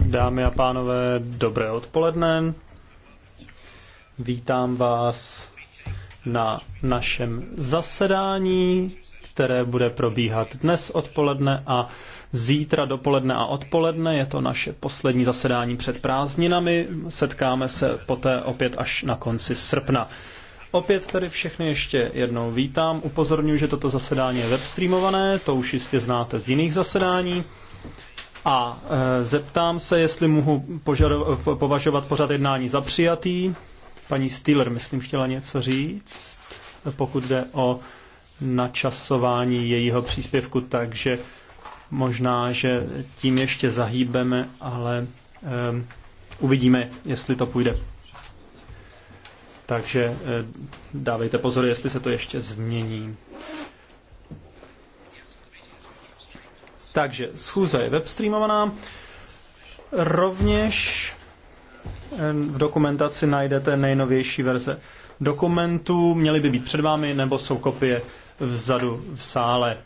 Dámy a pánové, dobré odpoledne. Vítám vás na našem zasedání, které bude probíhat dnes odpoledne a zítra dopoledne a odpoledne. Je to naše poslední zasedání před prázdninami. Setkáme se poté opět až na konci srpna. Opět tady všechny ještě jednou vítám. Upozorňuji, že toto zasedání je webstreamované, to už jistě znáte z jiných zasedání. A e, zeptám se, jestli mohu e, považovat pořad jednání za přijatý. Paní Steeler, myslím, chtěla něco říct, pokud jde o načasování jejího příspěvku, takže možná, že tím ještě zahýbeme, ale e, uvidíme, jestli to půjde. Takže e, dávejte pozor, jestli se to ještě změní. Takže schůze je webstreamovaná. Rovněž eh, v dokumentaci najdete nejnovější verze dokumentů. Měly by být před vámi nebo jsou kopie vzadu v sále.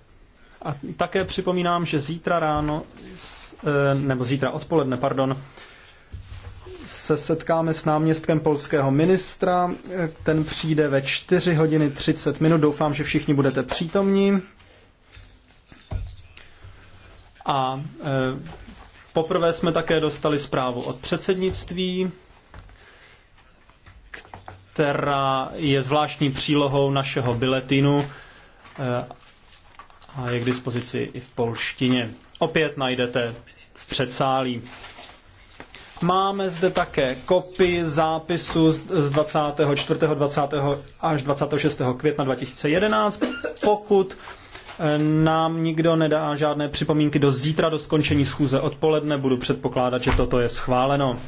A také připomínám, že zítra ráno, eh, nebo zítra odpoledne, pardon, se setkáme s náměstkem polského ministra. Eh, ten přijde ve 4 hodiny 30 minut. Doufám, že všichni budete přítomní. A e, poprvé jsme také dostali zprávu od předsednictví, která je zvláštní přílohou našeho biletinu e, a je k dispozici i v polštině. Opět najdete v předsálí. Máme zde také kopii zápisu z 24. 20. až 26. května 2011. Pokud nám nikdo nedá žádné připomínky do zítra, do skončení schůze odpoledne. Budu předpokládat, že toto je schváleno.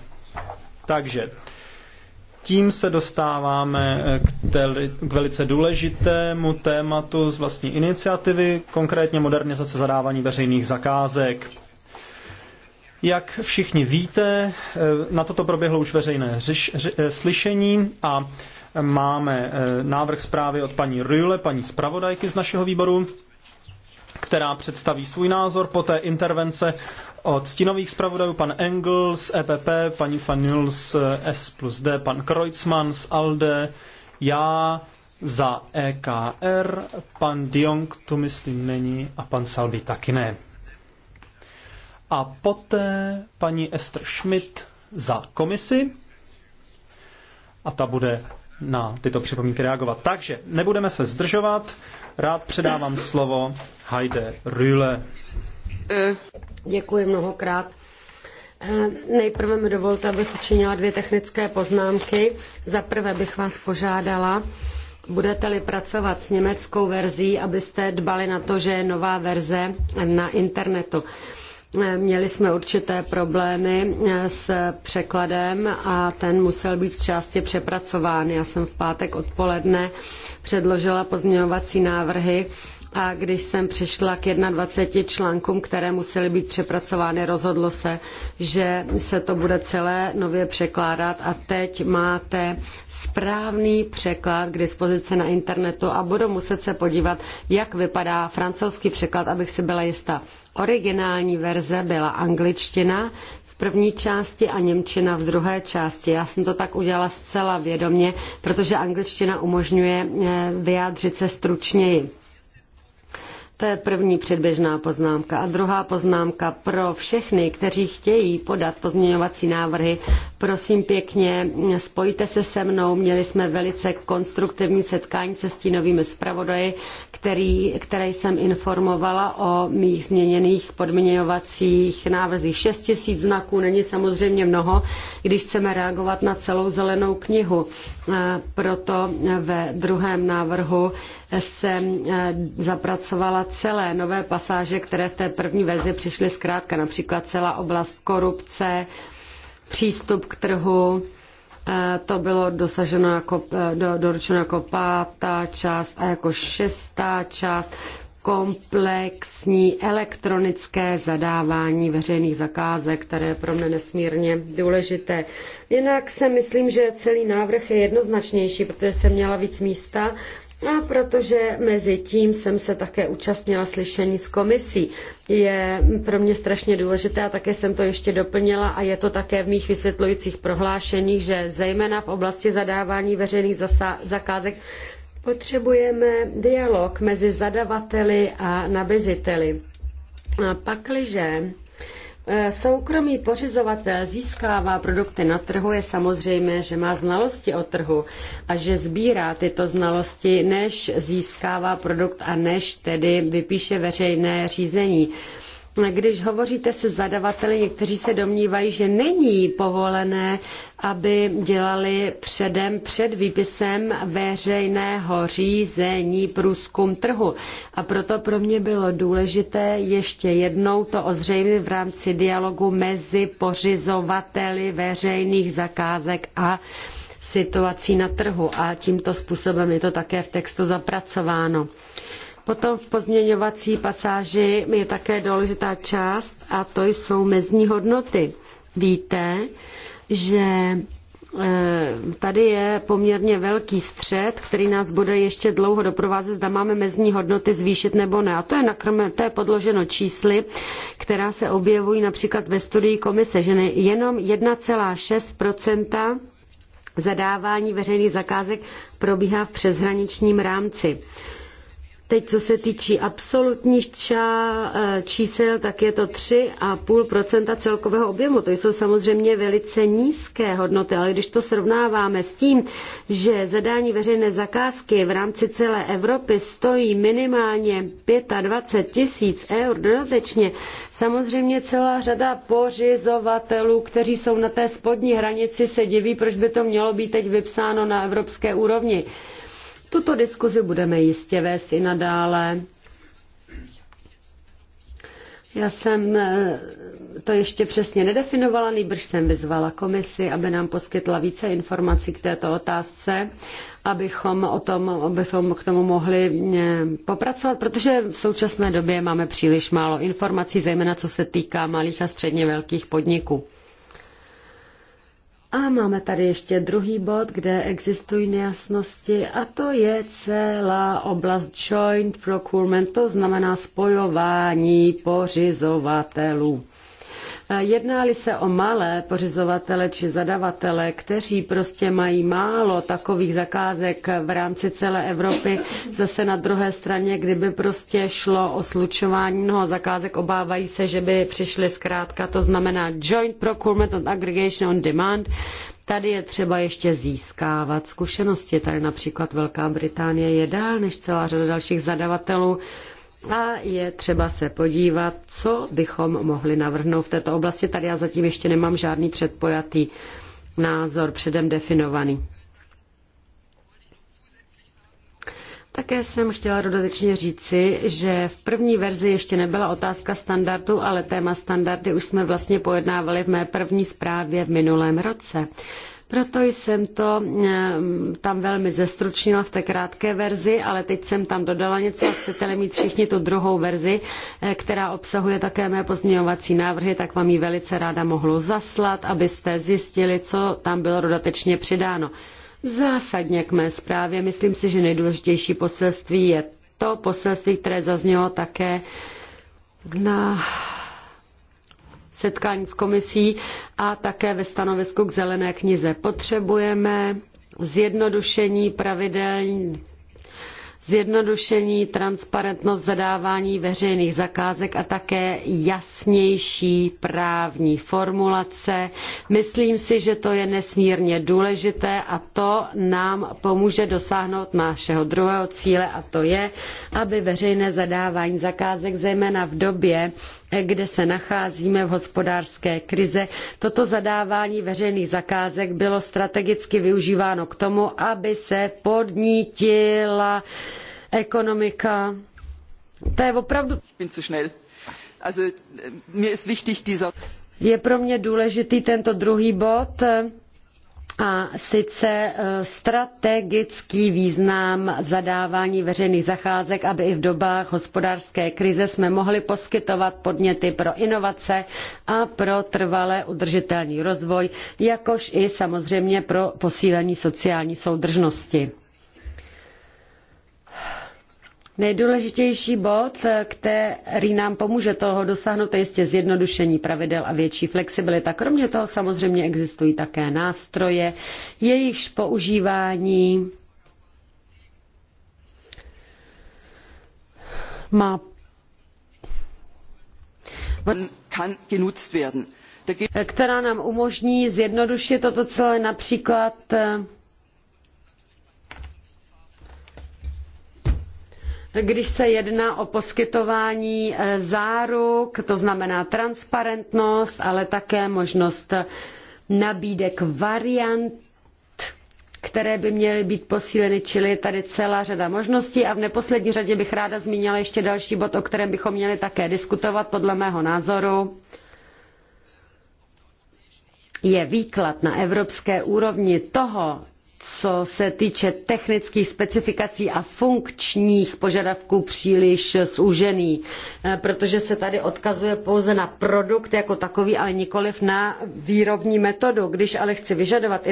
Takže tím se dostáváme k, teli, k velice důležitému tématu z vlastní iniciativy, konkrétně modernizace zadávání veřejných zakázek. Jak všichni víte, na toto proběhlo už veřejné řiš, ři, eh, slyšení a máme eh, návrh zprávy od paní Rüle, paní zpravodajky z našeho výboru která představí svůj názor. Poté intervence od stínových zpravodajů pan Engel z EPP, paní Fanil z S plus D, pan Kreutzmann z ALDE, já za EKR, pan Diong tu myslím není a pan Salby taky ne. A poté paní Esther Schmidt za komisi a ta bude na tyto připomínky reagovat. Takže nebudeme se zdržovat. Rád předávám slovo Heide Rühle. Děkuji mnohokrát. Eh, nejprve mi dovolte, abych učinila dvě technické poznámky. Za prvé bych vás požádala, budete-li pracovat s německou verzí, abyste dbali na to, že je nová verze na internetu. Měli jsme určité problémy eh, s překladem a ten musel být z části přepracován. Já jsem v pátek odpoledne předložila pozměňovací návrhy, a když jsem přišla k 21 článkům, které musely být přepracovány, rozhodlo se, že se to bude celé nově překládat a teď máte správný překlad k dispozici na internetu a budu muset se podívat, jak vypadá francouzský překlad, abych si byla jistá. Originální verze byla angličtina, v první části a Němčina v druhé části. Já jsem to tak udělala zcela vědomě, protože angličtina umožňuje eh, vyjádřit se stručněji. To je první předběžná poznámka. A druhá poznámka pro všechny, kteří chtějí podat pozměňovací návrhy, prosím pěkně, spojte se se mnou. Měli jsme velice konstruktivní setkání se stínovými zpravodaji, který, které jsem informovala o mých změněných podměňovacích návrzích. 6 tisíc znaků není samozřejmě mnoho, když chceme reagovat na celou zelenou knihu. Proto ve druhém návrhu se eh, zapracovala celé nové pasáže, které v té první verzi přišly zkrátka, například celá oblast korupce, přístup k trhu, eh, to bylo dosaženo jako, eh, do, doručeno jako pátá část a jako šestá část komplexní elektronické zadávání veřejných zakázek, které je pro mě nesmírně důležité. Jinak se myslím, že celý návrh je jednoznačnější, protože jsem měla víc místa a protože mezi tím jsem se také účastnila slyšení s komisí, je pro mě strašně důležité a také jsem to ještě doplnila a je to také v mých vysvětlujících prohlášeních, že zejména v oblasti zadávání veřejných zakázek potřebujeme dialog mezi zadavateli a nabiziteli. A pakliže E, soukromý pořizovatel získává produkty na trhu, je samozřejmé, že má znalosti o trhu a že sbírá tyto znalosti, než získává produkt a než tedy vypíše veřejné řízení. No, když hovoříte se zadavateli, někteří se domnívají, že není povolené, aby dělali předem před výpisem veřejného řízení průzkum trhu. A proto pro mě bylo důležité ještě jednou to ozřejmit v rámci dialogu mezi pořizovateli veřejných zakázek a situací na trhu. A tímto způsobem je to také v textu zapracováno. Potom v pozměňovací pasáži je také důležitá část a to jsou mezní hodnoty. Víte, že e, tady je poměrně velký střed, který nás bude ještě dlouho doprovázet, zda máme mezní hodnoty zvýšit nebo ne. A to je, nakrme, to je podloženo čísly, která se objevují například ve studii komise, že ne, jenom 1,6 zadávání veřejných zakázek probíhá v přeshraničním rámci. Teď, co se týče absolutních eh, čísel, tak je to 3,5 celkového objemu. To jsou samozřejmě velice nízké hodnoty, ale když to srovnáváme s tím, že zadání veřejné zakázky v rámci celé Evropy stojí minimálně 25 tisíc eur dodatečně, samozřejmě celá řada pořizovatelů, kteří jsou na té spodní hranici, se diví, proč by to mělo být teď vypsáno na evropské úrovni. Tuto diskuzi budeme jistě vést i nadále. Já jsem eh, to ještě přesně nedefinovala, nejbrž jsem vyzvala komisi, aby nám poskytla více informací k této otázce, abychom, o tom, abychom k tomu mohli eh, popracovat, protože v současné době máme příliš málo informací, zejména co se týká malých a středně velkých podniků. A máme tady ještě druhý bod, kde existují nejasnosti, a to je celá oblast joint procurement, to znamená spojování pořizovatelů. Jednáli se o malé pořizovatele či zadavatele, kteří prostě mají málo takových zakázek v rámci celé Evropy, zase na druhé straně, kdyby prostě šlo o slučování mnoho zakázek, obávají se, že by přišli zkrátka, to znamená Joint Procurement and Aggregation on Demand, Tady je třeba ještě získávat zkušenosti. Tady například Velká Británie je dál než celá řada dalších zadavatelů a je třeba se podívat, co bychom mohli navrhnout v této oblasti. Tady já zatím ještě nemám žádný předpojatý názor předem definovaný. Také jsem chtěla dodatečně říci, že v první verzi ještě nebyla otázka standardu, ale téma standardy už jsme vlastně pojednávali v mé první zprávě v minulém roce. Proto jsem to eh, tam velmi zestručnila v té krátké verzi, ale teď jsem tam dodala něco a chcete-li mít všichni tu druhou verzi, eh, která obsahuje také mé pozměňovací návrhy, tak vám ji velice ráda mohlo zaslat, abyste zjistili, co tam bylo dodatečně přidáno. Zásadně k mé zprávě, myslím si, že nejdůležitější poselství je to poselství, které zaznělo také na setkání s komisí a také ve stanovisku k zelené knize. Potřebujeme zjednodušení pravidel zjednodušení, transparentnost zadávání veřejných zakázek a také jasnější právní formulace. Myslím si, že to je nesmírně důležité a to nám pomůže dosáhnout našeho druhého cíle a to je, aby veřejné zadávání zakázek, zejména v době, kde se nacházíme v hospodářské krizi. Toto zadávání veřejných zakázek bylo strategicky využíváno k tomu, aby se podnítila ekonomika. To je opravdu... Je pro mě důležitý tento druhý bod, a sice eh, strategický význam zadávání veřejných zacházek, aby i v dobách hospodářské krize jsme mohli poskytovat podněty pro inovace a pro trvale udržitelný rozvoj, jakož i samozřejmě pro posílení sociální soudržnosti. Nejdůležitější bod, který nám pomůže toho dosáhnout, je jistě zjednodušení pravidel a větší flexibilita. Kromě toho samozřejmě existují také nástroje, jejichž používání má která nám umožní zjednodušit toto celé například když se jedná o poskytování eh, záruk, to znamená transparentnost, ale také možnost nabídek variant které by měly být posíleny, čili je tady celá řada možností. A v neposlední řadě bych ráda zmínila ještě další bod, o kterém bychom měli také diskutovat. Podle mého názoru je výklad na evropské úrovni toho, co se týče technických specifikací a funkčních požadavků příliš zúžený, eh, protože se tady odkazuje pouze na produkt jako takový, ale nikoliv na výrobní metodu. Když ale chci vyžadovat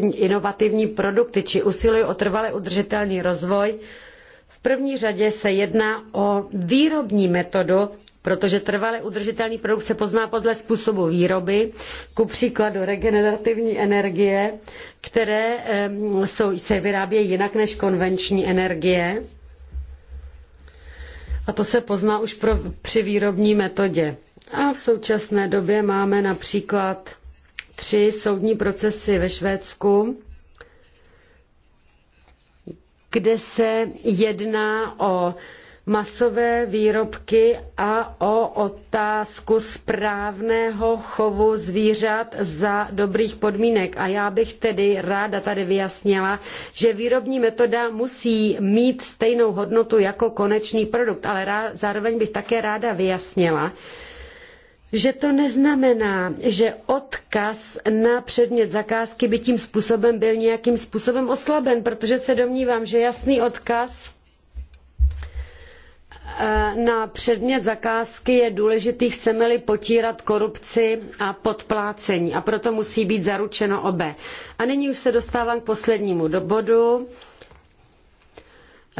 inovativní produkty či usiluji o trvale udržitelný rozvoj, v první řadě se jedná o výrobní metodu, protože trvale udržitelný produkt se pozná podle způsobu výroby, ku příkladu regenerativní energie, které jsou, se vyrábějí jinak než konvenční energie. A to se pozná už pro, při výrobní metodě. A v současné době máme například tři soudní procesy ve Švédsku, kde se jedná o masové výrobky a o otázku správného chovu zvířat za dobrých podmínek. A já bych tedy ráda tady vyjasnila, že výrobní metoda musí mít stejnou hodnotu jako konečný produkt, ale rá, zároveň bych také ráda vyjasnila, že to neznamená, že odkaz na předmět zakázky by tím způsobem byl nějakým způsobem oslaben, protože se domnívám, že jasný odkaz Eh, na předmět zakázky je důležitý, chceme-li potírat korupci a podplácení. A proto musí být zaručeno obé. A nyní už se dostávám k poslednímu bodu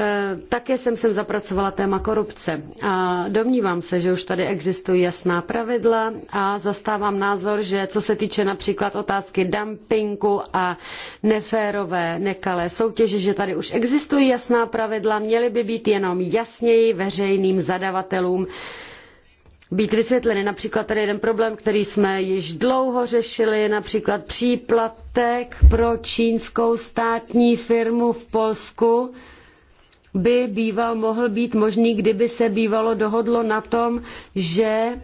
Eh, také jsem sem zapracovala téma korupce a domnívám se, že už tady existují jasná pravidla a zastávám názor, že co se týče například otázky dumpingu a neférové, nekalé soutěže, že tady už existují jasná pravidla, měly by být jenom jasněji veřejným zadavatelům být vysvětleny. Například tady jeden problém, který jsme již dlouho řešili, například příplatek pro čínskou státní firmu v Polsku, by býval mohl být možný, kdyby se bývalo dohodlo na tom, že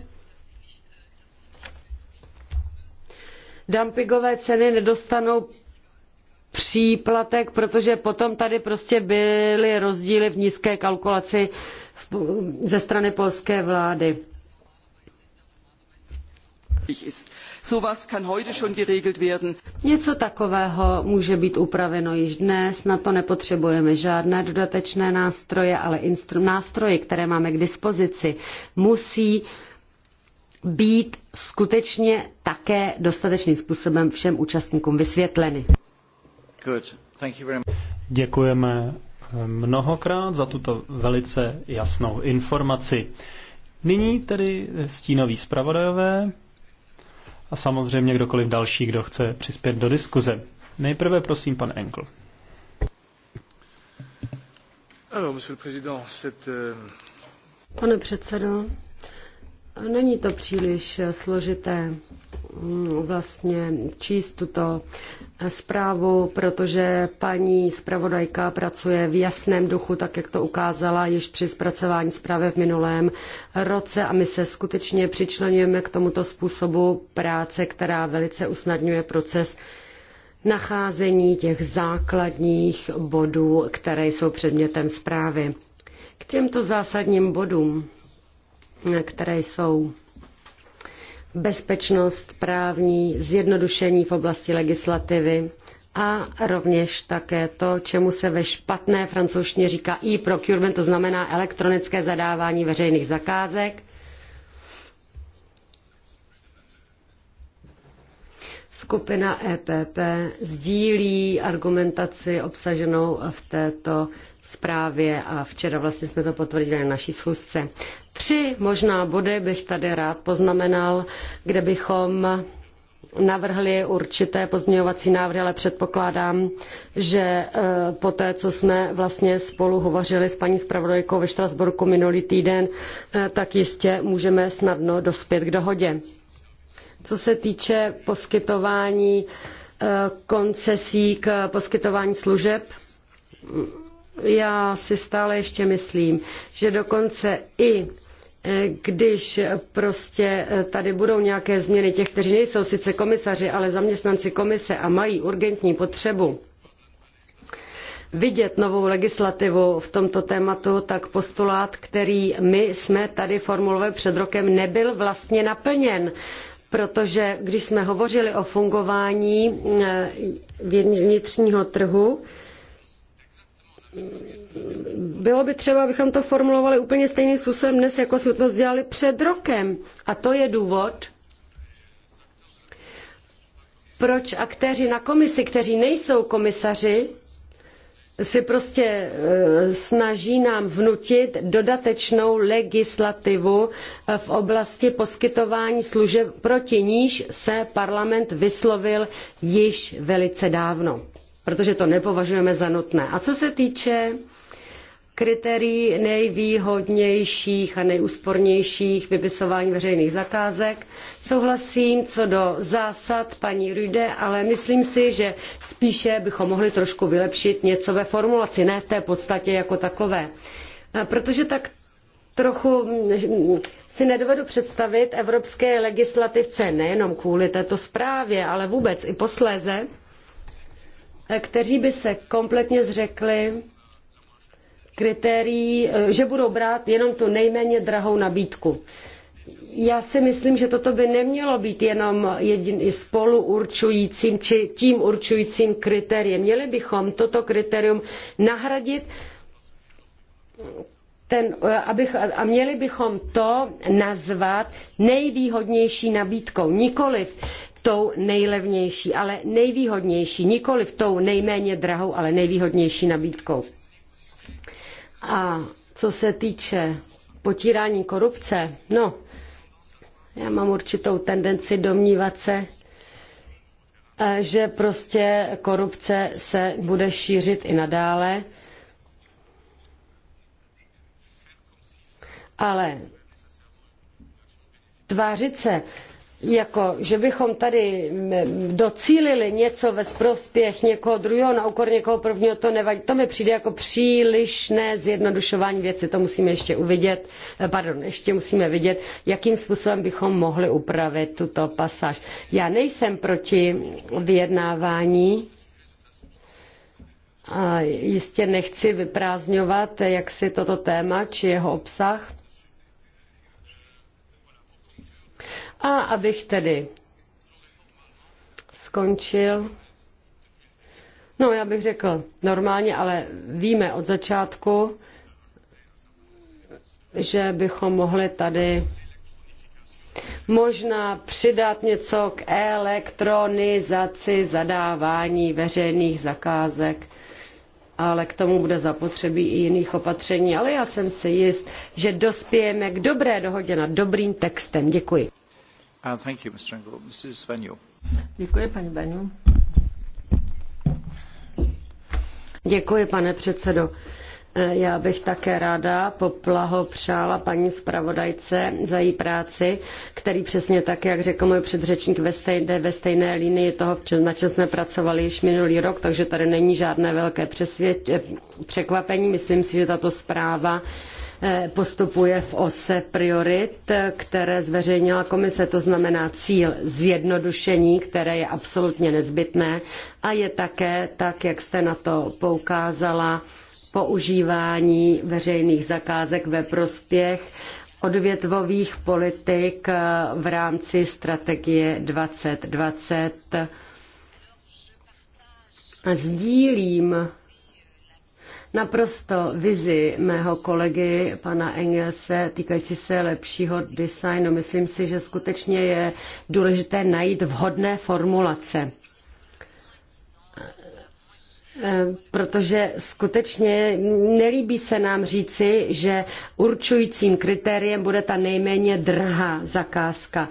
dumpingové ceny nedostanou příplatek, protože potom tady prostě byly rozdíly v nízké kalkulaci ze strany polské vlády kann heute schon geregelt werden. Něco takového může být upraveno již dnes, na to nepotřebujeme žádné dodatečné nástroje, ale nástroje, které máme k dispozici, musí být skutečně také dostatečným způsobem všem účastníkům vysvětleny. Děkujeme eh, mnohokrát za tuto velice jasnou informaci. Nyní tedy stínoví zpravodajové a samozřejmě kdokoliv další, kdo chce přispět do diskuze. Nejprve prosím pan Enkl. Euh, Pane předsedo, není to příliš složité Mm, vlastně číst tuto zprávu, protože paní zpravodajka pracuje v jasném duchu, tak jak to ukázala již při zpracování zprávy v minulém roce a my se skutečně přičlenujeme k tomuto způsobu práce, která velice usnadňuje proces nacházení těch základních bodů, které jsou předmětem zprávy. K těmto zásadním bodům, které jsou bezpečnost právní, zjednodušení v oblasti legislativy a rovněž také to, čemu se ve špatné francouzštině říká e-procurement, to znamená elektronické zadávání veřejných zakázek. Skupina EPP sdílí argumentaci obsaženou v této zprávě a včera vlastně jsme to potvrdili na naší schůzce. Tři možná body bych tady rád poznamenal, kde bychom navrhli určité pozměňovací návrhy, ale předpokládám, že e, po té, co jsme vlastně spolu hovořili s paní zpravodajkou ve Štrasburku minulý týden, e, tak jistě můžeme snadno dospět k dohodě. Co se týče poskytování e, koncesí k poskytování služeb, já si stále ještě myslím, že dokonce i eh, když prostě eh, tady budou nějaké změny těch, kteří nejsou sice komisaři, ale zaměstnanci komise a mají urgentní potřebu vidět novou legislativu v tomto tématu, tak postulát, který my jsme tady formulovali před rokem, nebyl vlastně naplněn. Protože když jsme hovořili o fungování eh, vnitřního trhu, bylo by třeba, abychom to formulovali úplně stejným způsobem dnes, jako jsme to dělali před rokem. A to je důvod, proč aktéři na komisi, kteří nejsou komisaři, si prostě eh, snaží nám vnutit dodatečnou legislativu eh, v oblasti poskytování služeb, proti níž se parlament vyslovil již velice dávno protože to nepovažujeme za nutné. A co se týče kritérií nejvýhodnějších a nejúspornějších vypisování veřejných zakázek. Souhlasím co do zásad paní Rude, ale myslím si, že spíše bychom mohli trošku vylepšit něco ve formulaci, ne v té podstatě jako takové. Protože tak trochu mm, si nedovedu představit evropské legislativce nejenom kvůli této zprávě, ale vůbec i posléze, kteří by se kompletně zřekli kritérií, eh, že budou brát jenom tu nejméně drahou nabídku. Já si myslím, že toto by nemělo být jenom jediný spolu určujícím či tím určujícím kritériem. Měli bychom toto kritérium nahradit ten, eh, abych, a měli bychom to nazvat nejvýhodnější nabídkou. Nikoliv tou nejlevnější, ale nejvýhodnější, nikoli v tou nejméně drahou, ale nejvýhodnější nabídkou. A co se týče potírání korupce, no, já mám určitou tendenci domnívat se, eh, že prostě korupce se bude šířit i nadále. Ale tvářit se jako že bychom tady mm, docílili něco ve prospěch někoho druhého na úkor někoho prvního, to nevadí. To mi přijde jako přílišné zjednodušování věci. To musíme ještě uvidět, eh, pardon, ještě musíme vidět, jakým způsobem bychom mohli upravit tuto pasáž. Já nejsem proti vyjednávání, a jistě nechci vyprázdňovat eh, jaksi toto téma či jeho obsah A abych tedy skončil. No, já bych řekl normálně, ale víme od začátku, že bychom mohli tady možná přidat něco k elektronizaci zadávání veřejných zakázek, ale k tomu bude zapotřebí i jiných opatření. Ale já jsem si jist, že dospějeme k dobré dohodě nad dobrým textem. Děkuji. Uh, Děkuji, Děkuji, pane předsedající eh, Já bych také ráda poblahopřála paní zpravodajce za její práci, který přesně tak, jak řekl můj předřečník, ve stejné, ve stejné linii toho, na čem jsme pracovali již minulý rok, takže tady není žádné velké eh, překvapení. Myslím si, že tato zpráva Eh, postupuje v ose priorit, eh, které zveřejnila komise, to znamená cíl zjednodušení, které je absolutně nezbytné a je také, tak jak jste na to poukázala, používání veřejných zakázek ve prospěch odvětvových politik eh, v rámci strategie 2020. Sdílím naprosto vizi mého kolegy, pana Engelse, týkající se lepšího designu. Myslím si, že skutečně je důležité najít vhodné formulace. Protože skutečně nelíbí se nám říci, že určujícím kritériem bude ta nejméně drahá zakázka.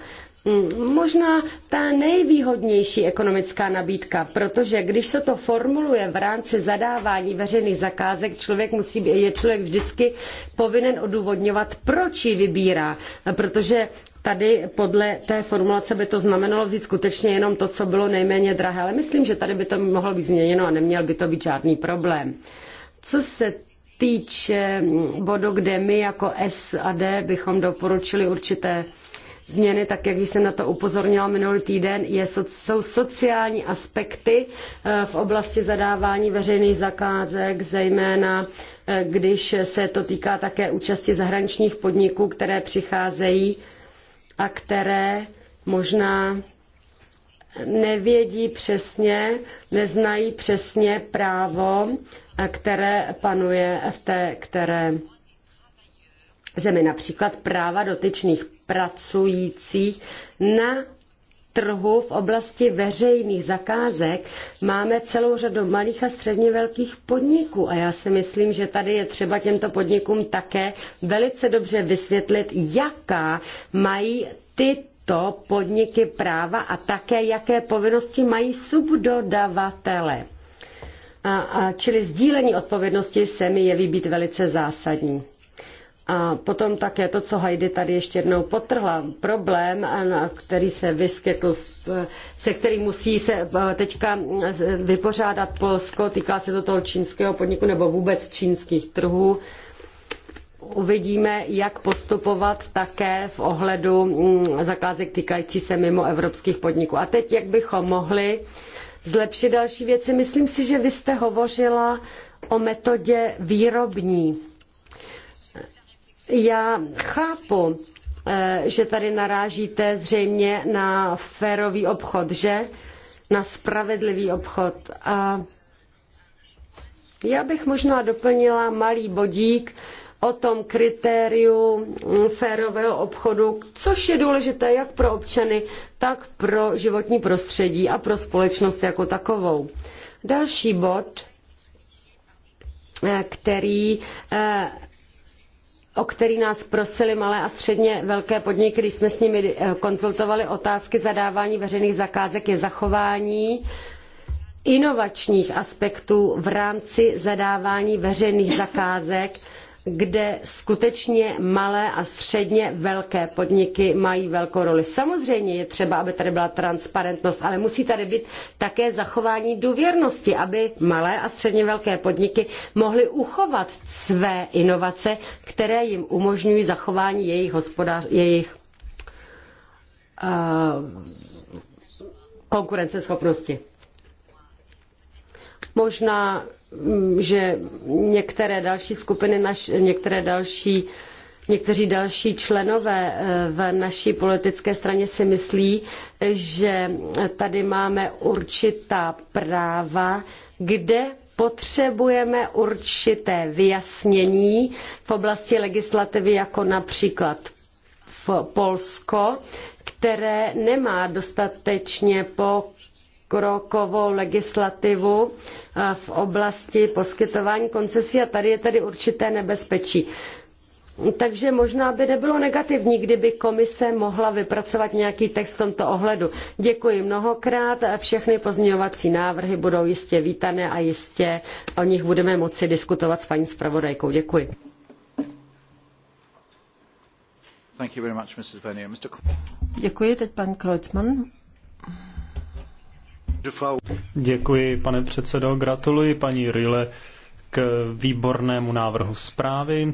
Mm, možná ta nejvýhodnější ekonomická nabídka, protože když se to formuluje v rámci zadávání veřejných zakázek, člověk musí, je člověk vždycky povinen odůvodňovat, proč ji vybírá, protože tady podle té formulace by to znamenalo vzít skutečně jenom to, co bylo nejméně drahé, ale myslím, že tady by to mohlo být změněno a neměl by to být žádný problém. Co se týče bodu, kde my jako SAD bychom doporučili určité změny, tak jak jsem na to upozornila minulý týden, je, jsou sociální aspekty eh, v oblasti zadávání veřejných zakázek, zejména eh, když se to týká také účasti zahraničních podniků, které přicházejí a které možná nevědí přesně, neznají přesně právo, eh, které panuje v té které zemi. Například práva dotyčných pracujících na trhu v oblasti veřejných zakázek máme celou řadu malých a středně velkých podniků a já si myslím, že tady je třeba těmto podnikům také velice dobře vysvětlit, jaká mají tyto podniky práva a také jaké povinnosti mají subdodavatele. A, a, čili sdílení odpovědnosti se mi jeví být velice zásadní. A potom také to, co Heidi tady ještě jednou potrhla, problém, který se vyskytl, se kterým musí se eh, teďka eh, vypořádat Polsko, týká se to toho čínského podniku nebo vůbec čínských trhů. Uvidíme, jak postupovat také v ohledu mm, zakázek týkající se mimo evropských podniků. A teď, jak bychom mohli zlepšit další věci. Myslím si, že vy jste hovořila o metodě výrobní já chápu, eh, že tady narážíte zřejmě na férový obchod, že? Na spravedlivý obchod. A já bych možná doplnila malý bodík o tom kritériu mm, férového obchodu, což je důležité jak pro občany, tak pro životní prostředí a pro společnost jako takovou. Další bod, eh, který eh, o který nás prosili malé a středně velké podniky, když jsme s nimi eh, konzultovali otázky zadávání veřejných zakázek, je zachování inovačních aspektů v rámci zadávání veřejných zakázek kde skutečně malé a středně velké podniky mají velkou roli. Samozřejmě je třeba, aby tady byla transparentnost, ale musí tady být také zachování důvěrnosti, aby malé a středně velké podniky mohly uchovat své inovace, které jim umožňují zachování jejich hospodář, jejich uh, konkurenceschopnosti. Možná Mm, že některé další skupiny, naš, některé další, někteří další členové eh, v naší politické straně si myslí, že tady máme určitá práva, kde potřebujeme určité vyjasnění v oblasti legislativy, jako například v Polsko, které nemá dostatečně po pokrokovou legislativu eh, v oblasti poskytování koncesí a tady je tedy určité nebezpečí. Takže možná by nebylo negativní, kdyby komise mohla vypracovat nějaký text v tomto ohledu. Děkuji mnohokrát. Všechny pozměňovací návrhy budou jistě vítané a jistě o nich budeme moci diskutovat s paní zpravodajkou. Děkuji. Děkuji, teď pan Kreutzmann. Děkuji, pane předsedo. Gratuluji paní Rile k výbornému návrhu zprávy.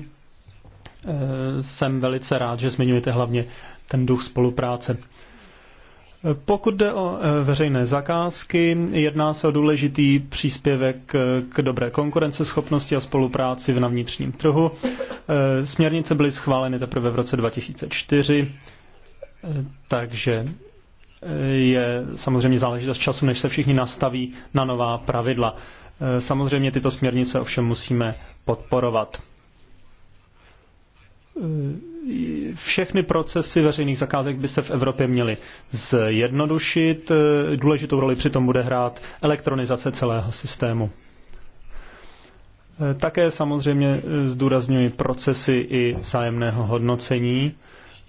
E, jsem velice rád, že zmiňujete hlavně ten duch spolupráce. E, pokud jde o e, veřejné zakázky, jedná se o důležitý příspěvek k dobré konkurenceschopnosti a spolupráci na vnitřním trhu. Směrnice byly schváleny teprve v roce 2004, takže je samozřejmě záležitost času, než se všichni nastaví na nová pravidla. Eh, samozřejmě tyto směrnice ovšem musíme podporovat. Eh, všechny procesy veřejných zakázek by se v Evropě měly zjednodušit. Eh, důležitou roli přitom bude hrát elektronizace celého systému. Také samozřejmě zdůrazňuji procesy i vzájemného hodnocení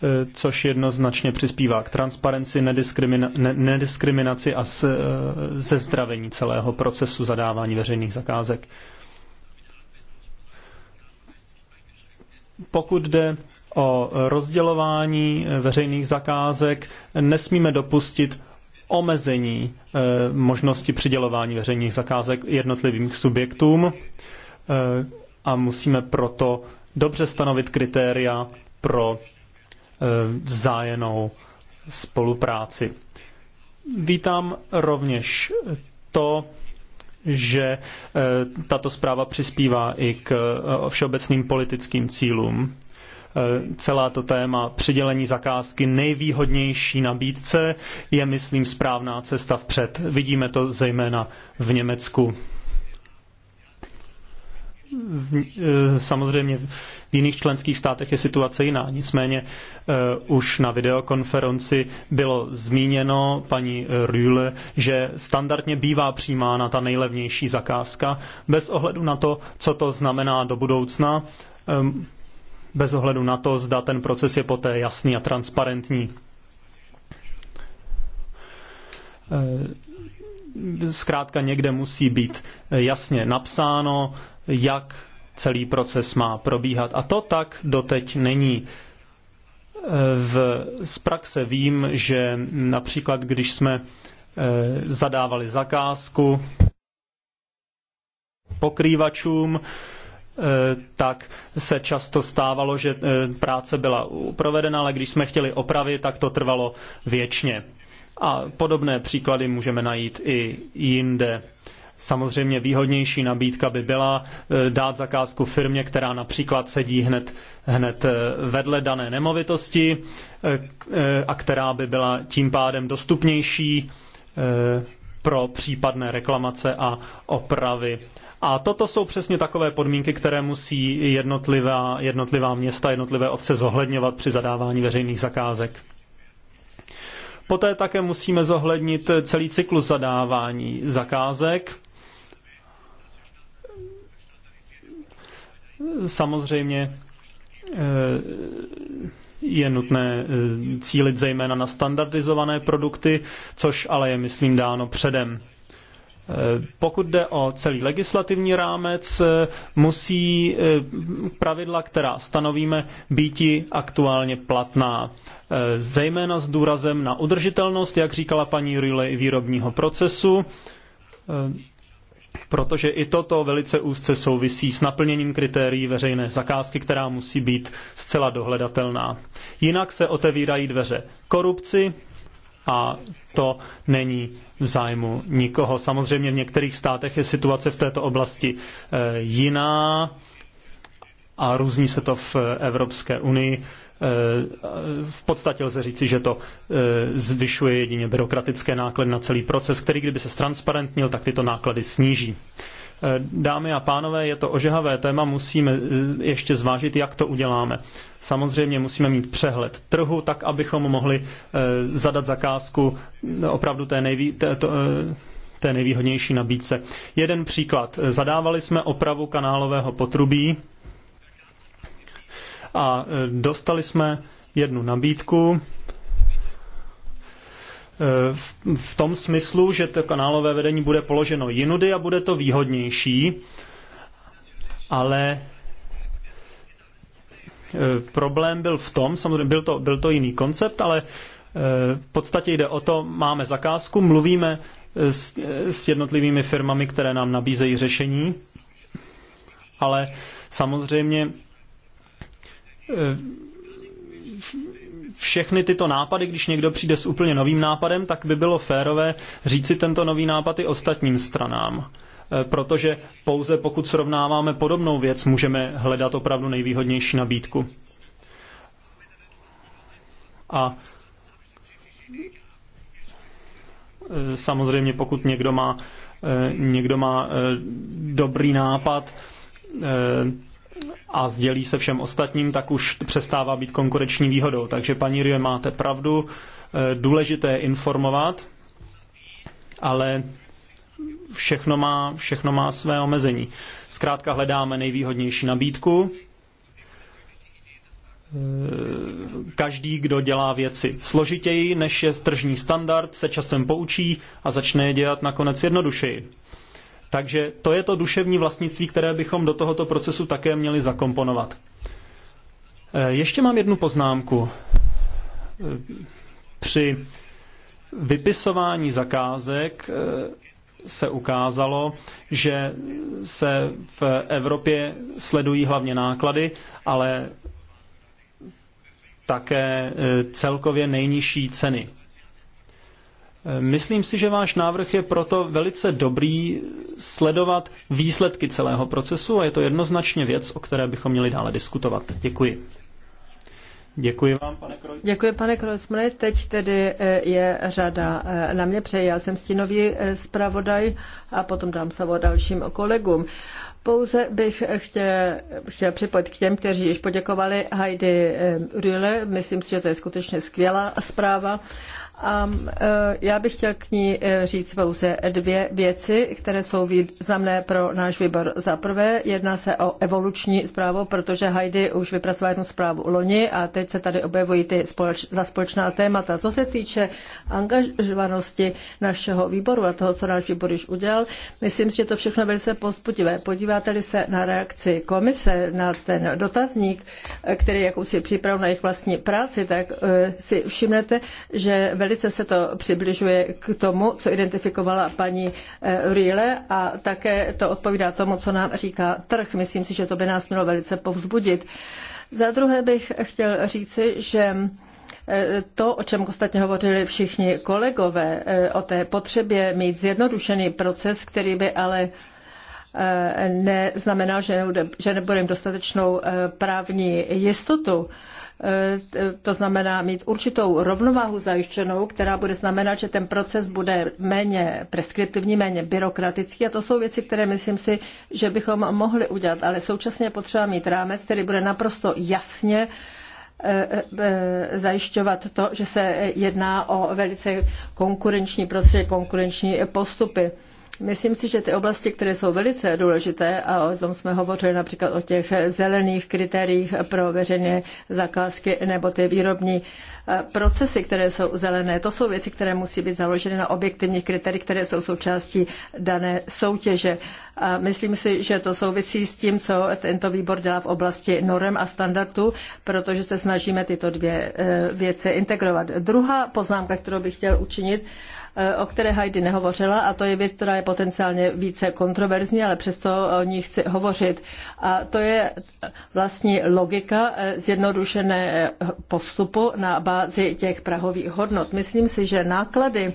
Eh, což jednoznačně přispívá k transparenci, nediskrimina- ne- nediskriminaci a se- eh, zezdravení celého procesu zadávání veřejných zakázek. Pokud jde o rozdělování eh, veřejných zakázek, nesmíme dopustit omezení možnosti přidělování veřejných zakázek jednotlivým subjektům a musíme proto dobře stanovit kritéria pro Eh, vzájemnou spolupráci. Vítám rovněž to, že eh, tato zpráva přispívá i k eh, všeobecným politickým cílům. Celá to téma přidělení zakázky nejvýhodnější nabídce je, myslím, správná cesta vpřed. Vidíme to zejména v Německu v, eh, samozřejmě v jiných členských státech je situace jiná. Nicméně uh, už na videokonferenci bylo zmíněno paní Rühle, že standardně bývá přijímána ta nejlevnější zakázka bez ohledu na to, co to znamená do budoucna, um, bez ohledu na to, zda ten proces je poté jasný a transparentní. Uh, zkrátka někde musí být jasně napsáno, jak celý proces má probíhat. A to tak doteď není. V, z praxe vím, že například, když jsme e, zadávali zakázku pokrývačům, e, tak se často stávalo, že e, práce byla provedena, ale když jsme chtěli opravy, tak to trvalo věčně. A podobné příklady můžeme najít i jinde. Samozřejmě výhodnější nabídka by byla eh, dát zakázku firmě, která například sedí hned, hned eh, vedle dané nemovitosti eh, a která by byla tím pádem dostupnější pro případné reklamace a opravy. A toto jsou přesně takové podmínky, které musí jednotlivá, jednotlivá města, jednotlivé obce zohledňovat při zadávání veřejných zakázek. Poté také musíme zohlednit celý cyklus zadávání zakázek, Samozřejmě eh, je nutné eh, cílit zejména na standardizované produkty, což ale je, myslím, dáno předem. Eh, pokud jde o celý legislativní rámec, musí pravidla, která stanovíme, být aktuálně platná. Zejména s důrazem na udržitelnost, jak říkala paní Rile, výrobního procesu, protože i toto velice úzce souvisí s naplněním kritérií veřejné zakázky, která musí být zcela dohledatelná. Jinak se otevírají dveře korupci, a to není v zájmu nikoho. Samozřejmě v některých státech je situace v této oblasti eh, jiná a různí se to v Evropské unii. Eh, v podstatě lze říci, že to eh, zvyšuje jedině byrokratické náklady na celý proces, který kdyby se transparentnil, tak tyto náklady sníží. Eh, dámy a pánové, je to ožehavé téma, musíme ještě zvážit, jak to uděláme. Samozřejmě musíme mít přehled trhu, tak abychom mohli zadat zakázku no, opravdu té, nejví, té, to, té nejvýhodnější nabídce. Jeden příklad. Zadávali jsme opravu kanálového potrubí a e, dostali jsme jednu nabídku e, v tom smyslu, že to kanálové vedení bude položeno jinudy a bude to výhodnější, ale e, problém byl v tom, samozřejmě byl to, byl to jiný koncept, ale v podstatě jde o to, máme zakázku, mluvíme s, s jednotlivými firmami, které nám nabízejí řešení, ale samozřejmě všechny tyto nápady, když někdo přijde s úplně novým nápadem, tak by bylo férové říci tento nový nápad i ostatním stranám. E, protože pouze pokud srovnáváme podobnou věc, můžeme hledat opravdu nejvýhodnější nabídku. A e, samozřejmě pokud někdo má, e, někdo má dobrý nápad, a sdělí se všem ostatním, tak už přestává být konkurenční výhodou. Takže paní Rie, máte pravdu, eh, důležité je informovat, ale všechno má, všechno má své omezení. Zkrátka hledáme nejvýhodnější nabídku, eh, každý, kdo dělá věci složitěji, než je tržní standard, se časem poučí a začne je dělat nakonec jednodušeji. Takže to je to duševní vlastnictví, které bychom do tohoto procesu také měli zakomponovat. E, ještě mám jednu poznámku. E, při vypisování zakázek e, se ukázalo, že se v Evropě sledují hlavně náklady, ale také celkově nejnižší ceny. Myslím si, že váš návrh je proto velice dobrý sledovat výsledky celého procesu a je to jednoznačně věc, o které bychom měli dále diskutovat. Děkuji. Děkuji vám, pane Kroj. Děkuji, pane Krojcmane. Teď tedy eh, je řada eh, na mě přeji. Já jsem stínový eh, zpravodaj a potom dám slovo dalším kolegům. Pouze bych chtěl, chtěl připojit k těm, kteří již poděkovali Heidi Rühle. Myslím si, že to je skutečně skvělá zpráva a e, já bych chtěl k ní e, říct pouze dvě věci, které jsou významné pro náš výbor. Za prvé, jedná se o evoluční zprávu, protože Heidi už vypracovala jednu zprávu loni a teď se tady objevují ty společ, za společná témata. Co se týče angažovanosti našeho výboru a toho, co náš výbor již udělal, myslím si, že to všechno velice pozbutivé. Podíváte-li se na reakci komise, na ten dotazník, e, který jakousi připravil na jejich vlastní práci, tak si všimnete, že velice Velice se to přibližuje k tomu, co identifikovala paní eh, Rýle a také to odpovídá tomu, co nám říká trh. Myslím si, že to by nás mělo velice povzbudit. Za druhé bych chtěl říci, že eh, to, o čem ostatně hovořili všichni kolegové, eh, o té potřebě mít zjednodušený proces, který by ale neznamenal, že nebudeme dostatečnou právní jistotu. Eh, to znamená mít určitou rovnováhu zajištěnou, která bude znamenat, že ten proces bude méně preskriptivní, méně byrokratický a to jsou věci, které myslím si, že bychom mohli udělat, ale současně potřeba mít rámec, který bude naprosto jasně eh, eh, zajišťovat to, že se jedná o velice konkurenční prostředí, konkurenční postupy. Myslím si, že ty oblasti, které jsou velice důležité, a o tom jsme hovořili například o těch zelených kritériích pro veřejné zakázky nebo ty výrobní eh, procesy, které jsou zelené, to jsou věci, které musí být založeny na objektivních kritériích, které jsou součástí dané soutěže. A myslím si, že to souvisí s tím, co tento výbor dělá v oblasti norem a standardů, protože se snažíme tyto dvě eh, věci integrovat. Druhá poznámka, kterou bych chtěl učinit, o které Heidi nehovořila, a to je věc, která je potenciálně více kontroverzní, ale přesto o ní chci hovořit. A to je vlastně logika eh, zjednodušené postupu na bázi těch prahových hodnot. Myslím si, že náklady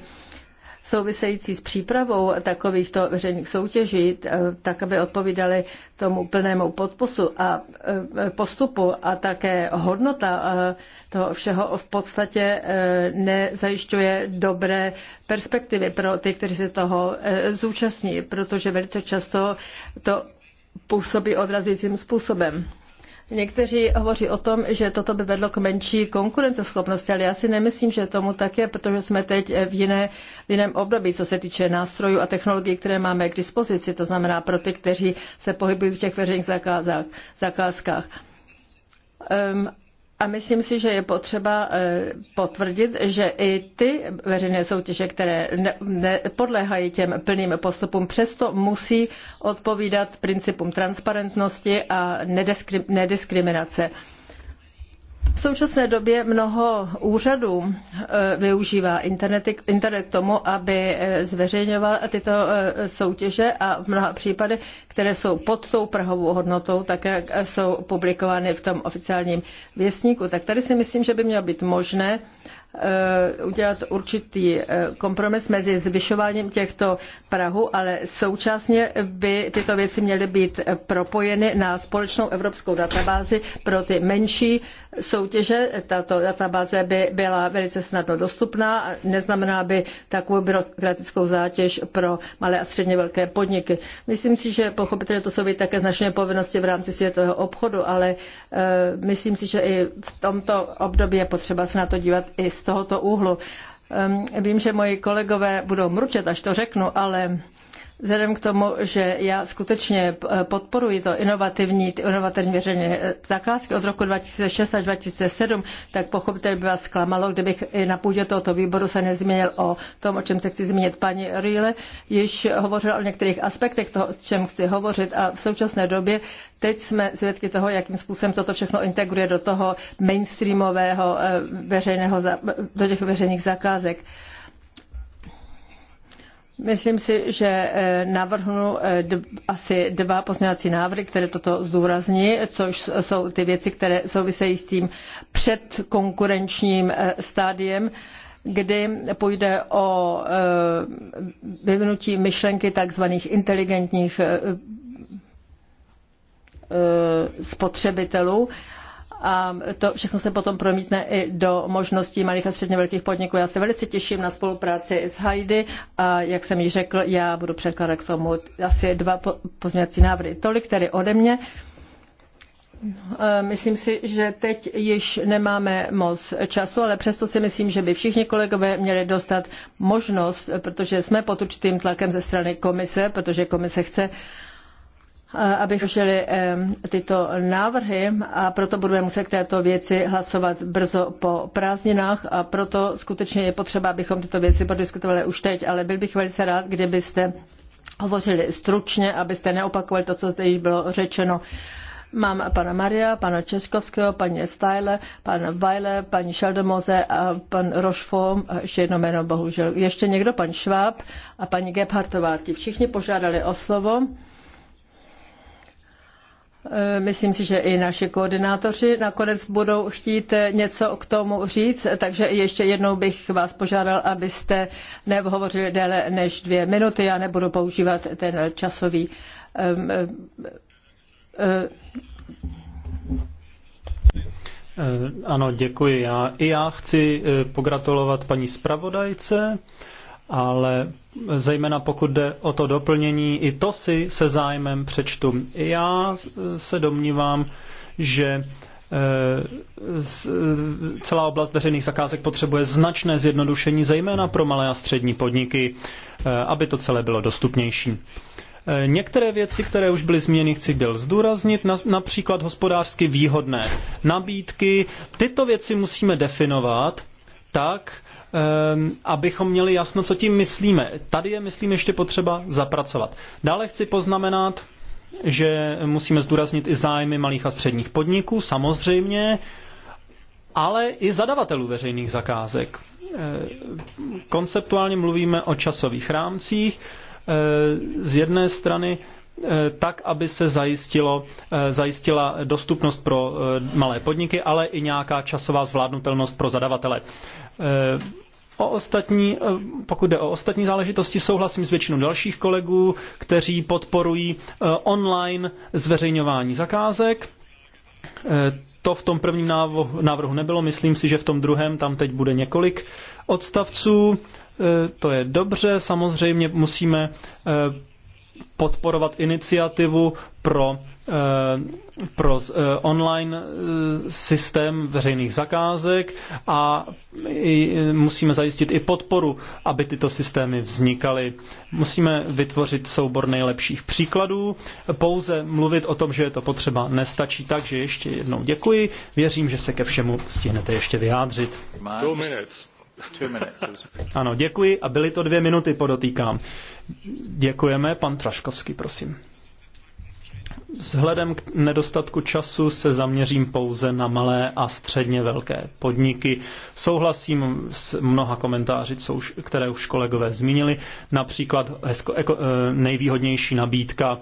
související s přípravou takovýchto veřejných soutěží, eh, tak aby odpovídaly tomu plnému podpisu a eh, postupu a také hodnota eh, toho všeho v podstatě nezajišťuje dobré perspektivy pro ty, kteří se toho zúčastní, protože velice často to působí odrazujícím způsobem. Někteří hovoří o tom, že toto by vedlo k menší konkurenceschopnosti, ale já si nemyslím, že tomu tak je, protože jsme teď v, jiné, v jiném období, co se týče nástrojů a technologií, které máme k dispozici, to znamená pro ty, kteří se pohybují v těch veřejných zakázkách. Um, a myslím si, že je potřeba eh, potvrdit, že i ty veřejné soutěže, které nepodléhají těm plným postupům, přesto musí odpovídat principům transparentnosti a nediskriminace. V současné době mnoho úřadů e, využívá internet, internet k tomu, aby e, zveřejňoval tyto e, soutěže a v mnoha případech, které jsou pod tou prahovou hodnotou, tak jak jsou publikovány v tom oficiálním věstníku. Tak tady si myslím, že by mělo být možné Eh, udělat určitý eh, kompromis mezi zvyšováním těchto Prahu, ale současně by tyto věci měly být propojeny na společnou evropskou databázi pro ty menší soutěže. Tato databáze by byla velice snadno dostupná a neznamená by takovou byrokratickou zátěž pro malé a středně velké podniky. Myslím si, že pochopitelně to jsou také značné povinnosti v rámci světového obchodu, ale eh, myslím si, že i v tomto období je potřeba se na to dívat i z tohoto úhlu. Vím, že moji kolegové budou mručet, až to řeknu, ale Vzhledem k tomu, že já skutečně eh, podporuji to inovativní, ty inovativní veřejné eh, zakázky od roku 2006 až 2007, tak pochopitelně by vás zklamalo, kdybych i na půdě tohoto výboru se nezměnil o tom, o čem se chci zmínit. Paní Rýle již hovořila o některých aspektech toho, o čem chci hovořit a v současné době teď jsme svědky toho, jakým způsobem toto všechno integruje do toho mainstreamového eh, veřejného, do těch veřejných zakázek. Myslím si, že eh, navrhnu eh, asi dva pozměňovací návrhy, které toto zdůrazní, což jsou ty věci, které souvisejí s tím předkonkurenčním eh, stádiem, kdy půjde o vyvinutí myšlenky takzvaných inteligentních spotřebitelů a to všechno se potom promítne i do možností malých a středně velkých podniků. Já se velice těším na spolupráci s Heidi a jak jsem ji řekl, já budu předkládat k tomu asi dva pozměňovací návrhy. Tolik tedy ode mě. Eh, myslím si, že teď již nemáme moc času, ale přesto si myslím, že by všichni kolegové měli dostat možnost, protože jsme pod určitým tlakem ze strany komise, protože komise chce uh, aby vyšly tyto návrhy a proto budeme muset k této věci hlasovat brzo po prázdninách a proto skutečně je potřeba, abychom tyto věci prodiskutovali už teď, ale byl bych velice rád, kdybyste hovořili stručně, abyste neopakovali to, co zde již bylo řečeno. Mám pana Maria, pana Českovského, paní Style, pana Weile, paní Schaldemose a pan Rošfo, ještě jedno jméno bohužel. Ještě někdo, pan Schwab a paní Gebhartová. Ti všichni požádali o slovo. Eh, myslím si, že i naši koordinátoři nakonec budou chtít eh, něco k tomu říct, takže ještě jednou bych vás požádal, abyste nehovořili déle než dvě minuty. Já nebudu používat ten časový. Eh, ano, děkuji. Já, I já chci pogratulovat paní zpravodajce ale zejména pokud jde o to doplnění, i to si se zájmem přečtu. Já se domnívám, že eh, celá oblast veřejných zakázek potřebuje značné zjednodušení, zejména pro malé a střední podniky, eh, aby to celé bylo dostupnější. Eh, některé věci, které už byly změny, chci byl zdůraznit, například hospodářsky výhodné nabídky. Tyto věci musíme definovat tak, Ehm, abychom měli jasno, co tím myslíme. Tady je, myslím, ještě potřeba zapracovat. Dále chci poznamenat, že musíme zdůraznit i zájmy malých a středních podniků, samozřejmě, ale i zadavatelů veřejných zakázek. Ehm, konceptuálně mluvíme o časových rámcích. Ehm, z jedné strany tak, aby se zajistilo, zajistila dostupnost pro malé podniky, ale i nějaká časová zvládnutelnost pro zadavatele. O ostatní, eh, pokud jde o ostatní záležitosti, souhlasím s většinou dalších kolegů, kteří podporují eh, online zveřejňování zakázek. Eh, to v tom prvním návrhu nebylo, myslím si, že v tom druhém tam teď bude několik odstavců. To je dobře, samozřejmě musíme podporovat iniciativu pro Eh, pro eh, online eh, systém veřejných zakázek a musíme zajistit i podporu, aby tyto systémy vznikaly. Musíme vytvořit soubor nejlepších příkladů. Pouze mluvit o tom, že je to potřeba, nestačí. Takže ještě jednou děkuji. Věřím, že se ke všemu stihnete ještě vyjádřit. Ano, děkuji a byly to dvě minuty, podotýkám. Děkujeme. Pan Traškovský, prosím. Vzhledem k nedostatku času se zaměřím pouze na malé a středně velké podniky. Souhlasím s mnoha komentáři, co už, které už kolegové zmínili. Například eh, nejvýhodnější nabídka,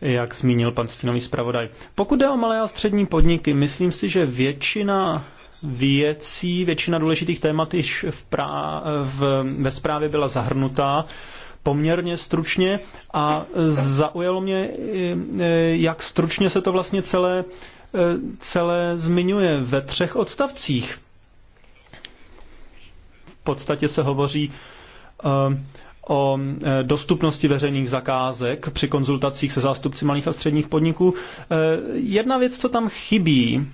jak zmínil pan Stinový zpravodaj. Pokud jde o malé a střední podniky, myslím si, že většina věcí, většina důležitých témat již v prá- v, ve zprávě byla zahrnutá poměrně stručně a zaujalo mě, jak stručně se to vlastně celé, e, celé zmiňuje ve třech odstavcích. V podstatě se hovoří e, o e, dostupnosti veřejných zakázek při konzultacích se zástupci malých a středních podniků. Jedna věc, co tam chybí,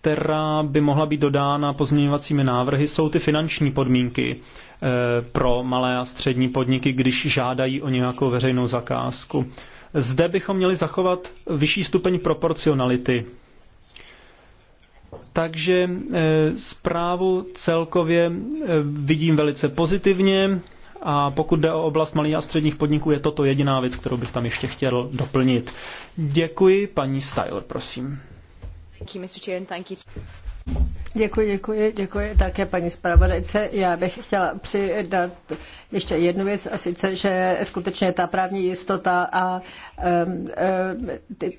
která by mohla být dodána pozměňovacími návrhy, jsou ty finanční podmínky eh, pro malé a střední podniky, když žádají o nějakou veřejnou zakázku. Zde bychom měli zachovat vyšší stupeň proporcionality. Takže eh, zprávu celkově eh, vidím velice pozitivně a pokud jde o oblast malých a středních podniků, je toto jediná věc, kterou bych tam ještě chtěl doplnit. Děkuji, paní Stajor, prosím. Děkuji, děkuji, děkuji také paní zpravodajce. Já bych chtěla přidat ještě jednu věc, a sice, že skutečně ta právní jistota a,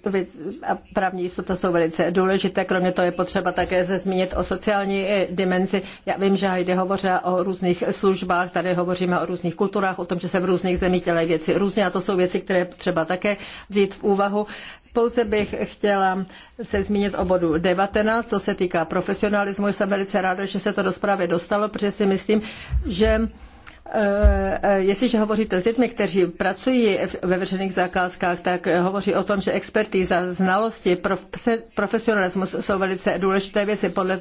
věc, a právní jistota jsou velice důležité. Kromě toho je potřeba také se zmínit o sociální eh, dimenzi. Já vím, že Heidi hovořila o různých službách, tady hovoříme o různých kulturách, o tom, že se v různých zemích dělají věci různě a to jsou věci, které třeba také vzít v úvahu. Pouze bych chtěla se zmínit o bodu 19, co se týká profesionalismu. Jsem velice ráda, že se to do zprávy dostalo, protože si myslím, že Eh, eh, jestliže hovoříte s lidmi, kteří pracují ve veřejných zakázkách, tak eh, hovoří o tom, že expertíza, znalosti, profesionalismus jsou velice důležité věci, podle,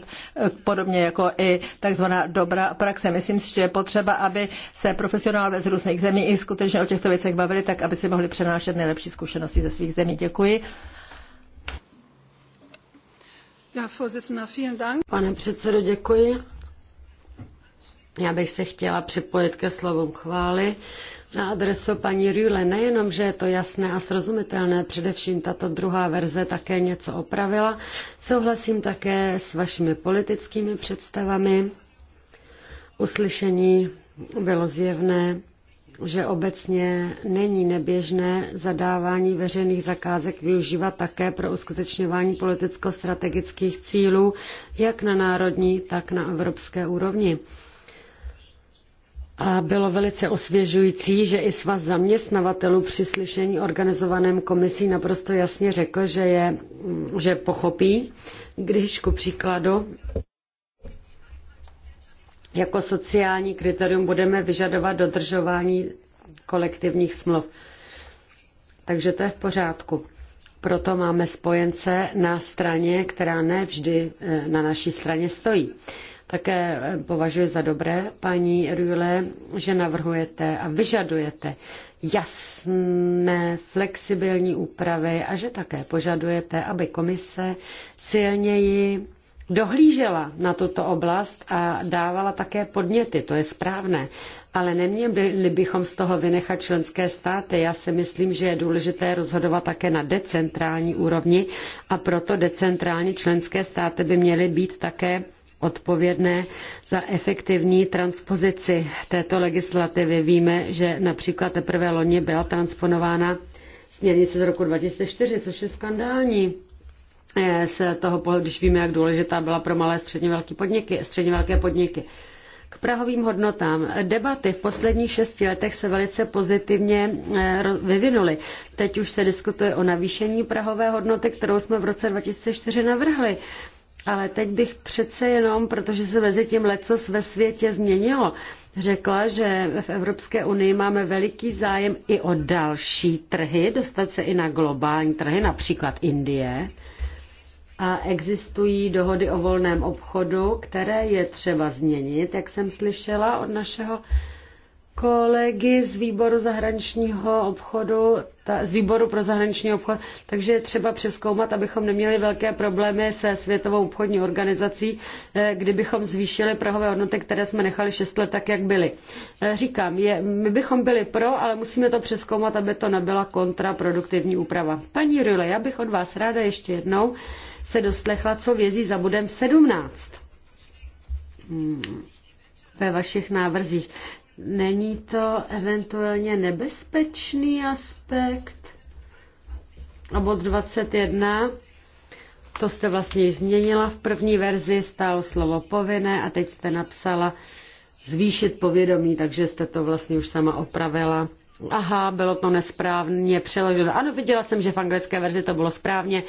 podobně jako i takzvaná dobrá praxe. Myslím si, že je potřeba, aby se profesionálové z různých zemí i skutečně o těchto věcech bavili, tak aby si mohli přenášet nejlepší zkušenosti ze svých zemí. Děkuji. Pane předsedo, děkuji. Já bych se chtěla připojit ke slovům chvály na adresu paní Rüle. Nejenom, že je to jasné a srozumitelné, především tato druhá verze také něco opravila. Souhlasím také s vašimi politickými představami. Uslyšení bylo zjevné, že obecně není neběžné zadávání veřejných zakázek využívat také pro uskutečňování politicko-strategických cílů, jak na národní, tak na evropské úrovni. A bylo velice osvěžující, že i svaz zaměstnavatelů při slyšení organizovaném komisí naprosto jasně řekl, že, je, mm, že pochopí, když ku příkladu jako sociální kritérium budeme vyžadovat dodržování kolektivních smluv. Takže to je v pořádku. Proto máme spojence na straně, která ne vždy eh, na naší straně stojí. Také eh, považuji za dobré, paní Rüle, že navrhujete a vyžadujete jasné, flexibilní úpravy a že také požadujete, aby komise silněji dohlížela na tuto oblast a dávala také podněty, to je správné. Ale neměli bychom z toho vynechat členské státy. Já si myslím, že je důležité rozhodovat také na decentrální úrovni a proto decentrální členské státy by měly být také odpovědné za efektivní transpozici této legislativy. Víme, že například teprve loni byla transponována směrnice z roku 2004, což je skandální eh, z toho pohledu, když víme, jak důležitá byla pro malé středně velké podniky, středně velké podniky. K prahovým hodnotám. Debaty v posledních šesti letech se velice pozitivně eh, vyvinuly. Teď už se diskutuje o navýšení prahové hodnoty, kterou jsme v roce 2004 navrhli. Ale teď bych přece jenom, protože se mezi tím lecos ve světě změnilo, řekla, že v Evropské unii máme veliký zájem i o další trhy, dostat se i na globální trhy, například Indie. A existují dohody o volném obchodu, které je třeba změnit, jak jsem slyšela od našeho kolegy z výboru zahraničního obchodu, ta, z výboru pro zahraniční obchod, takže je třeba přeskoumat, abychom neměli velké problémy se Světovou obchodní organizací, eh, kdybychom zvýšili prahové hodnoty, které jsme nechali 6 let tak, jak byly. Eh, říkám, je, my bychom byli pro, ale musíme to přeskoumat, aby to nebyla kontraproduktivní úprava. Paní Rule, já bych od vás ráda ještě jednou se doslechla, co vězí za bodem 17. Hmm ve vašich návrzích. Není to eventuálně nebezpečný aspekt? A bod 21, to jste vlastně již změnila v první verzi, stálo slovo povinné a teď jste napsala zvýšit povědomí, takže jste to vlastně už sama opravila Aha, bylo to nesprávně přeloženo. Ano, viděla jsem, že v anglické verzi to bylo správně,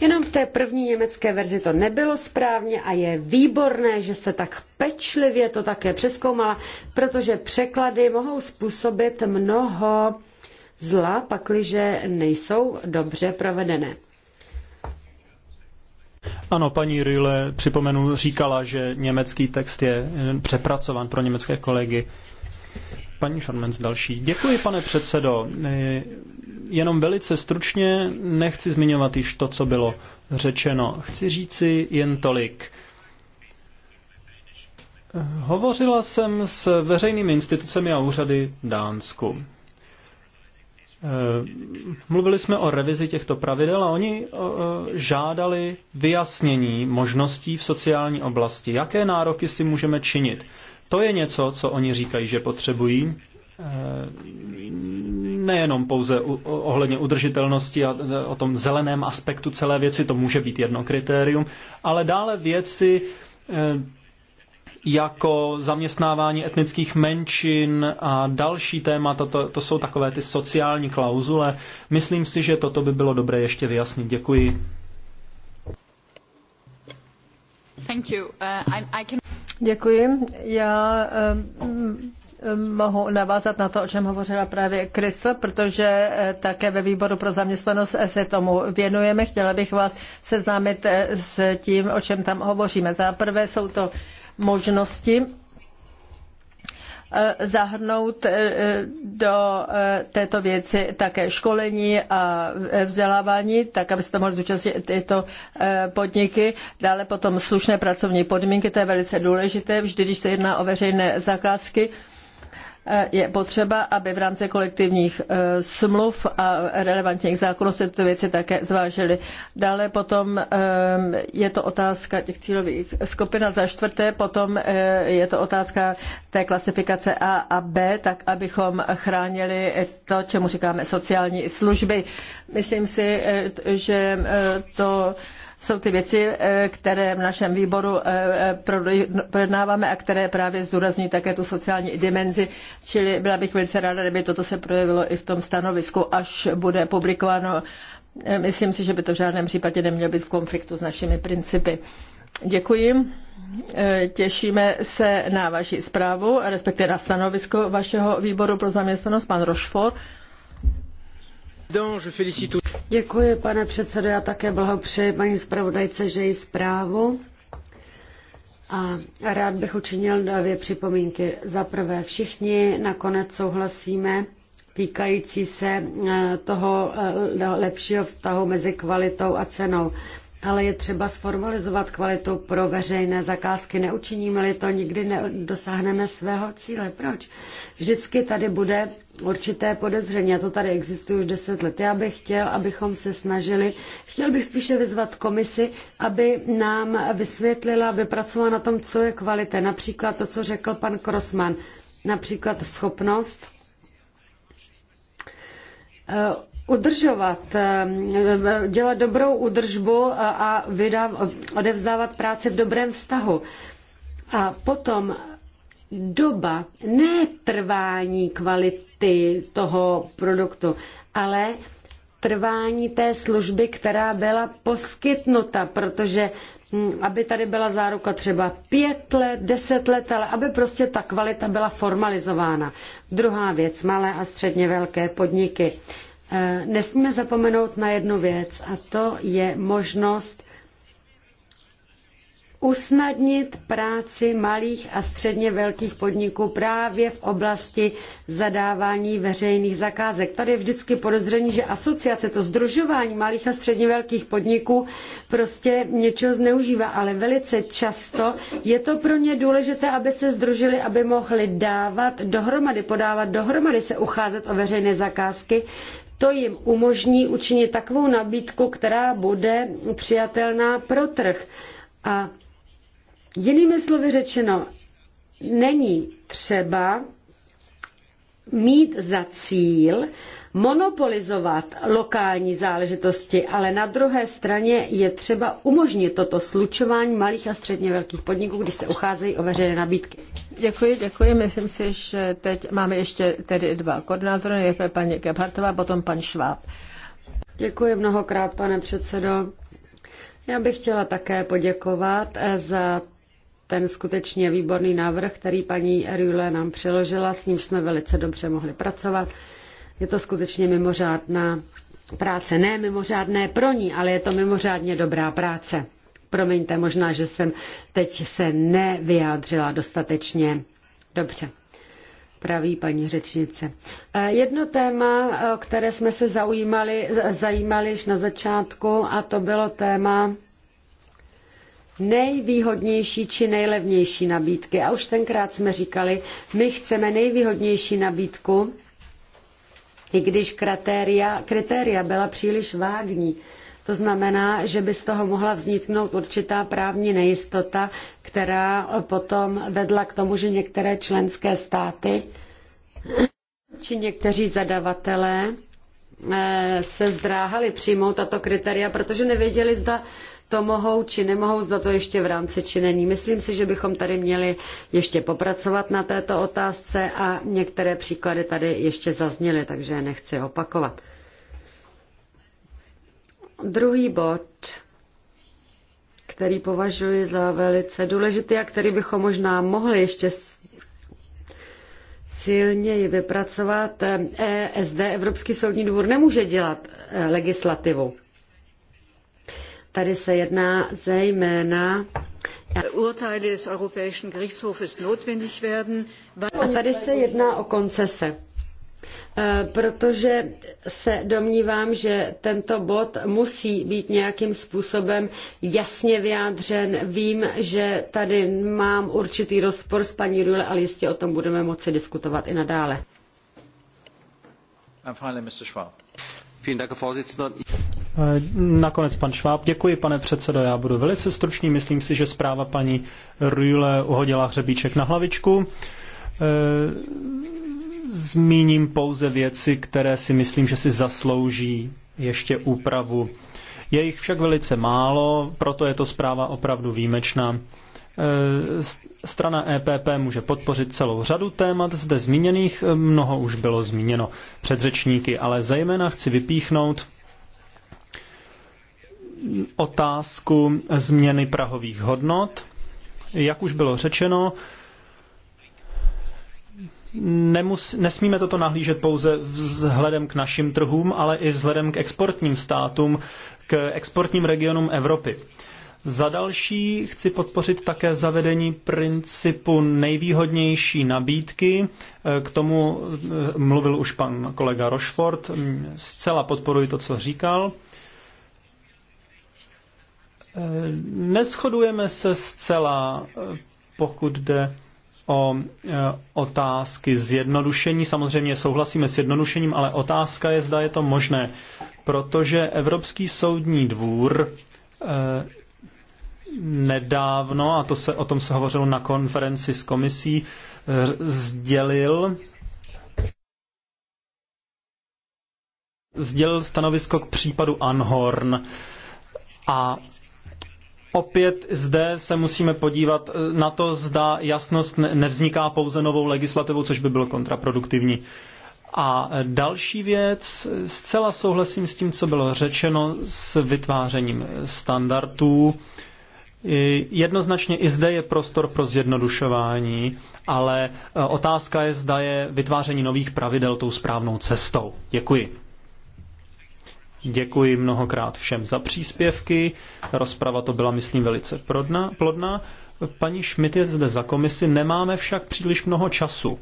jenom v té první německé verzi to nebylo správně a je výborné, že jste tak pečlivě to také přeskoumala, protože překlady mohou způsobit mnoho zla, pakliže nejsou dobře provedené. Ano, paní Rühle, připomenu, říkala, že německý text je přepracovan pro německé kolegy. Paní Šormenc další. Děkuji, pane předsedo. Eh, jenom velice stručně nechci zmiňovat již to, co bylo řečeno. Chci říci jen tolik. Eh, hovořila jsem s veřejnými institucemi a úřady v Dánsku. Eh, mluvili jsme o revizi těchto pravidel a oni žádali vyjasnění možností v sociální oblasti. Jaké nároky si můžeme činit? To je něco, co oni říkají, že potřebují. Eh, nejenom pouze ohledně udržitelnosti a eh, o tom zeleném aspektu celé věci, to může být jedno kritérium, ale dále věci eh, jako zaměstnávání etnických menšin a další témata, to, to jsou takové ty sociální klauzule. Myslím si, že toto by bylo dobré ještě vyjasnit. Děkuji. Thank you. Uh, I, I can... Děkuji. Já mohu navázat na to, o čem hovořila právě Krysl, protože eh, také ve výboru pro zaměstnanost se tomu věnujeme. Chtěla bych vás seznámit eh, s tím, o čem tam hovoříme. Za prvé jsou to možnosti Eh, zahrnout eh, eh, do této věci také školení a vzdělávání, tak aby se to mohly zúčastnit tyto podniky. Dále potom slušné pracovní podmínky, to je velice důležité, vždy, když se jedná o veřejné zakázky. Eh, je potřeba, aby v rámci kolektivních eh, smluv a relevantních zákonů se tyto věci také zvážily. Dále potom eh, je to otázka těch cílových skupin a za čtvrté potom je to otázka té klasifikace A a B, tak abychom chránili to, čemu říkáme sociální služby. Myslím si, že to jsou ty věci, eh, které v našem výboru eh, eh, projednáváme a které právě zdůrazňují také tu sociální dimenzi, čili byla bych velice ráda, kdyby toto se projevilo i v tom stanovisku, až bude publikováno. Myslím si, že by to v žádném případě nemělo být v konfliktu s našimi principy. Děkuji. Těšíme se na vaši zprávu, respektive na stanovisko vašeho výboru pro zaměstnanost, pan Rochefort. Děkuji, pane předsedo. Já také blahopřeji paní zpravodajce, že její zprávu. A rád bych učinil dvě připomínky. Za prvé, všichni nakonec souhlasíme týkající se eh, toho eh, lepšího vztahu mezi kvalitou a cenou ale je třeba sformalizovat kvalitu pro veřejné zakázky. Neučiníme-li to, nikdy nedosáhneme svého cíle. Proč? Vždycky tady bude určité podezření. A to tady existuje už deset let. Já bych chtěl, abychom se snažili. Chtěl bych spíše vyzvat komisi, aby nám vysvětlila, vypracovala na tom, co je kvalita. Například to, co řekl pan Krosman. Například schopnost eh, udržovat, eh, dělat dobrou udržbu a vydav, odevzdávat práci v dobrém vztahu. A potom doba, ne trvání kvality toho produktu, ale trvání té služby, která byla poskytnuta, protože hm, aby tady byla záruka třeba pět let, deset let, ale aby prostě ta kvalita byla formalizována. Druhá věc, malé a středně velké podniky. Eh, nesmíme zapomenout na jednu věc a to je možnost usnadnit práci malých a středně velkých podniků právě v oblasti zadávání veřejných zakázek. Tady je vždycky podezření, že asociace, to združování malých a středně velkých podniků prostě něčeho zneužívá, ale velice často je to pro ně důležité, aby se združili, aby mohli dávat dohromady, podávat dohromady, se ucházet o veřejné zakázky, to jim umožní učinit takovou nabídku, která bude přijatelná pro trh. A jinými slovy řečeno, není třeba mít za cíl monopolizovat lokální záležitosti, ale na druhé straně je třeba umožnit toto slučování malých a středně velkých podniků, když se ucházejí o veřejné nabídky. Děkuji, děkuji. Myslím si, že teď máme ještě tedy dva koordinátory, nejprve paní Gebhartová, potom pan Šváb. Děkuji mnohokrát, pane předsedo. Já bych chtěla také poděkovat eh, za ten skutečně výborný návrh, který paní Rüle nám přiložila, s nímž jsme velice dobře mohli pracovat. Je to skutečně mimořádná práce. Ne mimořádné pro ní, ale je to mimořádně dobrá práce. Promiňte, možná, že jsem teď se nevyjádřila dostatečně dobře. Praví paní řečnice. Eh, jedno téma, eh, které jsme se zaujímali, eh, zajímali již na začátku, a to bylo téma nejvýhodnější či nejlevnější nabídky. A už tenkrát jsme říkali, my chceme nejvýhodnější nabídku, i když kritéria, kritéria byla příliš vágní. To znamená, že by z toho mohla vzniknout určitá právní nejistota, která potom vedla k tomu, že některé členské státy či někteří zadavatelé Eh, se zdráhali přijmout tato kritéria, protože nevěděli, zda to mohou či nemohou, zda to ještě v rámci či není. Myslím si, že bychom tady měli ještě popracovat na této otázce a některé příklady tady ještě zazněly, takže je nechci opakovat. Druhý bod, který považuji za velice důležitý a který bychom možná mohli ještě silněji vypracovat ESD. Eh, e Evropský soudní dvůr nemůže dělat eh, legislativu. Tady se jedná zejména Urteile des Europäischen Gerichtshofes notwendig werden. A tady se jedná o koncese. Eh, protože se domnívám, že tento bod musí být nějakým způsobem jasně vyjádřen. Vím, že tady mám určitý rozpor s paní Rule, ale jistě o tom budeme moci diskutovat i nadále. Eh, nakonec pan Šváb. Děkuji, pane předsedo. Já budu velice stručný. Myslím si, že zpráva paní Rühle uhodila hřebíček na hlavičku eh, Zmíním pouze věci, které si myslím, že si zaslouží ještě úpravu. Je jich však velice málo, proto je to zpráva opravdu výjimečná. E, strana EPP může podpořit celou řadu témat zde zmíněných, e, mnoho už bylo zmíněno předřečníky, ale zejména chci vypíchnout otázku změny prahových hodnot. Jak už bylo řečeno, nemus, nesmíme toto nahlížet pouze vzhledem k našim trhům, ale i vzhledem k exportním státům, k exportním regionům Evropy. Za další chci podpořit také zavedení principu nejvýhodnější nabídky. K tomu eh, mluvil už pan kolega Rochford. Zcela podporuji to, co říkal. Eh, Neschodujeme se zcela, eh, pokud jde o e, otázky zjednodušení. Samozřejmě souhlasíme s jednodušením, ale otázka je, zda je to možné, protože Evropský soudní dvůr e, nedávno, a to se, o tom se hovořilo na konferenci s komisí, e, sdělil, sdělil stanovisko k případu Anhorn a Opět zde se musíme podívat eh, na to, zda jasnost nevzniká pouze novou legislativou, což by bylo kontraproduktivní. A eh, další věc, eh, zcela souhlasím s tím, co bylo řečeno s vytvářením standardů. Jednoznačně i zde je prostor pro zjednodušování, ale otázka je, zda je vytváření nových pravidel tou správnou cestou. Děkuji. Děkuji mnohokrát všem za příspěvky. Ta rozprava to byla, myslím, velice prodna, plodná. Paní Schmidt je zde za komisi, nemáme však příliš mnoho času.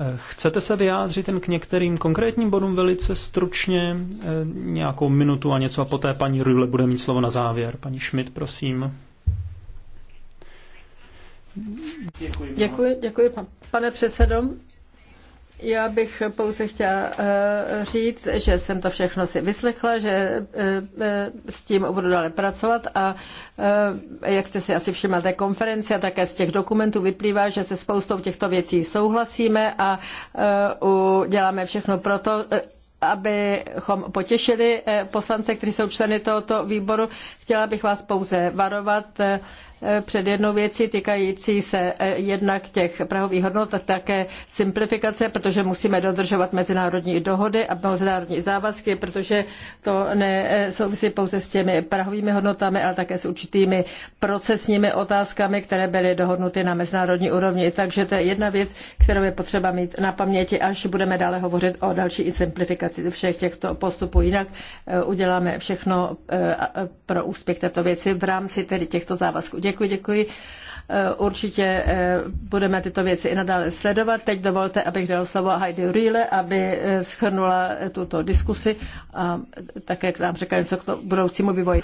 Eh, chcete se vyjádřit jen k některým konkrétním bodům velice stručně, eh, nějakou minutu a něco a poté paní Rüle bude mít slovo na závěr. Paní Schmidt, prosím. Děkuji, děkuji, děkuji pane předsedo. Já bych pouze chtěla eh, říct, že jsem to všechno si vyslechla, že eh, eh, s tím budu dále pracovat a jak jste si asi všimla té konferenci a také z těch dokumentů vyplývá, že se spoustou těchto věcí souhlasíme a děláme všechno proto, abychom potěšili poslance, kteří jsou členy tohoto výboru. Chtěla bych vás pouze varovat před jednou věcí týkající se eh, jednak těch prahových hodnot, a také simplifikace, protože musíme dodržovat mezinárodní dohody a mezinárodní závazky, protože to nesouvisí eh, pouze s těmi prahovými hodnotami, ale také s určitými procesními otázkami, které byly dohodnuty na mezinárodní úrovni. Takže to je jedna věc, kterou je potřeba mít na paměti, až budeme dále hovořit o další simplifikaci všech těchto postupů. Jinak eh, uděláme všechno pro úspěch této věci v rámci tedy těchto závazků. Děkuji. Děkuji, děkuji. E, určitě e, budeme tyto věci i nadále sledovat. Teď dovolte, abych dal slovo Heidi Rýle, aby e, schrnula tuto diskusi a také k nám řekla něco k budoucímu vývoji.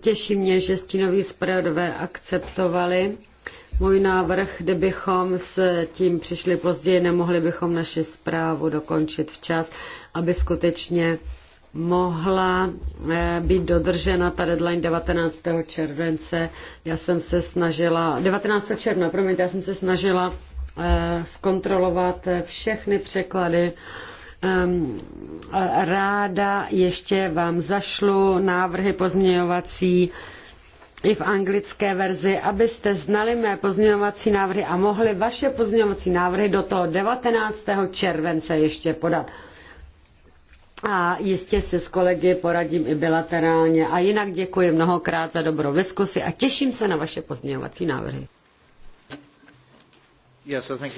Těší mě, že stínoví zpravodové akceptovali můj návrh, kdybychom s tím přišli později, nemohli bychom naši zprávu dokončit včas, aby skutečně mohla eh, být dodržena ta deadline 19. července. Já jsem se snažila, 19. června, promiňte, já jsem se snažila eh, zkontrolovat eh, všechny překlady. Ehm, ráda ještě vám zašlu návrhy pozměňovací i v anglické verzi, abyste znali mé pozměňovací návrhy a mohli vaše pozměňovací návrhy do toho 19. července ještě podat a jistě se s kolegy poradím i bilaterálně. A jinak děkuji mnohokrát za dobrou diskusi a těším se na vaše pozměňovací návrhy. Yes, so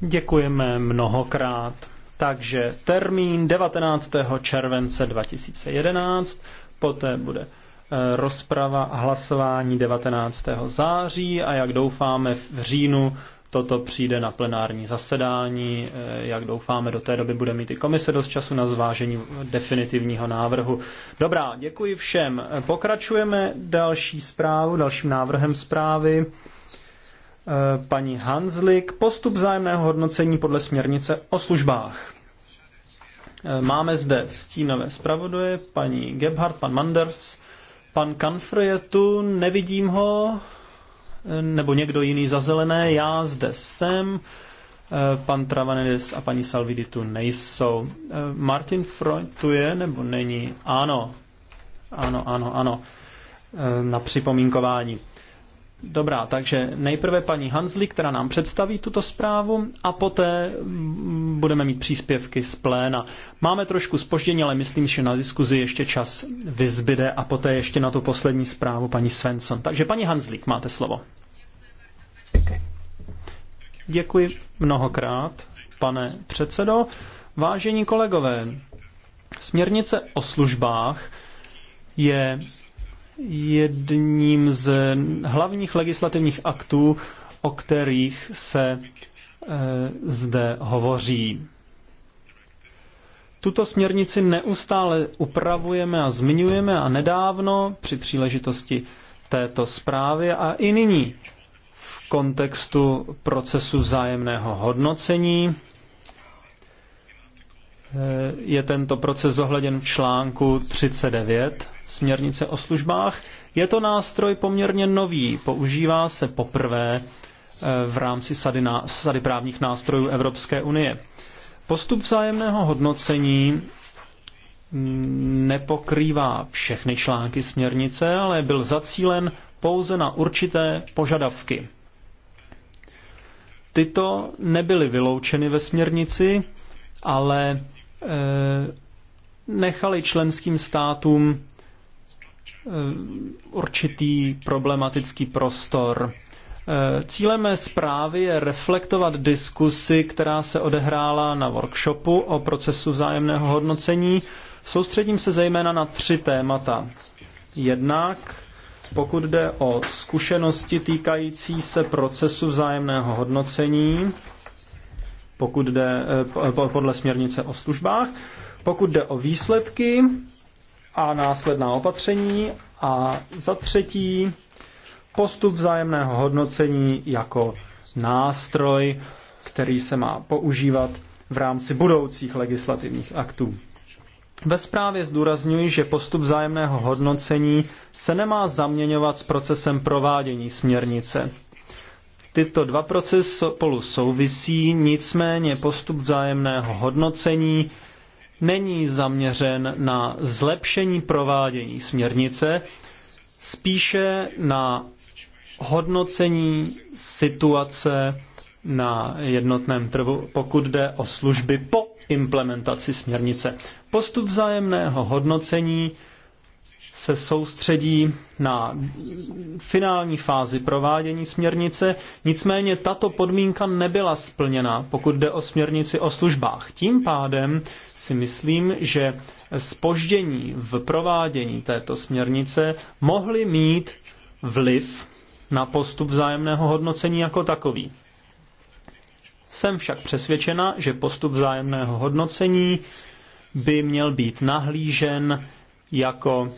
Děkujeme mnohokrát. Takže termín 19. července 2011, poté bude eh, rozprava a hlasování 19. září a jak doufáme v říjnu toto přijde na plenární zasedání. Eh, jak doufáme, do té doby bude mít i komise dost času na zvážení definitivního návrhu. Dobrá, děkuji všem. Eh, pokračujeme další zprávu, dalším návrhem zprávy. Eh, paní Hanslik, postup zájemného hodnocení podle směrnice o službách. Máme zde stínové zpravodaje, paní Gebhardt, pan Manders, pan Kanfr je tu, nevidím ho nebo někdo jiný za zelené, já zde jsem, eh, pan Travanedes a paní Salvidi tu nejsou. Eh, Martin Freud tu je nebo není? Ano, ano, ano, ano, eh, na připomínkování. Dobrá, takže nejprve paní Hanzli, která nám představí tuto zprávu a poté mm, budeme mít příspěvky z pléna. Máme trošku spoždění, ale myslím, že na diskuzi ještě čas vyzbyde a poté ještě na tu poslední zprávu paní Svensson. Takže paní Hanslík, máte slovo. Děkuji mnohokrát, pane předsedo. Vážení kolegové, směrnice o službách je jedním z hlavních legislativních aktů, o kterých se eh, zde hovoří. Tuto směrnici neustále upravujeme a zmiňujeme a nedávno při příležitosti této zprávy a i nyní v kontextu procesu vzájemného hodnocení je tento proces zohleděn v článku 39 směrnice o službách. Je to nástroj poměrně nový, používá se poprvé eh, v rámci sady, na, sady právních nástrojů Evropské unie. Postup vzájemného hodnocení nepokrývá všechny články směrnice, ale byl zacílen pouze na určité požadavky. Tyto nebyly vyloučeny ve směrnici, ale eh, nechali členským státům eh, určitý problematický prostor. Eh, cílem mé zprávy je reflektovat diskusi, která se odehrála na workshopu o procesu vzájemného hodnocení. Soustředím se zejména na tři témata. Jednak, pokud jde o zkušenosti týkající se procesu vzájemného hodnocení, pokud jde eh, podle směrnice o službách. Pokud jde o výsledky a následná opatření a za třetí postup vzájemného hodnocení jako nástroj, který se má používat v rámci budoucích legislativních aktů. Ve zprávě zdůrazňuji, že postup vzájemného hodnocení se nemá zaměňovat s procesem provádění směrnice. Tyto dva procesy spolu souvisí, nicméně postup vzájemného hodnocení není zaměřen na zlepšení provádění směrnice, spíše na hodnocení situace na jednotném trhu, pokud jde o služby po implementaci směrnice. Postup vzájemného hodnocení se soustředí na finální fázi provádění směrnice, nicméně tato podmínka nebyla splněna, pokud jde o směrnici o službách. Tím pádem si myslím, že spoždění v provádění této směrnice mohly mít vliv na postup vzájemného hodnocení jako takový. Jsem však přesvědčena, že postup vzájemného hodnocení by měl být nahlížen jako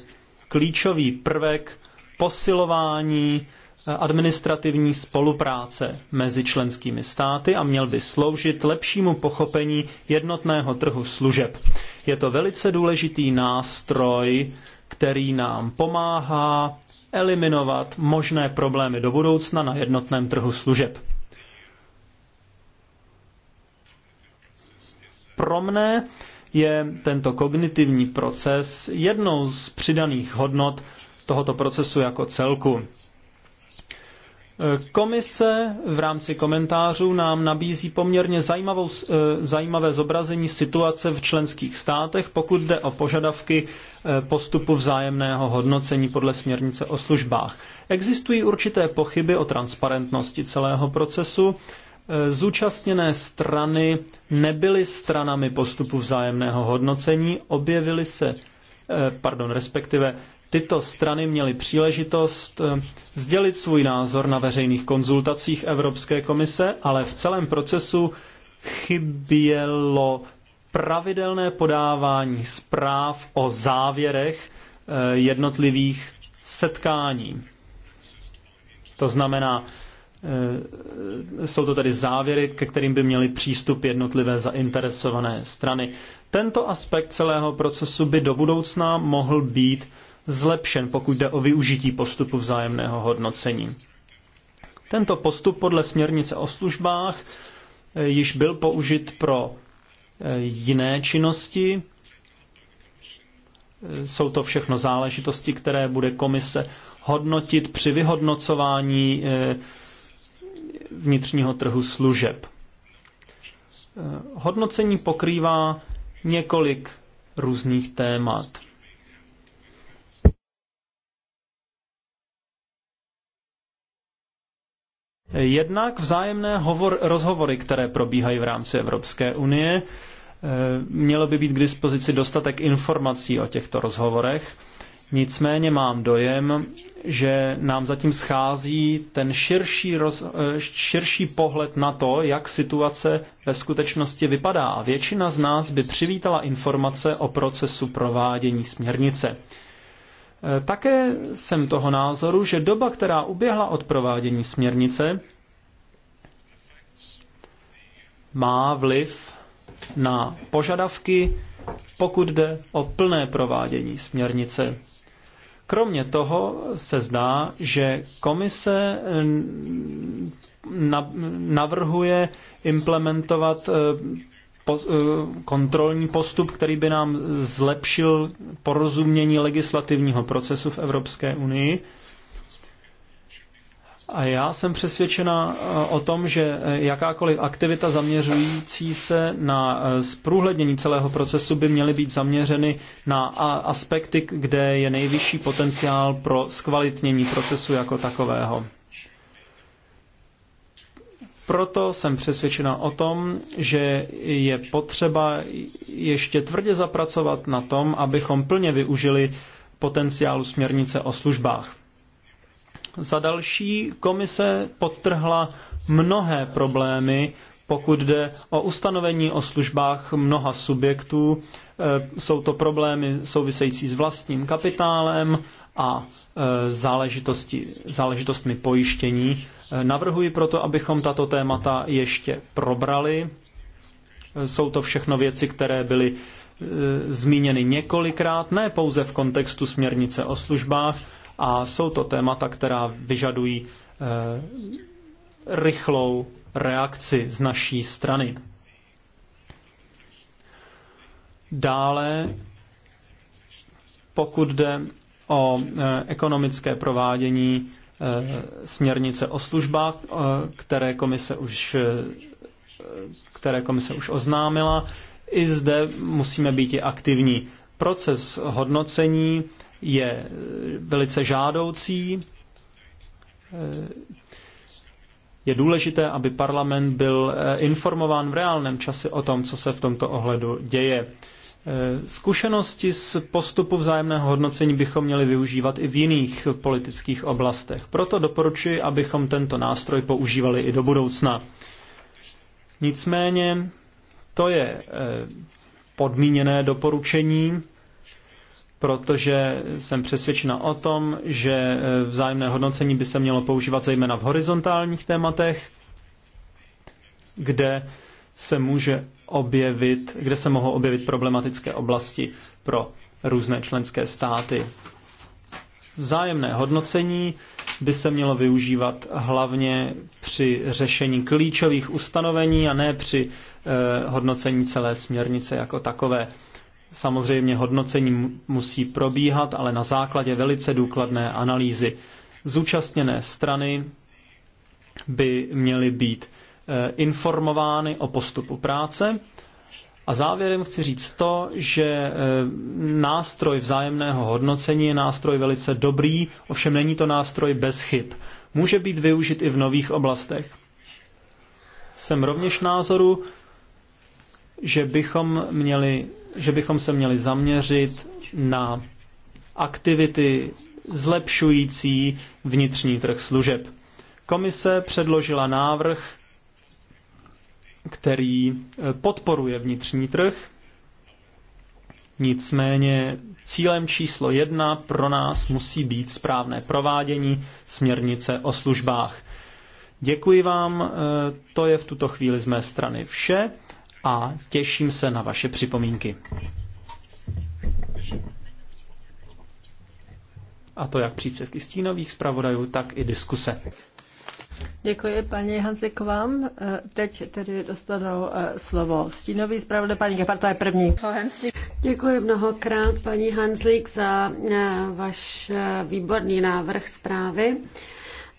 klíčový prvek posilování eh, administrativní spolupráce mezi členskými státy a měl by sloužit lepšímu pochopení jednotného trhu služeb. Je to velice důležitý nástroj, který nám pomáhá eliminovat možné problémy do budoucna na jednotném trhu služeb. Pro mne je tento kognitivní proces jednou z přidaných hodnot tohoto procesu jako celku. Komise v rámci komentářů nám nabízí poměrně zajímavou, eh, zajímavé zobrazení situace v členských státech, pokud jde o požadavky eh, postupu vzájemného hodnocení podle směrnice o službách. Existují určité pochyby o transparentnosti celého procesu Eh, zúčastněné strany nebyly stranami postupu vzájemného hodnocení, objevily se, eh, pardon, respektive tyto strany měly příležitost eh, sdělit svůj názor na veřejných konzultacích Evropské komise, ale v celém procesu chybělo pravidelné podávání zpráv o závěrech jednotlivých setkání. To znamená, Eh, jsou to tedy závěry, ke kterým by měly přístup jednotlivé zainteresované strany. Tento aspekt celého procesu by do budoucna mohl být zlepšen, pokud jde o využití postupu vzájemného hodnocení. Tento postup podle směrnice o službách eh, již byl použit pro eh, jiné činnosti. Jsou to všechno záležitosti, které bude komise hodnotit při vyhodnocování vnitřního trhu služeb. Eh, hodnocení pokrývá několik různých témat. Jednak vzájemné hovor, rozhovory, které probíhají v rámci Evropské unie, eh, mělo by být k dispozici dostatek informací o těchto rozhovorech Nicméně mám dojem, že nám zatím schází ten širší, roz, eh, širší pohled na to, jak situace ve skutečnosti vypadá. A většina z nás by přivítala informace o procesu provádění směrnice. Eh, také jsem toho názoru, že doba, která uběhla od provádění směrnice, má vliv na požadavky, pokud jde o plné provádění směrnice. Kromě toho se zdá, že komise navrhuje implementovat e, e, kontrolní postup, který by nám zlepšil porozumění legislativního procesu v Evropské unii a já jsem přesvědčena eh, o tom, že eh, jakákoliv aktivita zaměřující se na eh, zprůhlednění celého procesu by měly být zaměřeny na aspekty, kde je nejvyšší potenciál pro zkvalitnění procesu jako takového. Proto jsem přesvědčena o tom, že je potřeba ještě tvrdě zapracovat na tom, abychom plně využili potenciálu směrnice o službách. Za další, komise podtrhla mnohé problémy, pokud jde o ustanovení o službách mnoha subjektů. E, jsou to problémy související s vlastním kapitálem a e, záležitosti, záležitostmi pojištění. E, navrhuji proto, abychom tato témata ještě probrali. Jsou to všechno věci, které byly zmíněny několikrát, ne pouze v kontextu směrnice o službách, a jsou to témata, která vyžadují eh, rychlou reakci z naší strany. Dále, pokud jde o eh, ekonomické provádění eh, směrnice o službách, které komise už, které komise už oznámila, i zde musíme být i aktivní. Proces hodnocení je eh, velice žádoucí. Eh, je důležité, aby parlament byl eh, informován v reálném čase o tom, co se v tomto ohledu děje. Zkušenosti z postupu vzájemného hodnocení bychom měli využívat i v jiných politických oblastech. Proto doporučuji, abychom tento nástroj používali i do budoucna. Nicméně to je podmíněné doporučení protože jsem přesvědčena o tom, že e, vzájemné hodnocení by se mělo používat zejména v horizontálních tématech, kde se může objevit, kde se mohou objevit problematické oblasti pro různé členské státy. Vzájemné hodnocení by se mělo využívat hlavně při řešení klíčových ustanovení a ne při e, hodnocení celé směrnice jako takové. Samozřejmě hodnocení musí probíhat, ale na základě velice důkladné analýzy. Zúčastněné strany by měly být eh, informovány o postupu práce. A závěrem chci říct to, že eh, nástroj vzájemného hodnocení je nástroj velice dobrý, ovšem není to nástroj bez chyb. Může být využit i v nových oblastech. Jsem rovněž názoru, že bychom měli že bychom se měli zaměřit na aktivity zlepšující vnitřní trh služeb. Komise předložila návrh, který eh, podporuje vnitřní trh, nicméně cílem číslo jedna pro nás musí být správné provádění směrnice o službách. Děkuji vám, eh, to je v tuto chvíli z mé strany vše a těším se na vaše připomínky. A to jak příspěvky stínových zpravodajů, tak i diskuse. Děkuji paní Hanzi k vám. E, teď tedy dostanou e, slovo stínový zpravodaj paní Geparta je první. Děkuji mnohokrát paní Hanzlík za e, váš výborný návrh zprávy,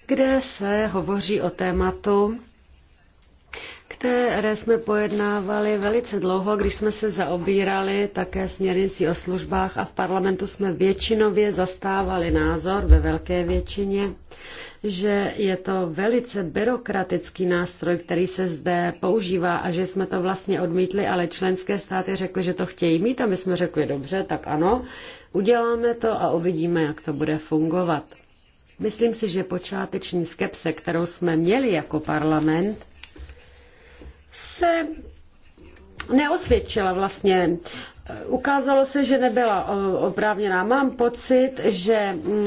kde se hovoří o tématu, které jsme pojednávali velice dlouho, když jsme se zaobírali také směrnicí o službách a v parlamentu jsme většinově zastávali názor ve velké většině, že je to velice byrokratický nástroj, který se zde používá a že jsme to vlastně odmítli, ale členské státy řekly, že to chtějí mít a my jsme řekli dobře, tak ano, uděláme to a uvidíme, jak to bude fungovat. Myslím si, že počáteční skepse, kterou jsme měli jako parlament, se neosvědčila vlastně. Ukázalo se, že nebyla oprávněná. Mám pocit, že mm,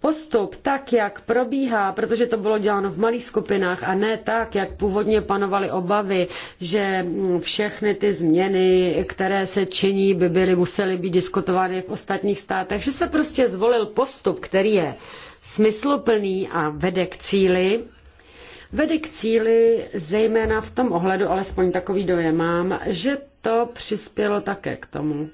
postup tak, jak probíhá, protože to bylo děláno v malých skupinách a ne tak, jak původně panovaly obavy, že mm, všechny ty změny, které se činí, by byly musely být diskutovány v ostatních státech, že se prostě zvolil postup, který je smysluplný a vede k cíli, vede k cíli, zejména v tom ohledu, alespoň takový dojem mám, že to přispělo také k tomu,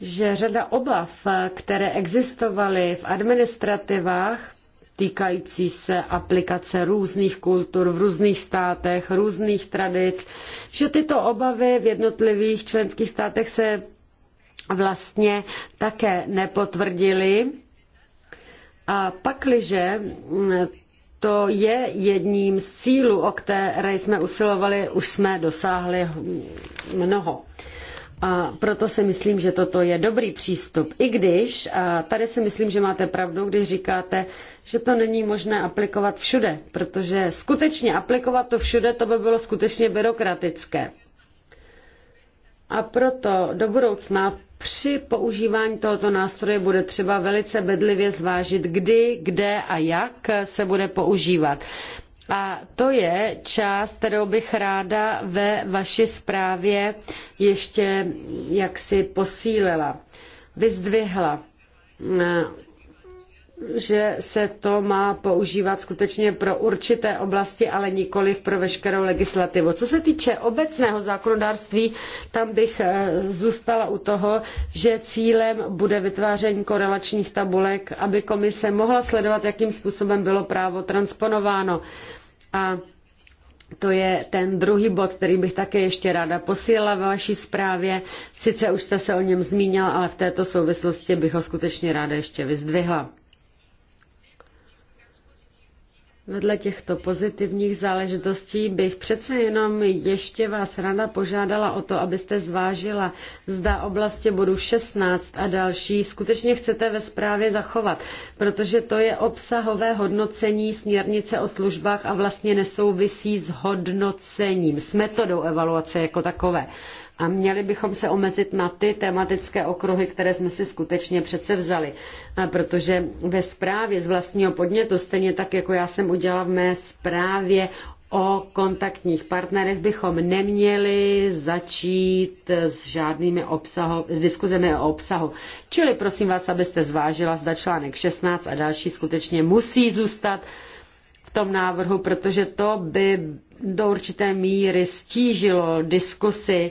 že řada obav, které existovaly v administrativách týkající se aplikace různých kultur v různých státech, různých tradic, že tyto obavy v jednotlivých členských státech se vlastně také nepotvrdily. A pakliže to je jedním z cílů, o které jsme usilovali, už jsme dosáhli mnoho. A proto si myslím, že toto je dobrý přístup. I když, a tady si myslím, že máte pravdu, když říkáte, že to není možné aplikovat všude, protože skutečně aplikovat to všude, to by bylo skutečně byrokratické. A proto do budoucna při používání tohoto nástroje bude třeba velice bedlivě zvážit, kdy, kde a jak se bude používat. A to je část, kterou bych ráda ve vaší zprávě ještě jaksi posílila, vyzdvihla že se to má používat skutečně pro určité oblasti, ale nikoliv pro veškerou legislativu. Co se týče obecného zákonodárství, tam bych eh, zůstala u toho, že cílem bude vytváření korelačních tabulek, aby komise mohla sledovat, jakým způsobem bylo právo transponováno. A to je ten druhý bod, který bych také ještě ráda posílala ve vaší zprávě. Sice už jste se o něm zmínil, ale v této souvislosti bych ho skutečně ráda ještě vyzdvihla. Vedle těchto pozitivních záležitostí bych přece jenom ještě vás rada požádala o to, abyste zvážila, zda oblasti bodu 16 a další skutečně chcete ve zprávě zachovat, protože to je obsahové hodnocení směrnice o službách a vlastně nesouvisí s hodnocením, s metodou evaluace jako takové. A měli bychom se omezit na ty tematické okruhy, které jsme si skutečně přece vzali. protože ve zprávě z vlastního podnětu, stejně tak jako já jsem udělala v mé zprávě o kontaktních partnerech, bychom neměli začít s žádnými obsaho, s diskuzemi o obsahu. Čili prosím vás, abyste zvážila, zda článek 16 a další skutečně musí zůstat v tom návrhu, protože to by do určité míry stížilo diskusy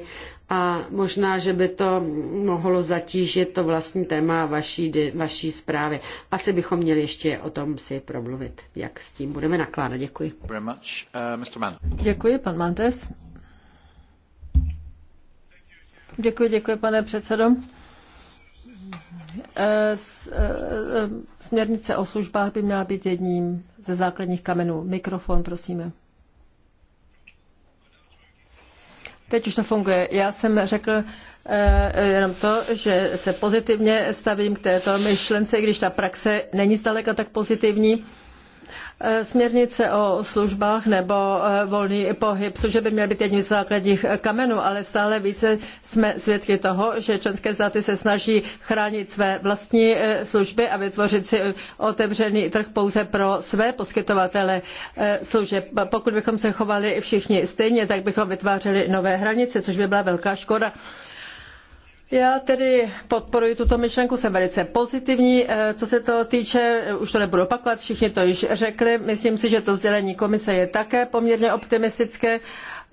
a možná, že by to mohlo zatížit to vlastní téma vaší, vaší zprávy. Asi bychom měli ještě o tom si promluvit, jak s tím budeme nakládat. Děkuji. Very much, uh, Mr. Mann. Děkuji, pan Mantes. Děkuji, děkuji, pane předsedo. Eh, eh, směrnice o službách by měla být jedním ze základních kamenů. Mikrofon, prosíme. Teď už to funguje. Já jsem řekl eh, eh, jenom to, že se pozitivně stavím k této myšlence, když ta praxe není zdaleka tak pozitivní. Eh, směrnice o službách nebo eh, volný pohyb, což by měl být jedním z základních kamenů, ale stále více jsme svědky toho, že členské státy se snaží chránit své vlastní eh, služby a vytvořit si otevřený trh pouze pro své poskytovatele služeb. Pokud bychom se chovali všichni stejně, tak bychom vytvářeli nové hranice, což by byla velká škoda. Já tedy podporuji tuto myšlenku, jsem velice pozitivní, eh, co se to týče, eh, už to nebudu opakovat, všichni to již řekli. Myslím si, že to sdělení komise je také poměrně optimistické.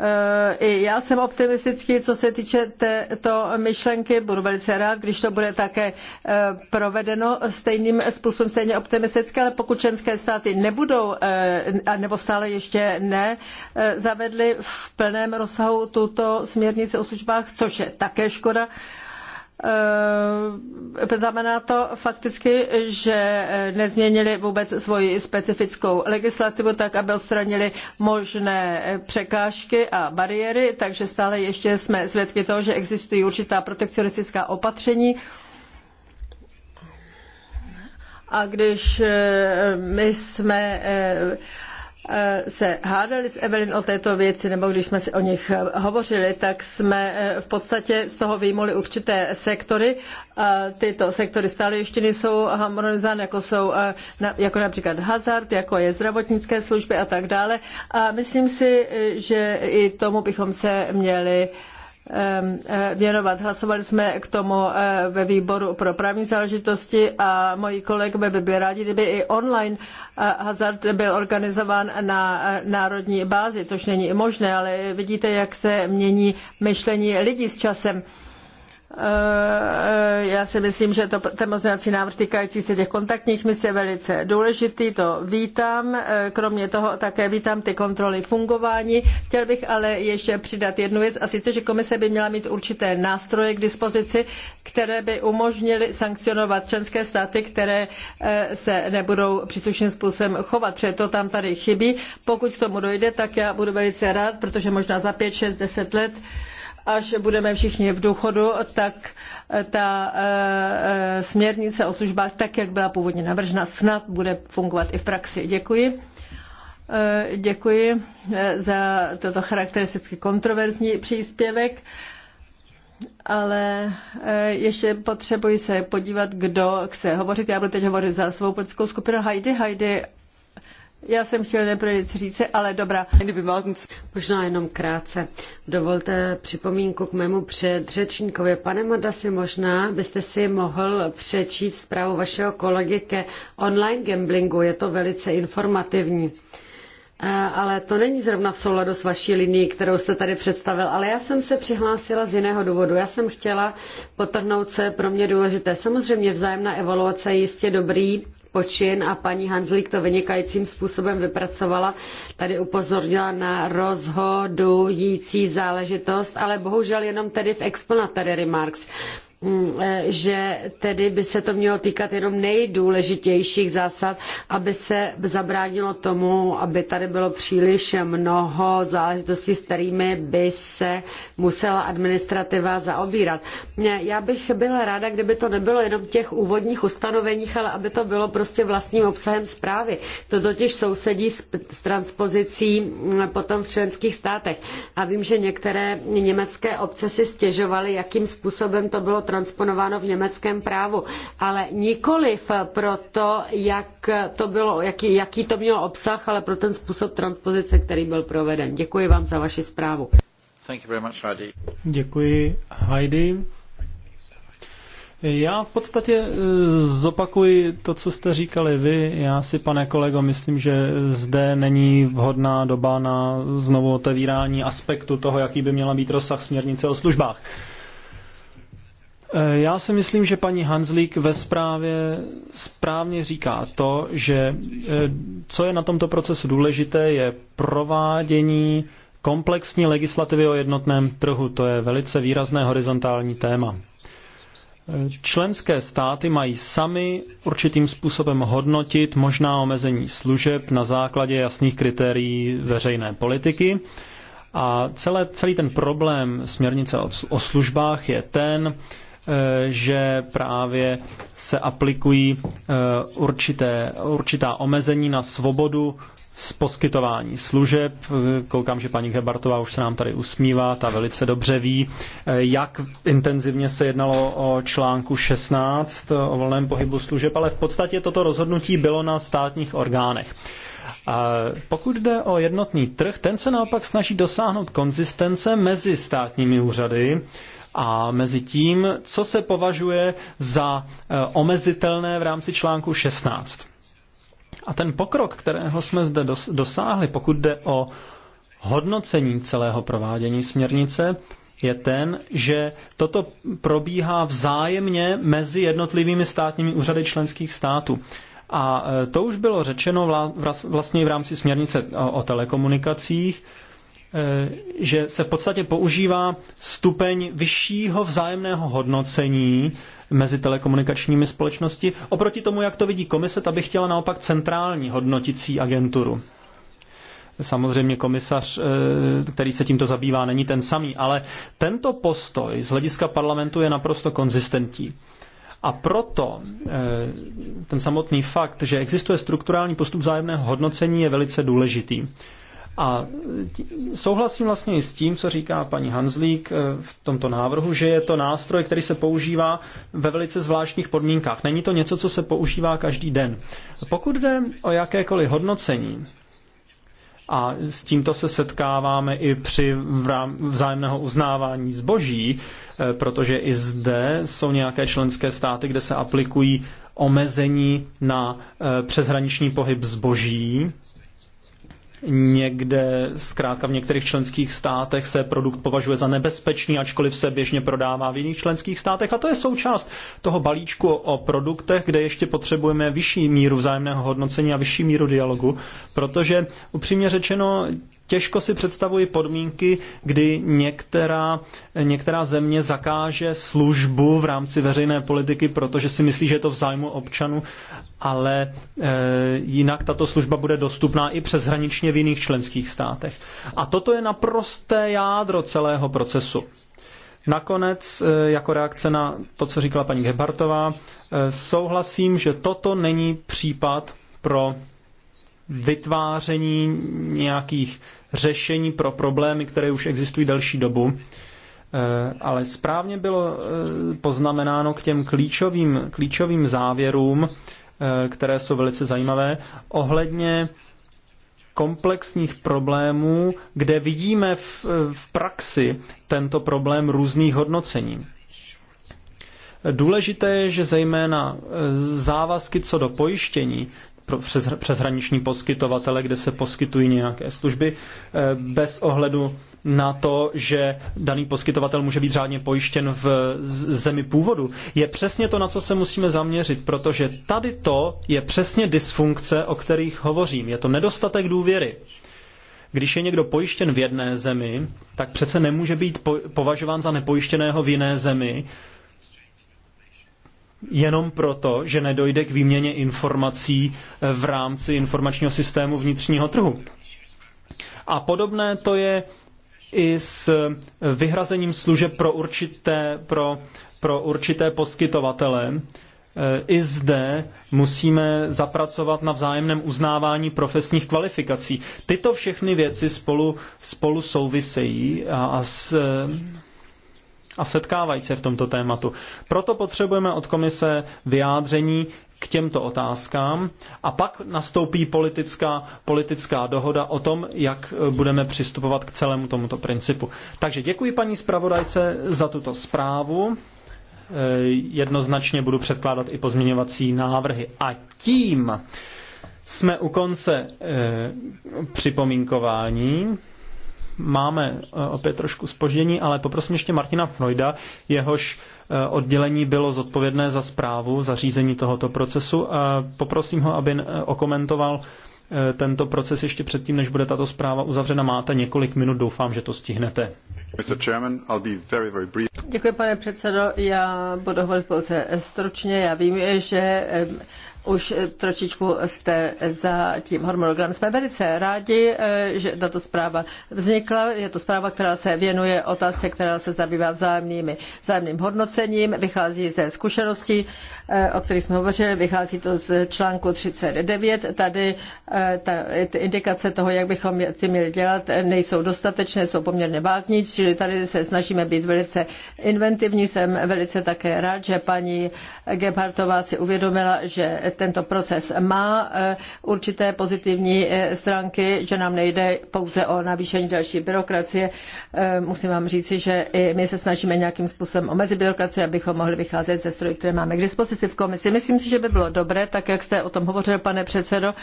Eh, I já jsem optimistický, co se týče této myšlenky. Budu velice rád, když to bude také provedeno stejným způsobem, stejně optimisticky, ale pokud členské státy nebudou, nebo stále ještě ne, zavedly v plném rozsahu tuto směrnici o službách, což je také škoda, Eh, znamená to fakticky, že eh, nezměnili vůbec svoji specifickou legislativu tak, aby odstranili možné eh, překážky a bariéry, takže stále ještě jsme svědky toho, že existují určitá protekcionistická opatření. A když my jsme Eh, se hádali s Evelyn o této věci, nebo když jsme si o nich eh, hovořili, tak jsme eh, v podstatě z toho vyjmuli určité sektory. Tyto sektory stále ještě nejsou harmonizovány, jako jsou jako například hazard, jako je zdravotnické služby a tak dále. A myslím si, že i tomu bychom se měli Ehm, eh, věnovat. Hlasovali jsme k tomu eh, ve výboru pro právní záležitosti a moji kolegové by byli rádi, kdyby i online eh, hazard byl organizován na národní bázi, což není možné, ale vidíte, jak se mění myšlení lidí s časem. Eh, eh, já si myslím, že to, ten pozměňovací návrh týkající se těch kontaktních misí je velice důležitý, to vítám. Eh, kromě toho také vítám ty kontroly fungování. Chtěl bych ale ještě přidat jednu věc, a sice, že komise by měla mít určité nástroje k dispozici, které by umožnily sankcionovat členské státy, které se nebudou příslušným způsobem chovat, protože to tam tady chybí. Pokud k tomu dojde, tak já budu velice rád, protože možná za pět, šest, deset let až budeme všichni v důchodu, tak eh, ta eh, eh, směrnice o službách, tak jak byla původně navržena, snad bude fungovat i v praxi. Děkuji. Děkuji za toto charakteristicky kontroverzní příspěvek, ale ještě potřebuji se podívat, kdo chce hovořit. Já budu teď hovořit za svou politickou skupinu. Heidi, Heidi já jsem chtěl nejprve říct, ale dobrá. Možná jenom krátce. Dovolte připomínku k mému předřečníkovi. Pane Madasi, možná byste si mohl přečíst zprávu vašeho kolegy ke online gamblingu. Je to velice informativní. Eh, ale to není zrovna v souladu s vaší linií, kterou jste tady představil. Ale já jsem se přihlásila z jiného důvodu. Já jsem chtěla potrhnout, co je pro mě důležité. Samozřejmě vzájemná evaluace je jistě dobrý počin a paní Hanzlík to vynikajícím způsobem vypracovala. Tady upozornila na rozhodující záležitost, ale bohužel jenom tedy v explanatory remarks. Mm, eh, že tedy by se to mělo týkat jenom nejdůležitějších zásad, aby se zabránilo tomu, aby tady bylo příliš mnoho záležitostí, s kterými by se musela administrativa zaobírat. Já bych byla ráda, kdyby to nebylo jenom těch úvodních ustanoveních, ale aby to bylo prostě vlastním obsahem zprávy. To totiž sousedí s, s transpozicí mm, potom v členských státech. A vím, že některé německé obce si stěžovaly, jakým způsobem to bylo transponováno v německém právu, ale nikoliv pro to, jak to bylo, jaký, jaký to mělo obsah, ale pro ten způsob transpozice, který byl proveden. Děkuji vám za vaši zprávu. Thank you very much, Heidi. Děkuji, Heidi. Já v podstatě eh, zopakuji to, co jste říkali vy. Já si, pane kolego, myslím, že zde není vhodná doba na znovu otevírání aspektu toho, jaký by měla být rozsah směrnice o službách. Eh, já si myslím, že paní Hanzlík ve zprávě správně říká to, že eh, co je na tomto procesu důležité, je provádění komplexní legislativy o jednotném trhu. To je velice výrazné horizontální téma. Eh, členské státy mají sami určitým způsobem hodnotit možná omezení služeb na základě jasných kritérií veřejné politiky. A celé, celý ten problém směrnice o, o službách je ten, Eh, že právě se aplikují eh, určité, určitá omezení na svobodu z poskytování služeb. Eh, koukám, že paní Gebartová už se nám tady usmívá, ta velice dobře ví, jak intenzivně se jednalo o článku 16 o volném pohybu služeb, ale v podstatě toto rozhodnutí bylo na státních orgánech. A pokud jde o jednotný trh, ten se naopak snaží dosáhnout konzistence mezi státními úřady, a mezi tím, co se považuje za eh, omezitelné v rámci článku 16. A ten pokrok, kterého jsme zde dosáhli, pokud jde o hodnocení celého provádění směrnice, je ten, že toto probíhá vzájemně mezi jednotlivými státními úřady členských států. A eh, to už bylo řečeno vlastně v rámci směrnice o telekomunikacích, Eh, že se v podstatě používá stupeň vyššího vzájemného hodnocení mezi telekomunikačními společnosti, oproti tomu, jak to vidí komise, ta by chtěla naopak centrální hodnotící agenturu. Samozřejmě komisař, eh, který se tímto zabývá, není ten samý, ale tento postoj z hlediska parlamentu je naprosto konzistentní. A proto eh, ten samotný fakt, že existuje strukturální postup vzájemného hodnocení, je velice důležitý. A souhlasím vlastně i s tím, co říká paní Hanzlík eh, v tomto návrhu, že je to nástroj, který se používá ve velice zvláštních podmínkách. Není to něco, co se používá každý den. Pokud jde o jakékoliv hodnocení, a s tímto se setkáváme i při vzájemného uznávání zboží, eh, protože i zde jsou nějaké členské státy, kde se aplikují omezení na eh, přeshraniční pohyb zboží, Někde, zkrátka v některých členských státech se produkt považuje za nebezpečný, ačkoliv se běžně prodává v jiných členských státech. A to je součást toho balíčku o produktech, kde ještě potřebujeme vyšší míru vzájemného hodnocení a vyšší míru dialogu, protože upřímně řečeno Těžko si představuji podmínky, kdy některá, některá země zakáže službu v rámci veřejné politiky, protože si myslí, že je to v zájmu občanů, ale e, jinak tato služba bude dostupná i přeshraničně v jiných členských státech. A toto je naprosté jádro celého procesu. Nakonec, eh, jako reakce na to, co říkala paní Gebartová, eh, souhlasím, že toto není případ pro vytváření nějakých řešení pro problémy, které už existují delší dobu. Eh, ale správně bylo eh, poznamenáno k těm klíčovým, klíčovým závěrům, eh, které jsou velice zajímavé, ohledně komplexních problémů, kde vidíme v, v praxi tento problém různých hodnocení. Důležité je, že zejména závazky co do pojištění přes, přeshraniční poskytovatele, kde se poskytují nějaké služby, eh, bez ohledu na to, že daný poskytovatel může být řádně pojištěn v zemi původu, je přesně to, na co se musíme zaměřit, protože tady to je přesně dysfunkce, o kterých hovořím. Je to nedostatek důvěry. Když je někdo pojištěn v jedné zemi, tak přece nemůže být považován za nepojištěného v jiné zemi, jenom proto, že nedojde k výměně informací eh, v rámci informačního systému vnitřního trhu. A podobné to je i s eh, vyhrazením služeb pro určité, pro, pro určité poskytovatele. Eh, I zde musíme zapracovat na vzájemném uznávání profesních kvalifikací. Tyto všechny věci spolu, spolu souvisejí a, a s, a setkávají se v tomto tématu. Proto potřebujeme od komise vyjádření k těmto otázkám a pak nastoupí politická, politická dohoda o tom, jak eh, budeme přistupovat k celému tomuto principu. Takže děkuji paní zpravodajce za tuto zprávu. Eh, jednoznačně budu předkládat i pozměňovací návrhy. A tím jsme u konce eh, připomínkování máme e, opět trošku spoždění, ale poprosím ještě Martina Freuda, jehož e, oddělení bylo zodpovědné za zprávu, za řízení tohoto procesu. A poprosím ho, aby e, okomentoval tento proces ještě předtím, než bude tato zpráva uzavřena. Máte několik minut, doufám, že to stihnete. Děkuji, pane předsedo. Já budu hovořit pouze stručně. Já vím, že už eh, trošičku jste za tím harmonogramem. Jsme velice rádi, eh, že tato zpráva vznikla. Je to zpráva, která se věnuje otázce, která se zabývá vzájemnými, vzájemným hodnocením, vychází ze zkušeností, eh, o kterých jsme hovořili, vychází to z článku 39. Tady ta, ty indikace toho, jak bychom si měli dělat, nejsou dostatečné, jsou poměrně vágní, čili tady se snažíme být velice inventivní. Jsem velice také rád, že paní Gebhartová si uvědomila, že tento proces má eh, určité pozitivní eh, stránky, že nám nejde pouze o navýšení další byrokracie. Eh, musím vám říci, že i my se snažíme nějakým způsobem omezit byrokracii, abychom mohli vycházet ze strojů, které máme k dispozici v komisi. Myslím si, že by bylo dobré, tak jak jste o tom hovořil, pane předsedo,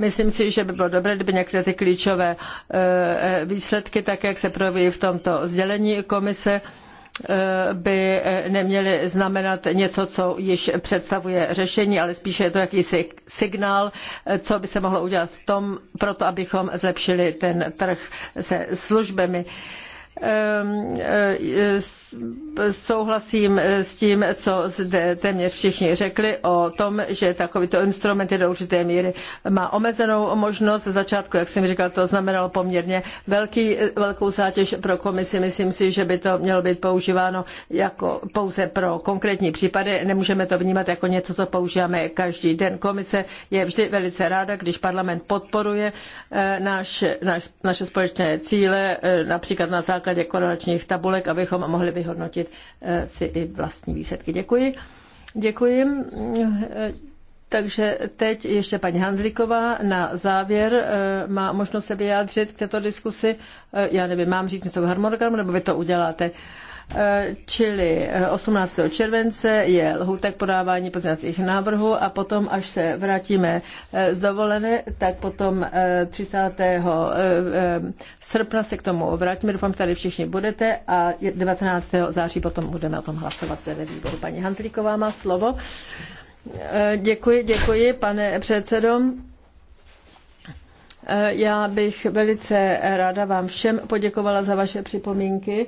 Myslím si, že by bylo dobré, kdyby některé ty klíčové výsledky, tak jak se projeví v tomto sdělení komise, Eh, by eh, neměly znamenat něco, co již představuje řešení, ale spíše je to jakýsi signál, eh, co by se mohlo udělat v tom, proto abychom zlepšili ten trh se službami. Uh, Ehm, e, e, souhlasím s tím, co zde téměř všichni řekli o tom, že takovýto instrument je do určité míry má omezenou možnost. Z začátku, jak jsem říkal, to znamenalo poměrně velký, velkou zátěž pro komisi. Myslím si, že by to mělo být používáno jako pouze pro konkrétní případy. Nemůžeme to vnímat jako něco, co používáme každý den. Komise je vždy velice ráda, když parlament podporuje e, naš, naš, naše společné cíle, například na základě základě korelačních tabulek, abychom mohli vyhodnotit eh, si i vlastní výsledky. Děkuji. Děkuji. Eh, takže teď ještě paní Hanzlíková na závěr eh, má možnost se vyjádřit k této diskusi. Já nevím, mám říct něco k harmonogramu, nebo vy to uděláte. Eh, čili 18. Eh, července je lhůta k podávání pozměňovacích návrhů a potom, až se vrátíme eh, z dovolené, tak potom 30. srpna se k tomu vrátíme. Doufám, tady všichni budete a 19. září potom budeme o tom hlasovat ve výboru. Paní Hanzlíková má slovo. Děkuji, děkuji, pane předsedo. Já bych velice ráda vám všem poděkovala za vaše připomínky.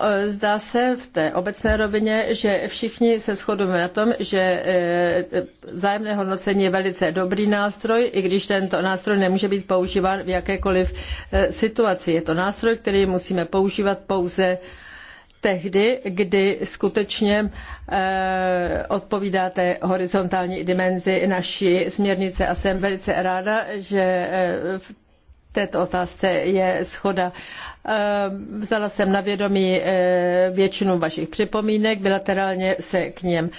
Eh, zdá se v té obecné rovině, že všichni se shodujeme na tom, že eh, zájemné hodnocení je velice dobrý nástroj, i když tento nástroj nemůže být používán v jakékoliv eh, situaci. Je to nástroj, který musíme používat pouze tehdy, kdy skutečně odpovídá té horizontální dimenzi naší směrnice. A jsem velice ráda, že v této otázce je schoda. Eh, vzala jsem na vědomí eh, většinu vašich připomínek, bilaterálně se k něm,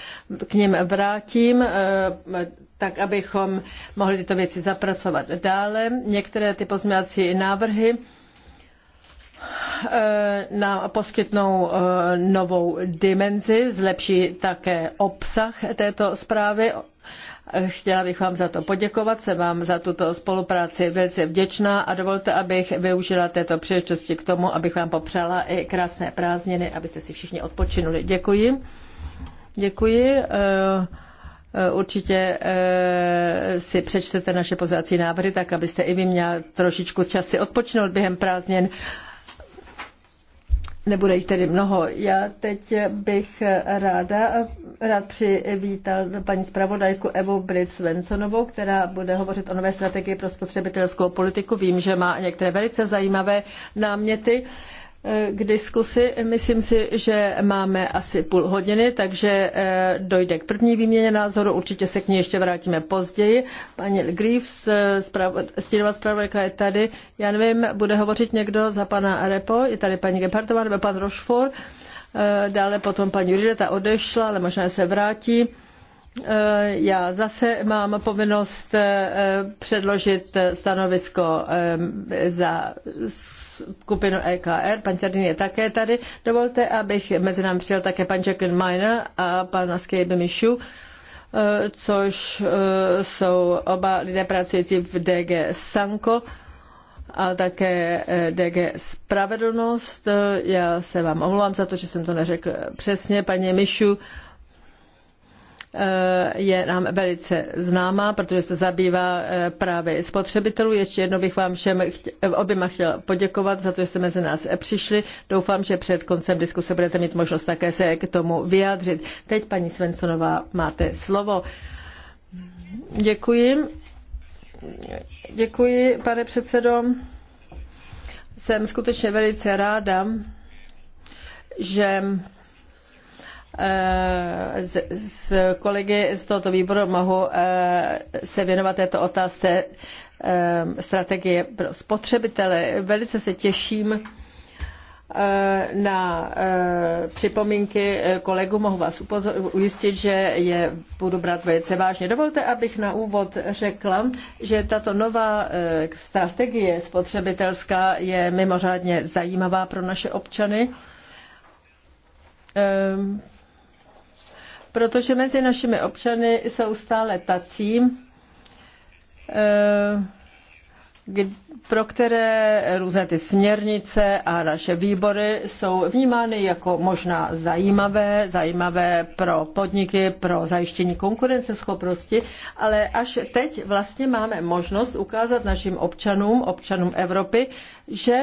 k něm vrátím, eh, tak abychom mohli tyto věci zapracovat dále. Některé ty pozměňovací návrhy nám poskytnou novou dimenzi, zlepší také obsah této zprávy Chtěla bych vám za to poděkovat, jsem vám za tuto spolupráci velice vděčná a dovolte, abych využila této příležitosti k tomu, abych vám popřála i krásné prázdniny, abyste si všichni odpočinuli. Děkuji. Děkuji. Eh, eh, určitě eh, si přečtete naše pozací návrhy, tak abyste i vy měla trošičku čas si odpočinout během prázdnin. Nebude jich tedy mnoho. Já teď bych ráda, rád přivítal paní zpravodajku Evu Brit Svensonovou, která bude hovořit o nové strategii pro spotřebitelskou politiku. Vím, že má některé velice zajímavé náměty. Eh, k diskusi. Myslím si, že máme asi půl hodiny, takže eh, dojde k první výměně názoru. Určitě se k ní ještě vrátíme později. Paní Grief, eh, stínová zpravodajka je tady. Já nevím, bude hovořit někdo za pana Repo, je tady paní Gepardová nebo pan Rošfor? Dále potom paní Rideta odešla, ale možná se vrátí. Já zase mám povinnost předložit stanovisko za skupinu EKR. Pan Cerdin je také tady. Dovolte, abych mezi námi přijel také pan Jacqueline Miner a pan Skejbe Michu, eh, což eh, jsou oba lidé pracující v DG Sanko a také eh, DG Spravedlnost. Já se vám omlouvám za to, že jsem to neřekl přesně. Paní Mišu, Eh, je nám velice známá, protože se zabývá eh, právě spotřebitelů. Ještě jednou bych vám všem eh, oběma chtěl poděkovat za to, že jste mezi nás přišli. Doufám, že před koncem diskuse budete mít možnost také se k tomu vyjádřit. Teď, paní Svensonová, máte slovo. Děkuji. Děkuji, pane předsedo. Jsem skutečně velice ráda, že s, eh, s kolegy z tohoto výboru mohu eh, se věnovat této otázce eh, strategie pro spotřebitele. Velice se těším na připomínky kolegů. Mohu vás ujistit, že je budu brát velice vážně. Dovolte, abych na úvod řekla, že tato nová strategie spotřebitelská je mimořádně zajímavá pro naše občany protože mezi našimi občany jsou stále tací, eh, pro které různé ty směrnice a naše výbory jsou vnímány jako možná zajímavé, zajímavé pro podniky, pro zajištění konkurenceschopnosti, ale až teď vlastně máme možnost ukázat našim občanům, občanům Evropy, že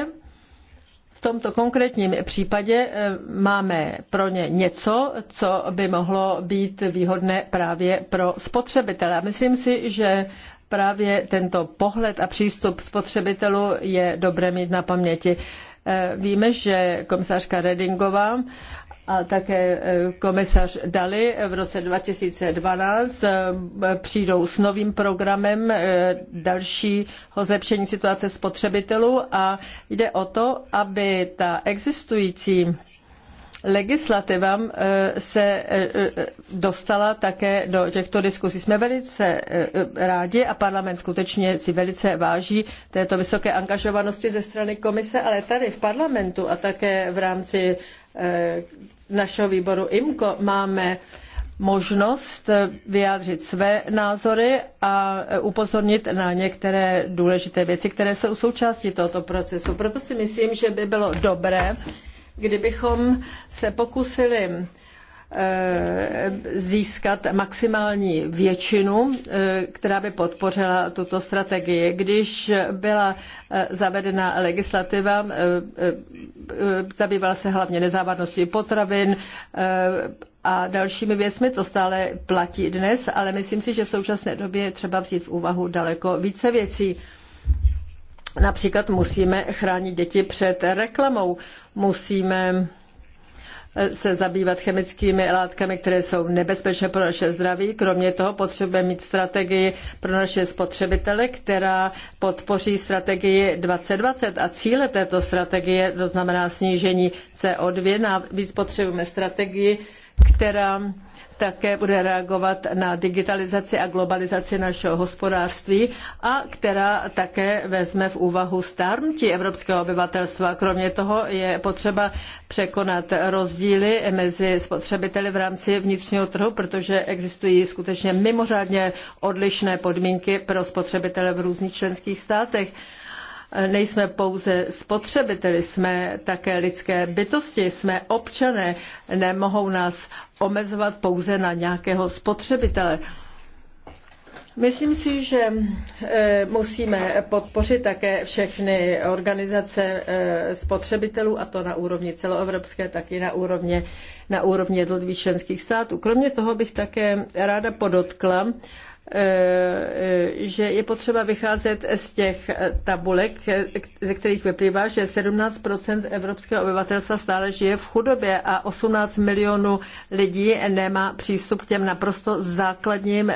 v tomto konkrétním případě eh, máme pro ně něco, co by mohlo být výhodné právě pro spotřebitele. A myslím si, že právě tento pohled a přístup spotřebitelů je dobré mít na paměti. Eh, víme, že komisařka Redingová a také e, komisař Dali v roce 2012 e, přijdou s novým programem e, dalšího zlepšení situace spotřebitelů a jde o to, aby ta existující legislativa se dostala také do těchto diskusí. Jsme velice rádi a parlament skutečně si velice váží této vysoké angažovanosti ze strany komise, ale tady v parlamentu a také v rámci našeho výboru IMCO máme možnost vyjádřit své názory a upozornit na některé důležité věci, které jsou součástí tohoto procesu. Proto si myslím, že by bylo dobré, kdybychom se pokusili Eh, získat maximální většinu, eh, která by podpořila tuto strategii. Když byla eh, zavedena legislativa, zabývala se hlavně nezávadností potravin a dalšími věcmi, to stále platí dnes, ale myslím si, že v současné době je třeba vzít v úvahu daleko více věcí. Například musíme chránit děti před reklamou, musíme se zabývat chemickými látkami, které jsou nebezpečné pro naše zdraví. Kromě toho potřebujeme mít strategii pro naše spotřebitele, která podpoří strategii 2020 a cíle této strategie, to znamená snížení CO2. Navíc potřebujeme strategii, která také bude reagovat na digitalizaci a globalizaci našeho hospodářství a která také vezme v úvahu stárnutí evropského obyvatelstva. Kromě toho je potřeba překonat rozdíly mezi spotřebiteli v rámci vnitřního trhu, protože existují skutečně mimořádně odlišné podmínky pro spotřebitele v různých členských státech nejsme pouze spotřebiteli, jsme také lidské bytosti, jsme občané, nemohou nás omezovat pouze na nějakého spotřebitele. Myslím si, že e, musíme podpořit také všechny organizace e, spotřebitelů, a to na úrovni celoevropské, tak i na úrovni, na úrovni jednotlivých členských států. Kromě toho bych také ráda podotkla, Eh, eh, že je potřeba vycházet z těch eh, tabulek, ze kterých vyplývá, že 17 evropského obyvatelstva stále žije v chudobě a 18 milionů lidí nemá přístup k těm naprosto základním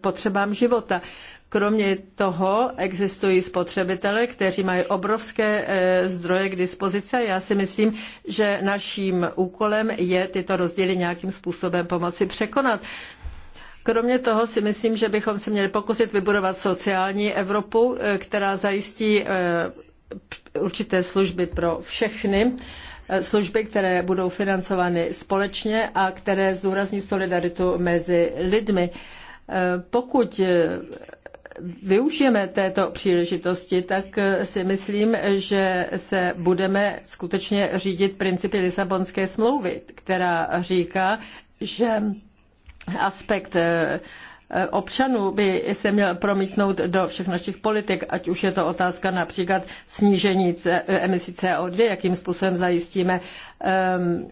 potřebám života. Kromě toho existují spotřebitele, kteří mají obrovské zdroje k dispozici a já si myslím, že naším úkolem je tyto rozdíly nějakým způsobem pomoci překonat. Kromě toho si myslím, že bychom se měli pokusit vybudovat sociální Evropu, eh, která zajistí eh, určité služby pro všechny eh, služby, které budou financovány společně a které zdůrazní solidaritu mezi lidmi. Pokud využijeme této příležitosti, tak si myslím, že se budeme skutečně řídit principy Lisabonské smlouvy, která říká, že aspekt eh, eh, občanů by se měl promítnout do všech našich politik, ať už je to otázka například snížení eh, emisí CO2, jakým způsobem zajistíme ehm,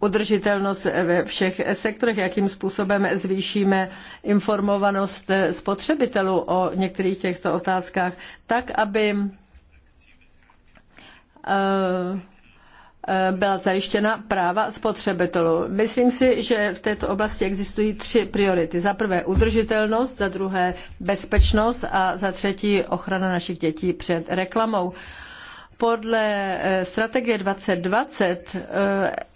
udržitelnost ve všech sektorech, jakým způsobem zvýšíme informovanost spotřebitelů o některých těchto otázkách, tak aby Eh, byla zajištěna práva spotřebitelů. Myslím si, že v této oblasti existují tři priority. Za prvé udržitelnost, za druhé bezpečnost a za třetí ochrana našich dětí před reklamou. Podle eh, strategie 2020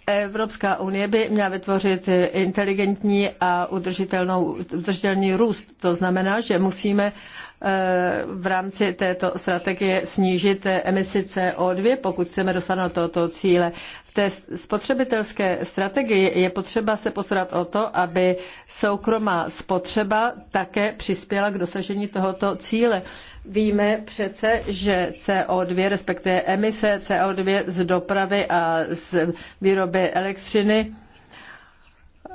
eh, Evropská unie by měla vytvořit inteligentní a udržitelnou, udržitelný růst. To znamená, že musíme uh, Eh, v rámci této strategie snížit emisi CO2, pokud chceme dosáhnout tohoto cíle. V té spotřebitelské strategii je potřeba se postarat o to, aby soukromá spotřeba také přispěla k dosažení tohoto cíle. Víme přece, že CO2, respektive emise CO2 z dopravy a z výroby elektřiny, eh,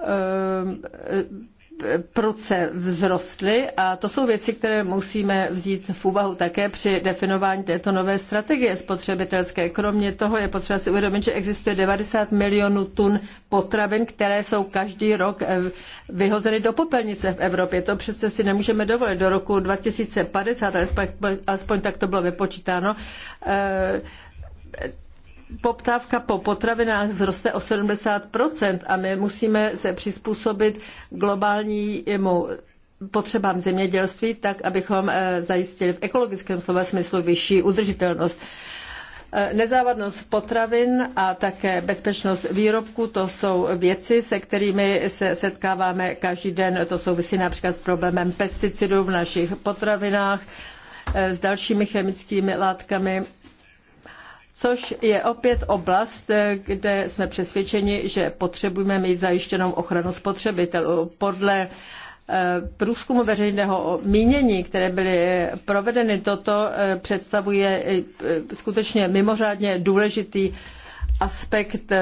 Proce vzrostly a to jsou věci, které musíme vzít v úvahu také při definování této nové strategie spotřebitelské. Kromě toho je potřeba si uvědomit, že existuje 90 milionů tun potravin, které jsou každý rok eh, vyhozeny do popelnice v Evropě. To přece si nemůžeme dovolit. Do roku 2050, alespoň, alespoň tak to bylo vypočítáno, eh, poptávka po potravinách zroste o 70% a my musíme se přizpůsobit globálnímu potřebám zemědělství, tak abychom eh, zajistili v ekologickém slova smyslu vyšší udržitelnost. Eh, Nezávadnost potravin a také bezpečnost výrobků, to jsou věci, se kterými se setkáváme každý den. To souvisí například s problémem pesticidů v našich potravinách, eh, s dalšími chemickými látkami což je opět oblast, kde jsme přesvědčeni, že potřebujeme mít zajištěnou ochranu spotřebitelů. Podle eh, průzkumu veřejného mínění, které byly provedeny, toto eh, představuje eh, skutečně mimořádně důležitý aspekt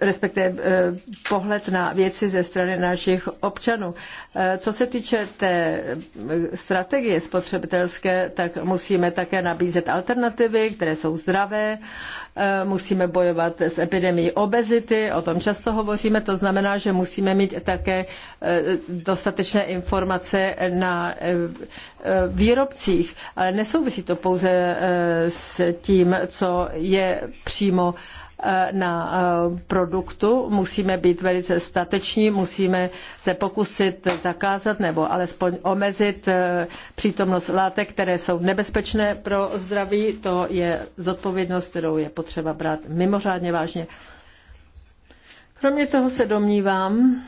respektive eh, pohled na věci ze strany našich občanů. Eh, co se týče té eh, strategie spotřebitelské, tak musíme také nabízet alternativy, které jsou zdravé, musíme bojovat s epidemií obezity, o tom často hovoříme, to znamená, že musíme mít také dostatečné informace na výrobcích, ale nesouvisí to pouze s tím, co je přímo Eh, na eh, produktu. Musíme být velice stateční, musíme se pokusit zakázat nebo alespoň omezit eh, přítomnost látek, které jsou nebezpečné pro zdraví. To je zodpovědnost, kterou je potřeba brát mimořádně vážně. Kromě toho se domnívám,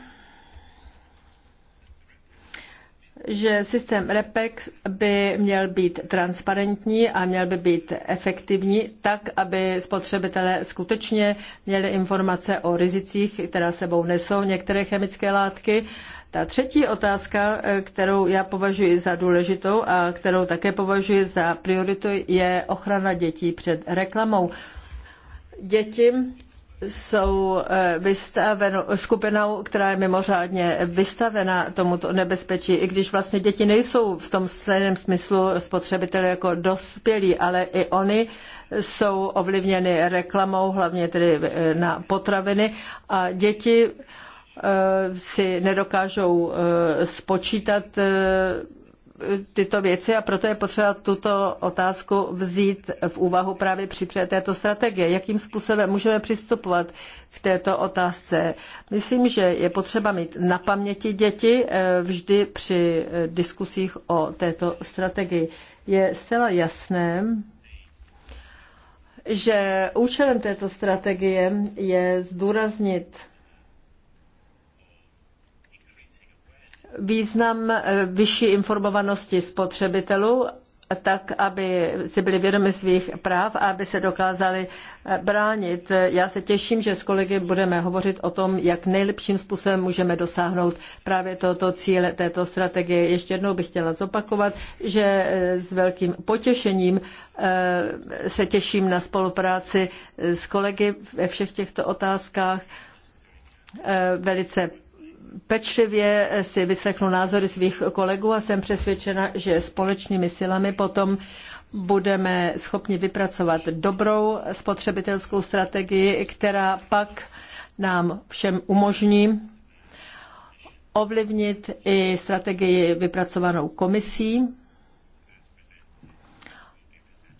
že systém REPEX by měl být transparentní a měl by být efektivní, tak aby spotřebitelé skutečně měli informace o rizicích, která sebou nesou některé chemické látky. Ta třetí otázka, kterou já považuji za důležitou a kterou také považuji za prioritu, je ochrana dětí před reklamou. Děti jsou eh, vystaveno, skupinou, která je mimořádně vystavena tomuto nebezpečí, i když vlastně děti nejsou v tom stejném smyslu spotřebiteli jako dospělí, ale i oni jsou ovlivněny reklamou, hlavně tedy eh, na potraviny a děti eh, si nedokážou spočítat tyto věci a proto je potřeba tuto otázku vzít v úvahu právě při této strategie. Jakým způsobem můžeme přistupovat k této otázce? Myslím, že je potřeba mít na paměti děti eh, vždy při eh, diskusích o této strategii. Je zcela jasné, že účelem této strategie je zdůraznit význam eh, vyšší informovanosti spotřebitelů, tak, aby si byli vědomi svých práv a aby se dokázali eh, bránit. Já se těším, že s kolegy budeme hovořit o tom, jak nejlepším způsobem můžeme dosáhnout právě tohoto cíle, této strategie. Ještě jednou bych chtěla zopakovat, že eh, s velkým potěšením se těším na spolupráci s kolegy ve všech těchto otázkách. Velice pečlivě si vyslechnu názory svých kolegů a jsem přesvědčena, že společnými silami potom budeme schopni vypracovat dobrou spotřebitelskou strategii, která pak nám všem umožní ovlivnit i strategii vypracovanou komisí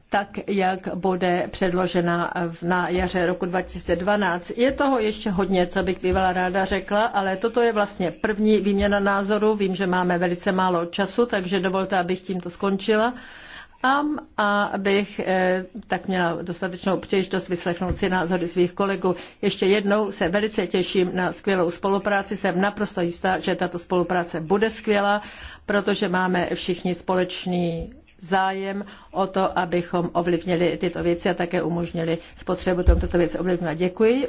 tak, jak bude předložena na jaře roku 2012. Je toho ještě hodně, co bych bývala ráda řekla, ale toto je vlastně první výměna názorů. Vím, že máme velice málo času, takže dovolte, abych tímto skončila. A abych eh, tak měla dostatečnou příležitost vyslechnout si názory svých kolegů. Ještě jednou se velice těším na skvělou spolupráci. Jsem naprosto jistá, že tato spolupráce bude skvělá, protože máme všichni společný zájem o to, abychom ovlivnili tyto věci a také umožnili spotřebu tomto věci ovlivňovat. Děkuji.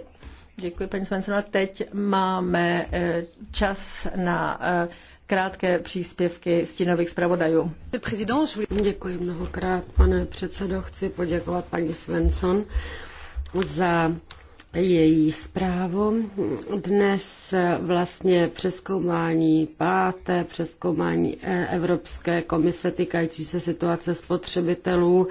Děkuji, paní Svensonová. Teď máme eh, čas na eh, krátké příspěvky stínových zpravodajů. Děkuji mnohokrát, pane předsedo. Chci poděkovat paní Svensson za její zprávu. Dnes vlastně přeskoumání páté, přeskoumání eh, Evropské komise týkající se situace spotřebitelů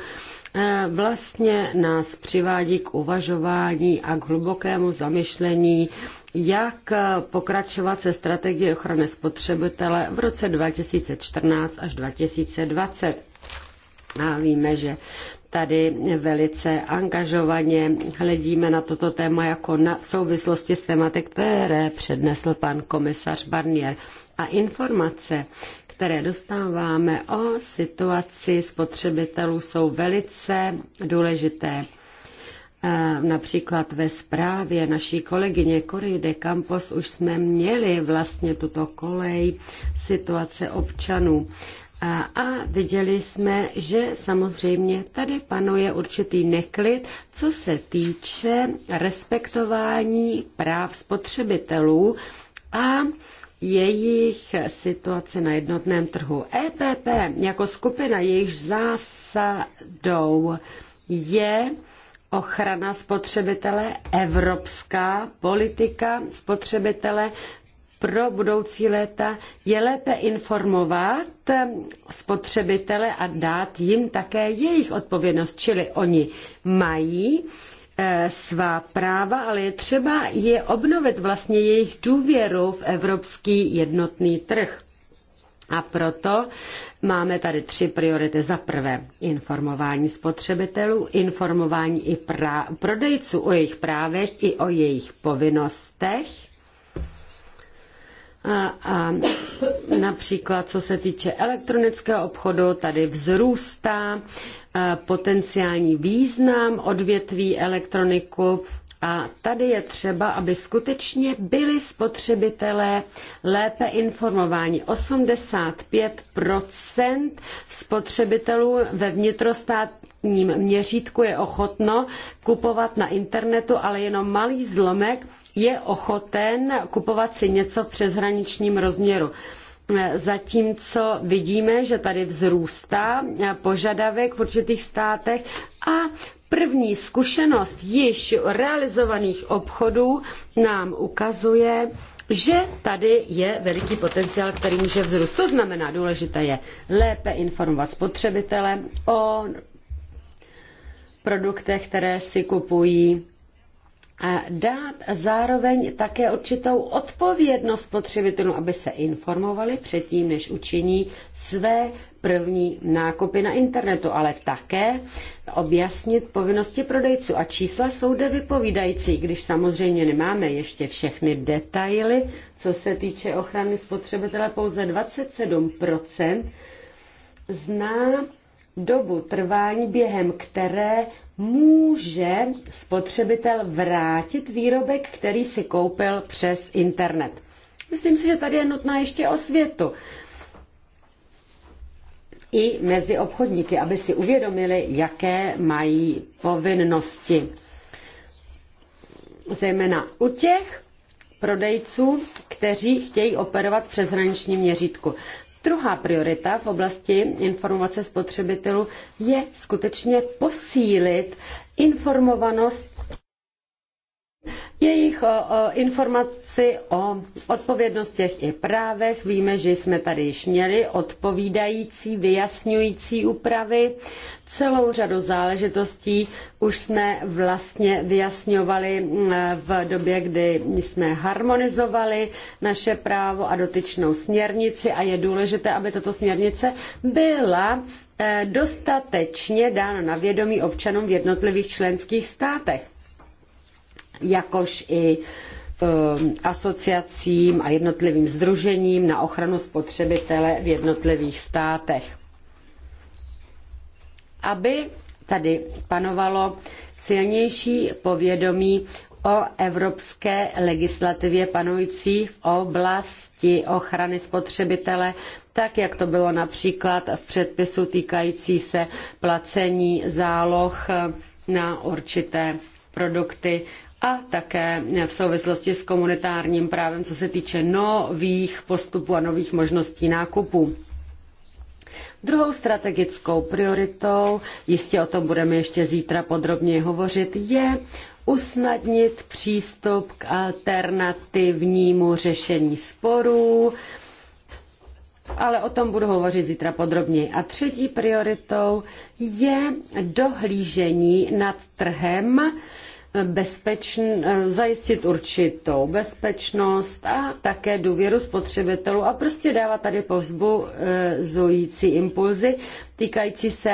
eh, vlastně nás přivádí k uvažování a k hlubokému zamyšlení, jak eh, pokračovat se strategií ochrany spotřebitele v roce 2014 až 2020. A víme, že tady velice angažovaně hledíme na toto téma jako na, souvislosti s tématy, které přednesl pan komisař Barnier. A informace, které dostáváme o situaci spotřebitelů, jsou velice důležité. E, například ve zprávě naší kolegyně Kory de Campos už jsme měli vlastně tuto kolej situace občanů. A viděli jsme, že samozřejmě tady panuje určitý neklid, co se týče respektování práv spotřebitelů a jejich situace na jednotném trhu. EPP jako skupina, jejich zásadou je ochrana spotřebitele, evropská politika spotřebitele pro budoucí léta je lépe informovat spotřebitele a dát jim také jejich odpovědnost, čili oni mají eh, svá práva, ale je třeba je obnovit vlastně jejich důvěru v evropský jednotný trh. A proto máme tady tři priority. Za prvé informování spotřebitelů, informování i prá- prodejců o jejich právech i o jejich povinnostech a například co se týče elektronického obchodu, tady vzrůstá eh, potenciální význam odvětví elektroniku a tady je třeba, aby skutečně byli spotřebitelé lépe informováni. 85 spotřebitelů ve vnitrostátním měřítku je ochotno kupovat na internetu, ale jenom malý zlomek je ochoten kupovat si něco v přeshraničním rozměru zatímco vidíme, že tady vzrůstá požadavek v určitých státech a První zkušenost již realizovaných obchodů nám ukazuje, že tady je veliký potenciál, který může vzrůst. To znamená, důležité je lépe informovat spotřebitele o produktech, které si kupují a dát zároveň také určitou odpovědnost spotřebitelům, aby se informovali předtím, než učiní své první nákupy na internetu, ale také objasnit povinnosti prodejců. A čísla jsou de vypovídající, když samozřejmě nemáme ještě všechny detaily, co se týče ochrany spotřebitele, pouze 27% zná dobu trvání, během které může spotřebitel vrátit výrobek, který si koupil přes internet. Myslím si, že tady je nutná ještě osvětu i mezi obchodníky, aby si uvědomili, jaké mají povinnosti. Zejména u těch prodejců, kteří chtějí operovat v přeshraničním měřítku. Druhá priorita v oblasti informace spotřebitelů je skutečně posílit informovanost jejich informaci o odpovědnostech i právech víme, že jsme tady již měli odpovídající, vyjasňující úpravy. Celou řadu záležitostí už jsme vlastně vyjasňovali v době, kdy jsme harmonizovali naše právo a dotyčnou směrnici a je důležité, aby tato směrnice byla e, dostatečně dána na vědomí občanům v jednotlivých členských státech jakož i ehm, asociacím a jednotlivým združením na ochranu spotřebitele v jednotlivých státech. Aby tady panovalo silnější povědomí o evropské legislativě panující v oblasti ochrany spotřebitele, tak jak to bylo například v předpisu týkající se placení záloh na určité produkty a také v souvislosti s komunitárním právem, co se týče nových postupů a nových možností nákupu. Druhou strategickou prioritou, jistě o tom budeme ještě zítra podrobně hovořit, je usnadnit přístup k alternativnímu řešení sporů, ale o tom budu hovořit zítra podrobněji. A třetí prioritou je dohlížení nad trhem, bezpečn, eh, zajistit určitou bezpečnost a také důvěru spotřebitelů a prostě dává tady povzbuzující eh, impulzy týkající se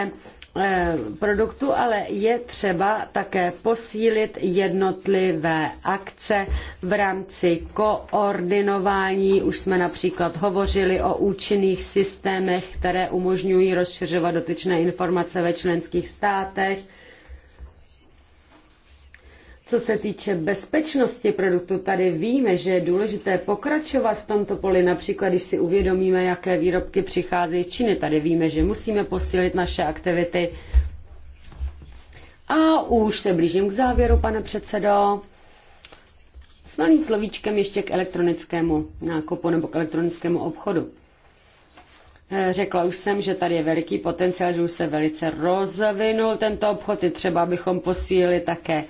eh, produktu, ale je třeba také posílit jednotlivé akce v rámci koordinování. Už jsme například hovořili o účinných systémech, které umožňují rozšiřovat dotyčné informace ve členských státech co se týče bezpečnosti produktu, tady víme, že je důležité pokračovat v tomto poli, například když si uvědomíme, jaké výrobky přicházejí z Číny. Tady víme, že musíme posílit naše aktivity. A už se blížím k závěru, pane předsedo. S malým slovíčkem ještě k elektronickému nákupu nebo k elektronickému obchodu. Eh, řekla už jsem, že tady je veliký potenciál, že už se velice rozvinul tento obchod. Je třeba, abychom posílili také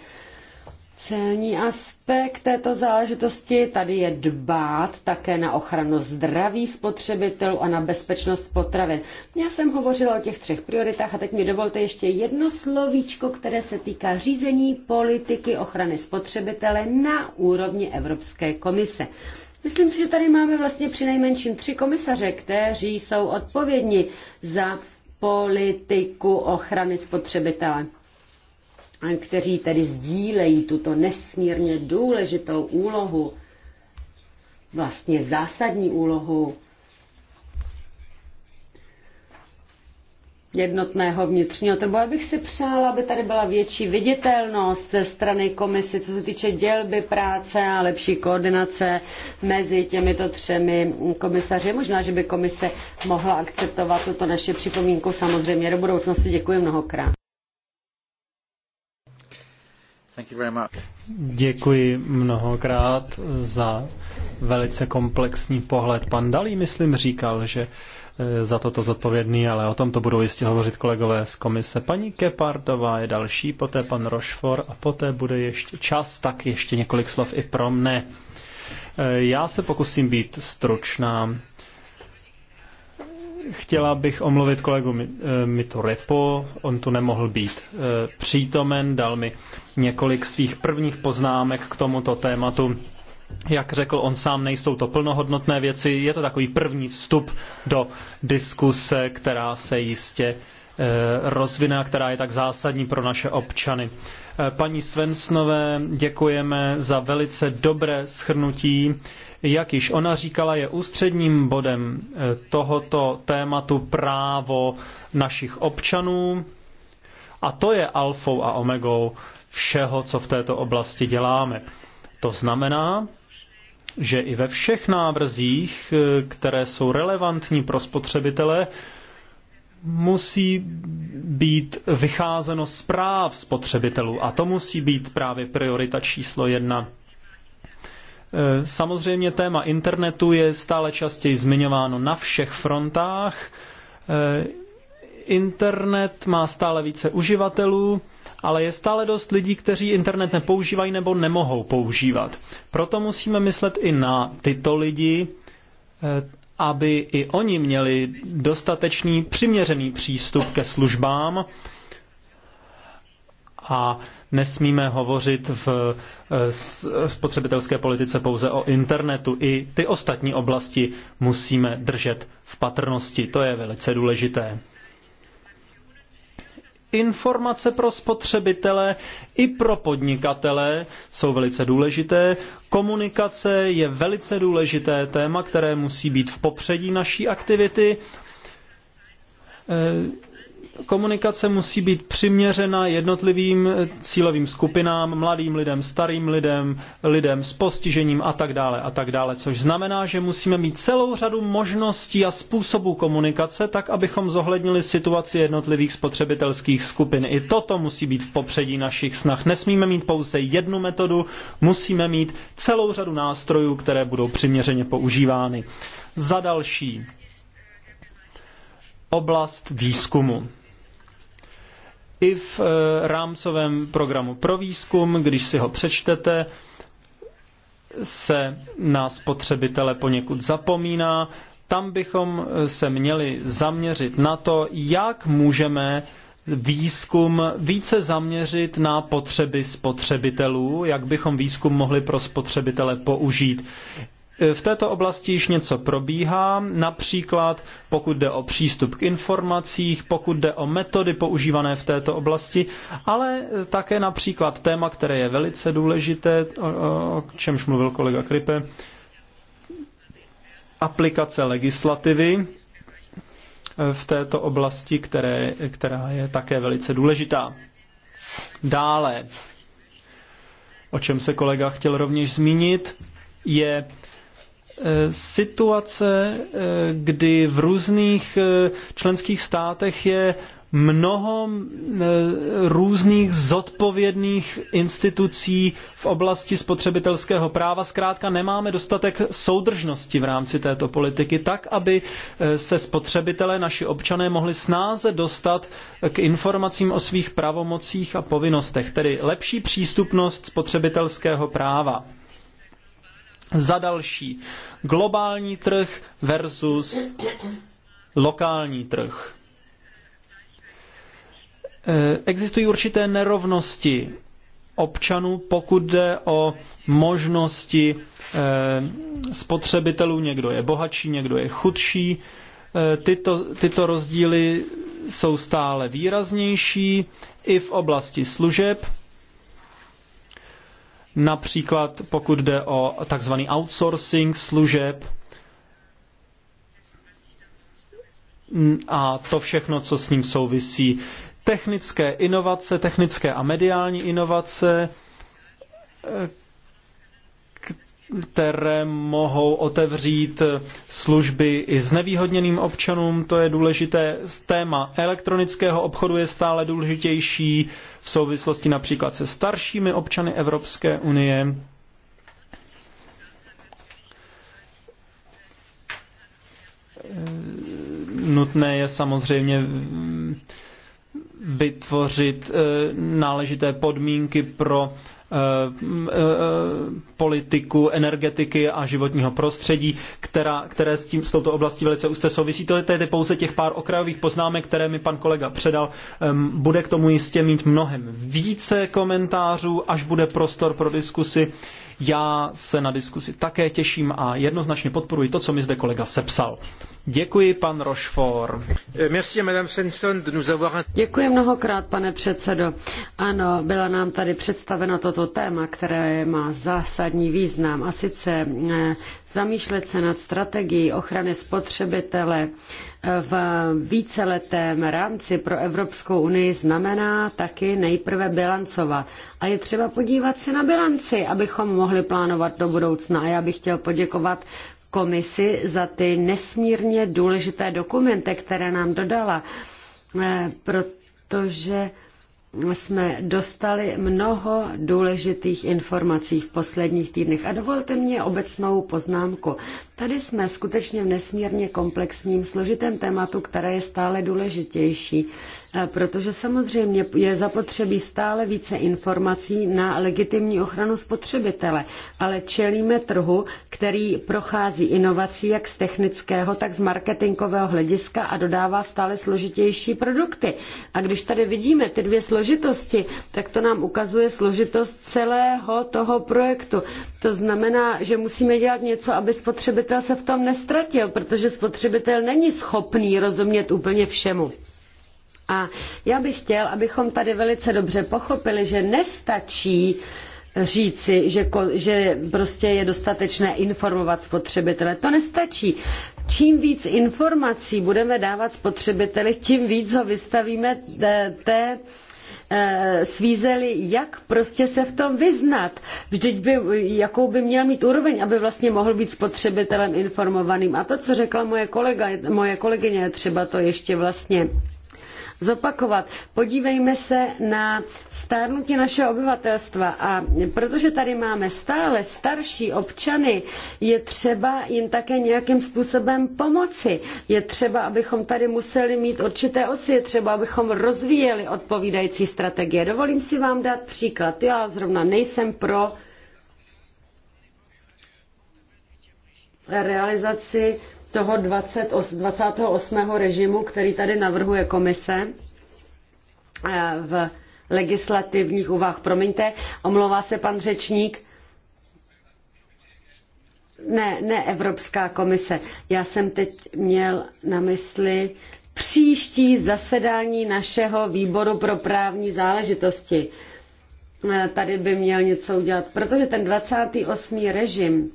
celní aspekt této záležitosti tady je dbát také na ochranu zdraví spotřebitelů a na bezpečnost potravin. Já jsem hovořila o těch třech prioritách a teď mi dovolte ještě jedno slovíčko, které se týká řízení politiky ochrany spotřebitele na úrovni Evropské komise. Myslím si, že tady máme vlastně přinejmenším tři komisaře, kteří jsou odpovědní za politiku ochrany spotřebitele kteří tedy sdílejí tuto nesmírně důležitou úlohu, vlastně zásadní úlohu jednotného vnitřního trhu. Já bych si přála, aby tady byla větší viditelnost ze strany komisy, co se týče dělby práce a lepší koordinace mezi těmito třemi komisaři. Možná, že by komise mohla akceptovat tuto naše připomínku samozřejmě do budoucnosti. Děkuji mnohokrát. Děkuji mnohokrát za velice komplexní pohled. Pan Dalí, myslím, říkal, že e, za toto zodpovědný, ale o tom to budou jistě hovořit kolegové z komise. Paní Kepardová je další, poté pan Rošfor a poté bude ještě čas, tak ještě několik slov i pro mne. E, já se pokusím být stručná. Chtěla bych omluvit kolegu eh, Mito Repo, on tu nemohl být eh, přítomen, dal mi několik svých prvních poznámek k tomuto tématu. Jak řekl on sám, nejsou to plnohodnotné věci, je to takový první vstup do diskuse, která se jistě Eh, a která je tak zásadní pro naše občany. Eh, paní Svensnové děkujeme za velice dobré schrnutí. Jak již ona říkala, je ústředním bodem eh, tohoto tématu právo našich občanů a to je alfou a omegou všeho, co v této oblasti děláme. To znamená, že i ve všech návrzích, které jsou relevantní pro spotřebitele, musí být vycházeno z práv spotřebitelů a to musí být právě priorita číslo jedna. E, samozřejmě téma internetu je stále častěji zmiňováno na všech frontách. E, internet má stále více uživatelů, ale je stále dost lidí, kteří internet nepoužívají nebo nemohou používat. Proto musíme myslet i na tyto lidi e, aby i oni měli dostatečný přiměřený přístup ke službám a nesmíme hovořit v eh, eh, spotřebitelské politice pouze o internetu. I ty ostatní oblasti musíme držet v patrnosti. To je velice důležité informace pro spotřebitele i pro podnikatele jsou velice důležité. Komunikace je velice důležité téma, které musí být v popředí naší aktivity. Eh, Komunikace musí být přiměřena jednotlivým eh, cílovým skupinám, mladým lidem, starým lidem, lidem s postižením a tak dále a tak dále, což znamená, že musíme mít celou řadu možností a způsobů komunikace, tak abychom zohlednili situaci jednotlivých spotřebitelských skupin. I toto musí být v popředí našich snah. Nesmíme mít pouze jednu metodu, musíme mít celou řadu nástrojů, které budou přiměřeně používány. Za další, oblast výzkumu i v eh, rámcovém programu pro výzkum, když si ho přečtete, se na spotřebitele poněkud zapomíná. Tam bychom eh, se měli zaměřit na to, jak můžeme výzkum více zaměřit na potřeby spotřebitelů, jak bychom výzkum mohli pro spotřebitele použít, v této oblasti již něco probíhá, například pokud jde o přístup k informacích, pokud jde o metody používané v této oblasti, ale také například téma, které je velice důležité, o čemž mluvil kolega Kripe, aplikace legislativy v této oblasti, které, která je také velice důležitá. Dále, o čem se kolega chtěl rovněž zmínit, je Eh, situace, eh, kdy v různých eh, členských státech je mnoho různých zodpovědných institucí v oblasti spotřebitelského práva. Zkrátka nemáme dostatek soudržnosti v rámci této politiky, tak, aby se spotřebitelé, naši občané, mohli snáze dostat k informacím o svých pravomocích a povinnostech, tedy lepší přístupnost spotřebitelského práva. Za další, globální trh versus lokální trh. E, existují určité nerovnosti občanů, pokud jde o možnosti e, spotřebitelů. Někdo je bohatší, někdo je chudší. E, tyto, tyto rozdíly jsou stále výraznější i v oblasti služeb Například pokud jde o takzvaný outsourcing služeb a to všechno, co s ním souvisí. Technické inovace, technické a mediální inovace, které mohou otevřít služby i znevýhodněným občanům, to je důležité. Téma elektronického obchodu je stále důležitější v souvislosti například se staršími občany Evropské unie. Nutné je samozřejmě vytvořit eh, náležité podmínky pro Eh, eh, politiku, energetiky a životního prostředí, která, které s, tím, s touto oblastí velice úzce souvisí. To je tedy pouze těch pár okrajových poznámek, které mi pan kolega předal. Bude k tomu jistě mít mnohem více komentářů, až bude prostor pro diskusi. Já se na diskusi také těším a jednoznačně podporuji to, co mi zde kolega sepsal. Děkuji, pan Rochefort. Eh, Děkuji mnohokrát, pane předsedo. Ano, byla nám tady představeno toto téma, které má zásadní význam a sice eh, zamýšlet se nad strategií ochrany spotřebitele v víceletém rámci pro Evropskou unii znamená taky nejprve bilancovat. A je třeba podívat se na bilanci, abychom mohli plánovat do budoucna. A já bych chtěl poděkovat komisi za ty nesmírně důležité dokumenty, které nám dodala, eh, protože jsme dostali mnoho důležitých informací v posledních týdnech. A dovolte mě obecnou poznámku. Tady jsme skutečně v nesmírně komplexním, složitém tématu, které je stále důležitější. E, protože samozřejmě je zapotřebí stále více informací na legitimní ochranu spotřebitele, ale čelíme trhu, který prochází inovací jak z technického, tak z marketingového hlediska a dodává stále složitější produkty. A když tady vidíme ty dvě složitosti, tak to nám ukazuje složitost celého toho projektu. To znamená, že musíme dělat něco, aby spotřebitel se v tom nestratil, protože spotřebitel není schopný rozumět úplně všemu. A já bych chtěl, abychom tady velice dobře pochopili, že nestačí říci, že, že prostě je dostatečné informovat spotřebitele. To nestačí. Čím víc informací budeme dávat spotřebiteli, tím víc ho vystavíme eh, té, té eh, svízeli, jak prostě se v tom vyznat. Vždyť by, jakou by měl mít úroveň, aby vlastně mohl být spotřebitelem informovaným. A to, co řekla moje, kolega, moje kolegyně, třeba to ještě vlastně zopakovat. Podívejme se na stárnutí našeho obyvatelstva a protože tady máme stále starší občany, je třeba jim také nějakým způsobem pomoci. Je třeba, abychom tady museli mít určité osy, je třeba, abychom rozvíjeli odpovídající strategie. Dovolím si vám dát příklad. Já zrovna nejsem pro realizaci toho 20, 28. režimu, který tady navrhuje komise eh, v legislativních úvah. Promiňte, omlouvá se pan řečník. Ne, ne Evropská komise. Já jsem teď měl na mysli příští zasedání našeho výboru pro právní záležitosti. Eh, tady by měl něco udělat, protože ten 28. režim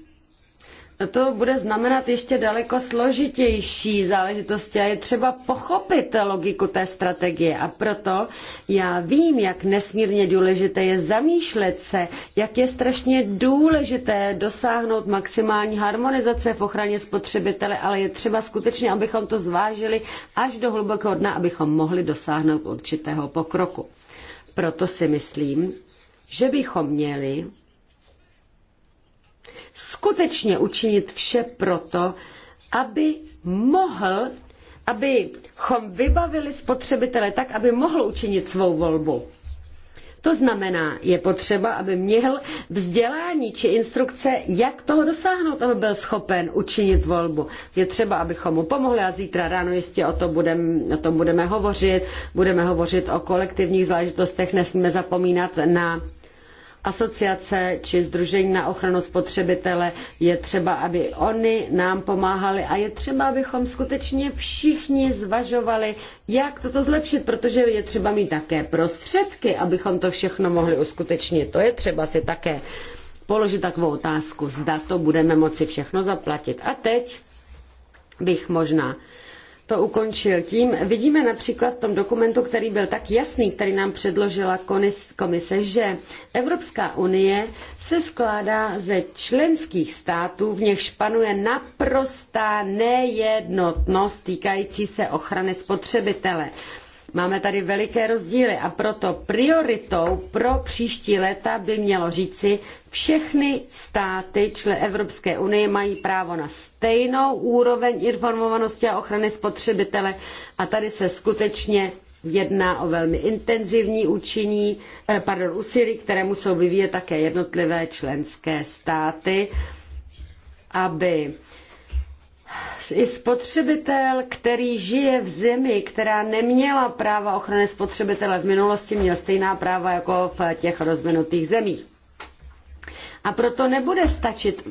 to bude znamenat ještě daleko složitější záležitosti a je třeba pochopit logiku té strategie. A proto já vím, jak nesmírně důležité je zamýšlet se, jak je strašně důležité dosáhnout maximální harmonizace v ochraně spotřebitele, ale je třeba skutečně, abychom to zvážili až do hlubokého dna, abychom mohli dosáhnout určitého pokroku. Proto si myslím, že bychom měli skutečně učinit vše proto, aby mohl, abychom vybavili spotřebitele tak, aby mohl učinit svou volbu. To znamená, je potřeba, aby měl vzdělání či instrukce, jak toho dosáhnout, aby byl schopen učinit volbu. Je třeba, abychom mu pomohli a zítra ráno jistě o, to budem, o tom budeme hovořit. Budeme hovořit o kolektivních záležitostech, nesmíme zapomínat na asociace či združení na ochranu spotřebitele, je třeba, aby oni nám pomáhali a je třeba, abychom skutečně všichni zvažovali, jak toto zlepšit, protože je třeba mít také prostředky, abychom to všechno mohli uskutečnit. To je třeba si také položit takovou otázku, zda to budeme moci všechno zaplatit. A teď bych možná to ukončil tím. Vidíme například v tom dokumentu, který byl tak jasný, který nám předložila komise, že Evropská unie se skládá ze členských států, v nichž panuje naprostá nejednotnost týkající se ochrany spotřebitele. Máme tady veliké rozdíly a proto prioritou pro příští léta by mělo říci, všechny státy člen Evropské unie mají právo na stejnou úroveň informovanosti a ochrany spotřebitele a tady se skutečně jedná o velmi intenzivní účinní, eh, pardon, úsilí, které musou vyvíjet také jednotlivé členské státy, aby i spotřebitel, který žije v zemi, která neměla práva ochrany spotřebitele v minulosti, měl stejná práva jako v těch rozvinutých zemích. A proto nebude stačit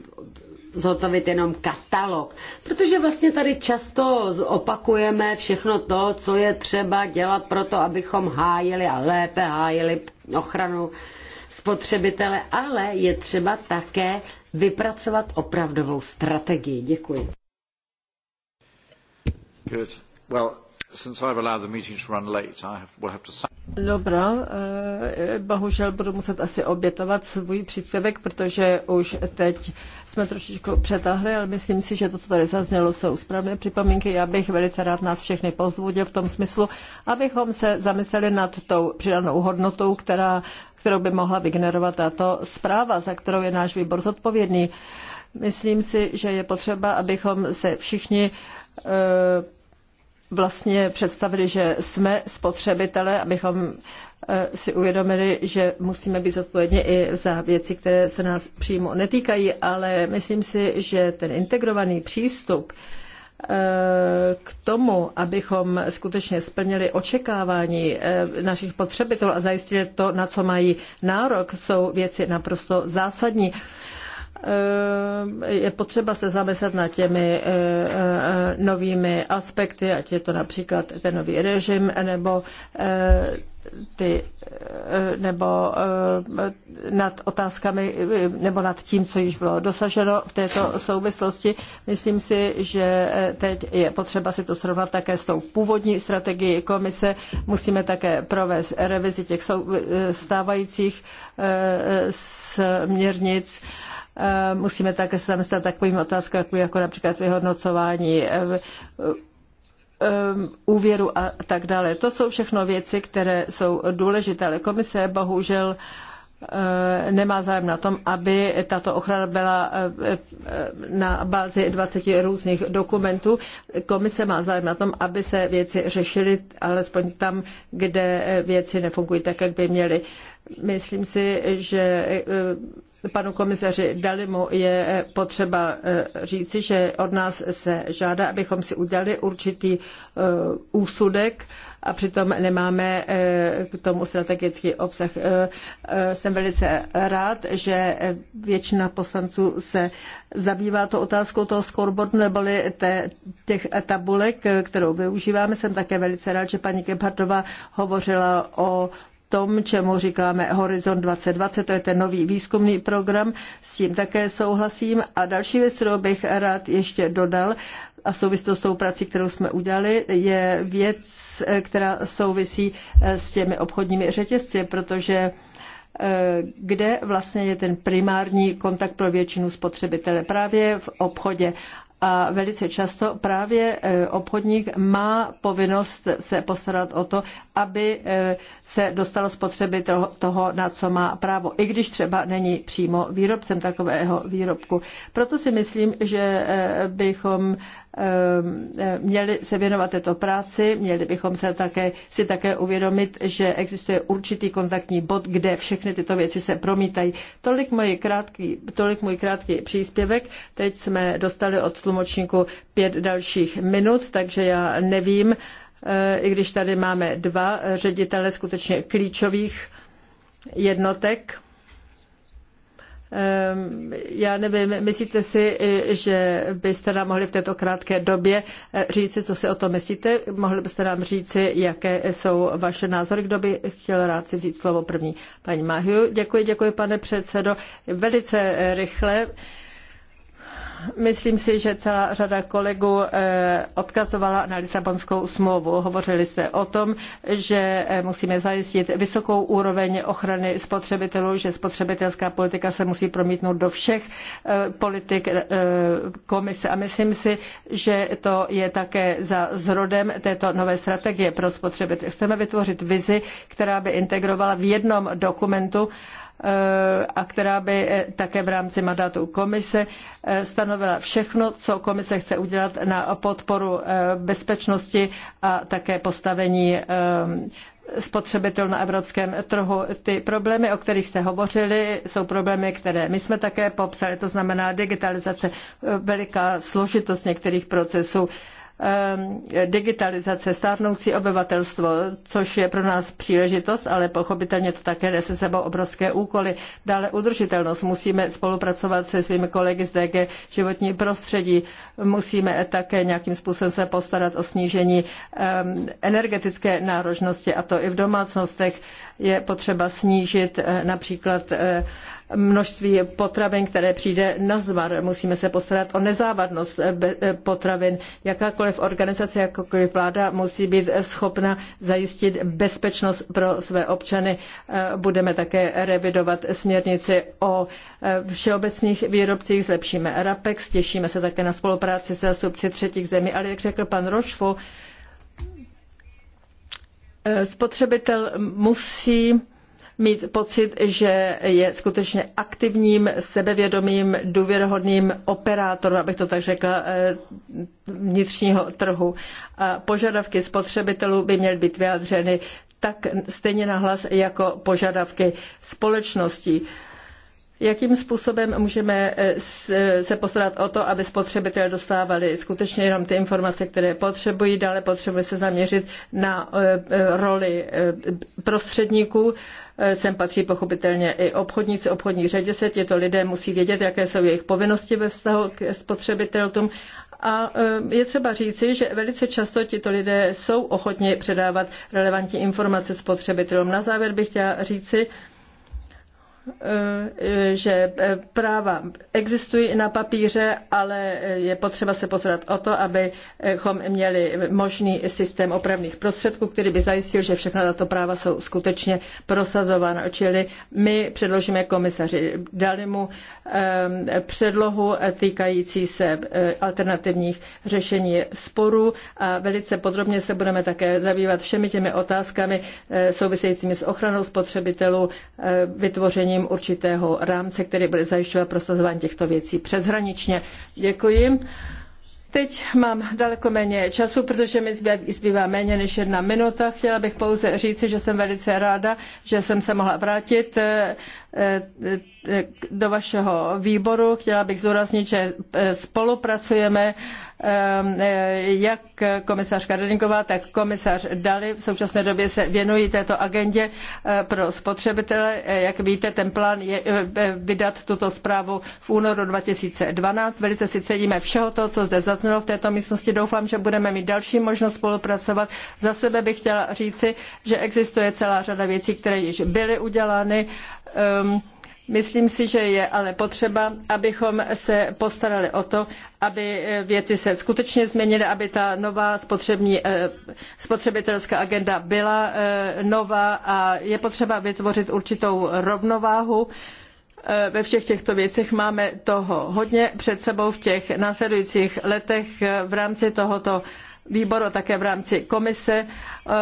zhotovit jenom katalog, protože vlastně tady často opakujeme všechno to, co je třeba dělat pro to, abychom hájili a lépe hájili ochranu spotřebitele, ale je třeba také vypracovat opravdovou strategii. Děkuji. Good. Well, since I've allowed the meeting to run late, I have, will have to eh, bohužel budu muset asi obětovat svůj příspěvek, protože už teď jsme trošičku přetáhli, ale myslím si, že to, co tady zaznělo, jsou správné připomínky. Já bych velice rád nás všechny pozvudil v tom smyslu, abychom se zamysleli nad tou přidanou hodnotou, která, kterou by mohla vygenerovat tato zpráva, za kterou je náš výbor zodpovědný. Myslím si, že je potřeba, abychom se všichni eh, vlastně představili, že jsme spotřebitele, abychom eh, si uvědomili, že musíme být zodpovědní i za věci, které se nás přímo netýkají, ale myslím si, že ten integrovaný přístup eh, k tomu, abychom skutečně splnili očekávání eh, našich potřebitelů a zajistili to, na co mají nárok, jsou věci naprosto zásadní. Eh, je potřeba se zamyslet nad těmi eh, eh, novými aspekty, ať je to například ten nový režim nebo ty, nebo nad otázkami, nebo nad tím, co již bylo dosaženo v této souvislosti. Myslím si, že teď je potřeba si to srovnat také s tou původní strategií komise. Musíme také provést revizi těch stávajících směrnic. Eh, musíme také se zamyslet takovým otázkám, jako, jako například vyhodnocování eh, eh, úvěru a tak dále. To jsou všechno věci, které jsou důležité, ale komise bohužel nemá zájem na tom, aby tato ochrana byla na bázi 20 různých dokumentů. Komise má zájem na tom, aby se věci řešily, alespoň tam, kde věci nefungují tak, jak by měly. Myslím si, že eh, panu komisaři Dalimu je eh, potřeba eh, říci, že od nás se žádá, abychom si udělali určitý úsudek a přitom nemáme k tomu strategický obsah. Jsem velice rád, že většina poslanců se zabývá to otázkou toho scoreboardu neboli těch tabulek, kterou využíváme. Jsem také velice rád, že paní Gebhardová hovořila o tom, čemu říkáme horizont 2020, to je ten nový výzkumný program, s tím také souhlasím. A další věc, kterou bych rád ještě dodal, a souvislost s tou prací, kterou jsme udělali, je věc, která souvisí eh, s těmi obchodními řetězci, protože eh, kde vlastně je ten primární kontakt pro většinu spotřebitele. Právě v obchodě a velice často právě e, obchodník má povinnost se postarat o to, aby e, se dostalo spotřeby toho, na co má právo, i když třeba není přímo výrobcem takového výrobku. Proto si myslím, že e, bychom Ehm, e, měli se věnovat této práci, měli bychom se také, si také uvědomit, že existuje určitý kontaktní bod, kde všechny tyto věci se promítají. Tolik můj krátký, tolik můj krátký příspěvek. Teď jsme dostali od tlumočníku pět dalších minut, takže já nevím, e, i když tady máme dva ředitele skutečně klíčových jednotek, Ehm, já nevím, myslíte si, e, že byste nám mohli v této krátké době e, říci, co si o tom myslíte? Mohli byste nám říci, jaké jsou vaše názory? Kdo by chtěl rád si vzít slovo první? Paní Mahiu, děkuji, děkuji, pane předsedo. Velice rychle. Myslím si, že celá řada kolegů eh, odkazovala na Lisabonskou smlouvu. Hovořili jste o tom, že eh, musíme zajistit vysokou úroveň ochrany spotřebitelů, že spotřebitelská politika se musí promítnout do všech eh, politik komise. A myslím si, že to je také za zrodem této nové strategie pro spotřebitele. Chceme vytvořit vizi, která by integrovala v jednom dokumentu Eh, a která by eh, také v rámci mandátu komise eh, stanovila všechno, co komise chce udělat na podporu bezpečnosti a také postavení spotřebitel na evropském trhu. Ty problémy, o kterých jste hovořili, jsou problémy, které my jsme také popsali, to znamená digitalizace, veliká složitost některých procesů, Ehm, digitalizace, stárnoucí obyvatelstvo, což je pro nás příležitost, ale pochopitelně to také nese sebou obrovské úkoly. Dále udržitelnost. Musíme spolupracovat se svými kolegy z DG životní prostředí. Musíme také nějakým způsobem se postarat o snížení ehm, energetické náročnosti, a to i v domácnostech. Je potřeba snížit eh, například eh, množství potravin, které přijde na zvar. Musíme se postarat o nezávadnost potravin. Jakákoliv organizace, jakákoliv vláda musí být schopna zajistit bezpečnost pro své občany. Eh, budeme také revidovat směrnici o eh, všeobecných výrobcích, zlepšíme RAPEX, těšíme se také na spolupráci se zástupci třetích zemí, ale jak řekl pan Rošfu, eh, spotřebitel musí mít pocit, že je skutečně aktivním, sebevědomým, důvěrohodným operátorem, abych to tak řekla, eh, vnitřního trhu. požadavky spotřebitelů by měly být vyjádřeny tak stejně nahlas jako požadavky společností. Jakým způsobem můžeme eh, eh, se postarat o to, aby spotřebitelé dostávali skutečně jenom ty informace, které potřebují? Dále potřebujeme se zaměřit na roli prostředníků Eh, sem patří pochopitelně i obchodníci, obchodní řetězce, tyto lidé musí vědět, jaké jsou jejich povinnosti ve vztahu k spotřebitelům a eh, je třeba říci, že velice často tito lidé jsou ochotni předávat relevantní informace spotřebitelům. Na závěr bych chtěla říci, Eh, že eh, práva existují i na papíře, ale eh, je potřeba se pozorat o to, abychom měli možný systém opravných prostředků, který by zajistil, že všechna tato práva jsou skutečně prosazována. Čili my předložíme komisaři, dali mu předlohu týkající se alternativních řešení sporů a velice podrobně se budeme také zabývat všemi těmi otázkami souvisejícími s ochranou spotřebitelů, vytvořením vytvořením určitého rámce, který bude zajišťovat prosazování těchto věcí přeshraničně. Děkuji. Teď mám daleko méně času, protože mi zbývá méně než jedna minuta. Chtěla bych pouze říci, že jsem velice ráda, že jsem se mohla vrátit eh, eh, do vašeho výboru. Chtěla bych zdůraznit, že eh, spolupracujeme eh, jak komisařka Redinková, tak komisař Dali. V současné době se věnují této agendě eh, pro spotřebitele. Jak víte, ten plán je vydat tuto zprávu v únoru 2012. Velice si ceníme všeho toho, co zde zaznělo v této místnosti. Doufám, že budeme mít další možnost spolupracovat. Za sebe bych chtěla říci, že existuje celá řada věcí, které již byly udělány. Um, Myslím si, že je ale potřeba, abychom se postarali o to, aby eh, věci se skutečně změnily, aby ta nová spotřební, eh, spotřebitelská agenda byla eh, nová a je potřeba vytvořit určitou rovnováhu. Ve všech těchto věcech máme toho hodně před sebou v těch následujících letech v rámci tohoto výboru, také v rámci komise e,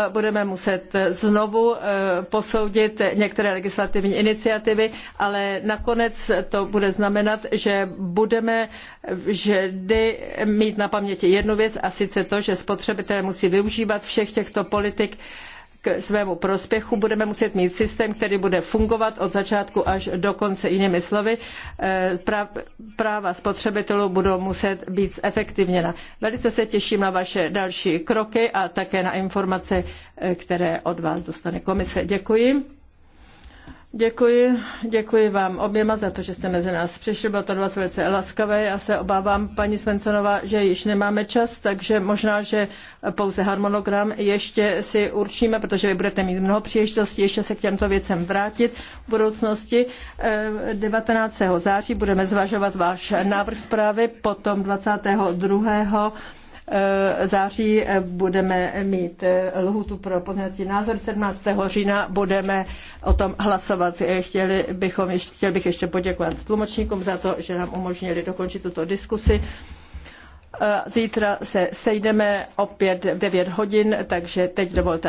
budeme muset znovu e, posoudit některé legislativní iniciativy, ale nakonec to bude znamenat, že budeme vždy mít na paměti jednu věc a sice to, že spotřebitelé musí využívat všech těchto politik svému prospěchu, budeme muset mít systém, který bude fungovat od začátku až do konce. Jinými slovy, eh, práva spotřebitelů budou muset být zefektivněna. Velice se těším na vaše další kroky a také na informace, eh, které od vás dostane komise. Děkuji. Děkuji, děkuji vám oběma za to, že jste mezi nás přišli, bylo to dva velice laskavé. Já se obávám, paní Svensonová, že již nemáme čas, takže možná, že pouze harmonogram ještě si určíme, protože vy budete mít mnoho příležitostí ještě se k těmto věcem vrátit v budoucnosti. 19. Eh, září budeme zvažovat váš návrh zprávy, potom 22. Eh, září eh, budeme mít eh, lhutu pro poznací názor. 17. října budeme o tom hlasovat. Chtěli bychom, chtěl bych ještě poděkovat tlumočníkům za to, že nám umožnili dokončit tuto diskusi. Zítra se sejdeme opět v 9 hodin, takže teď dovolte.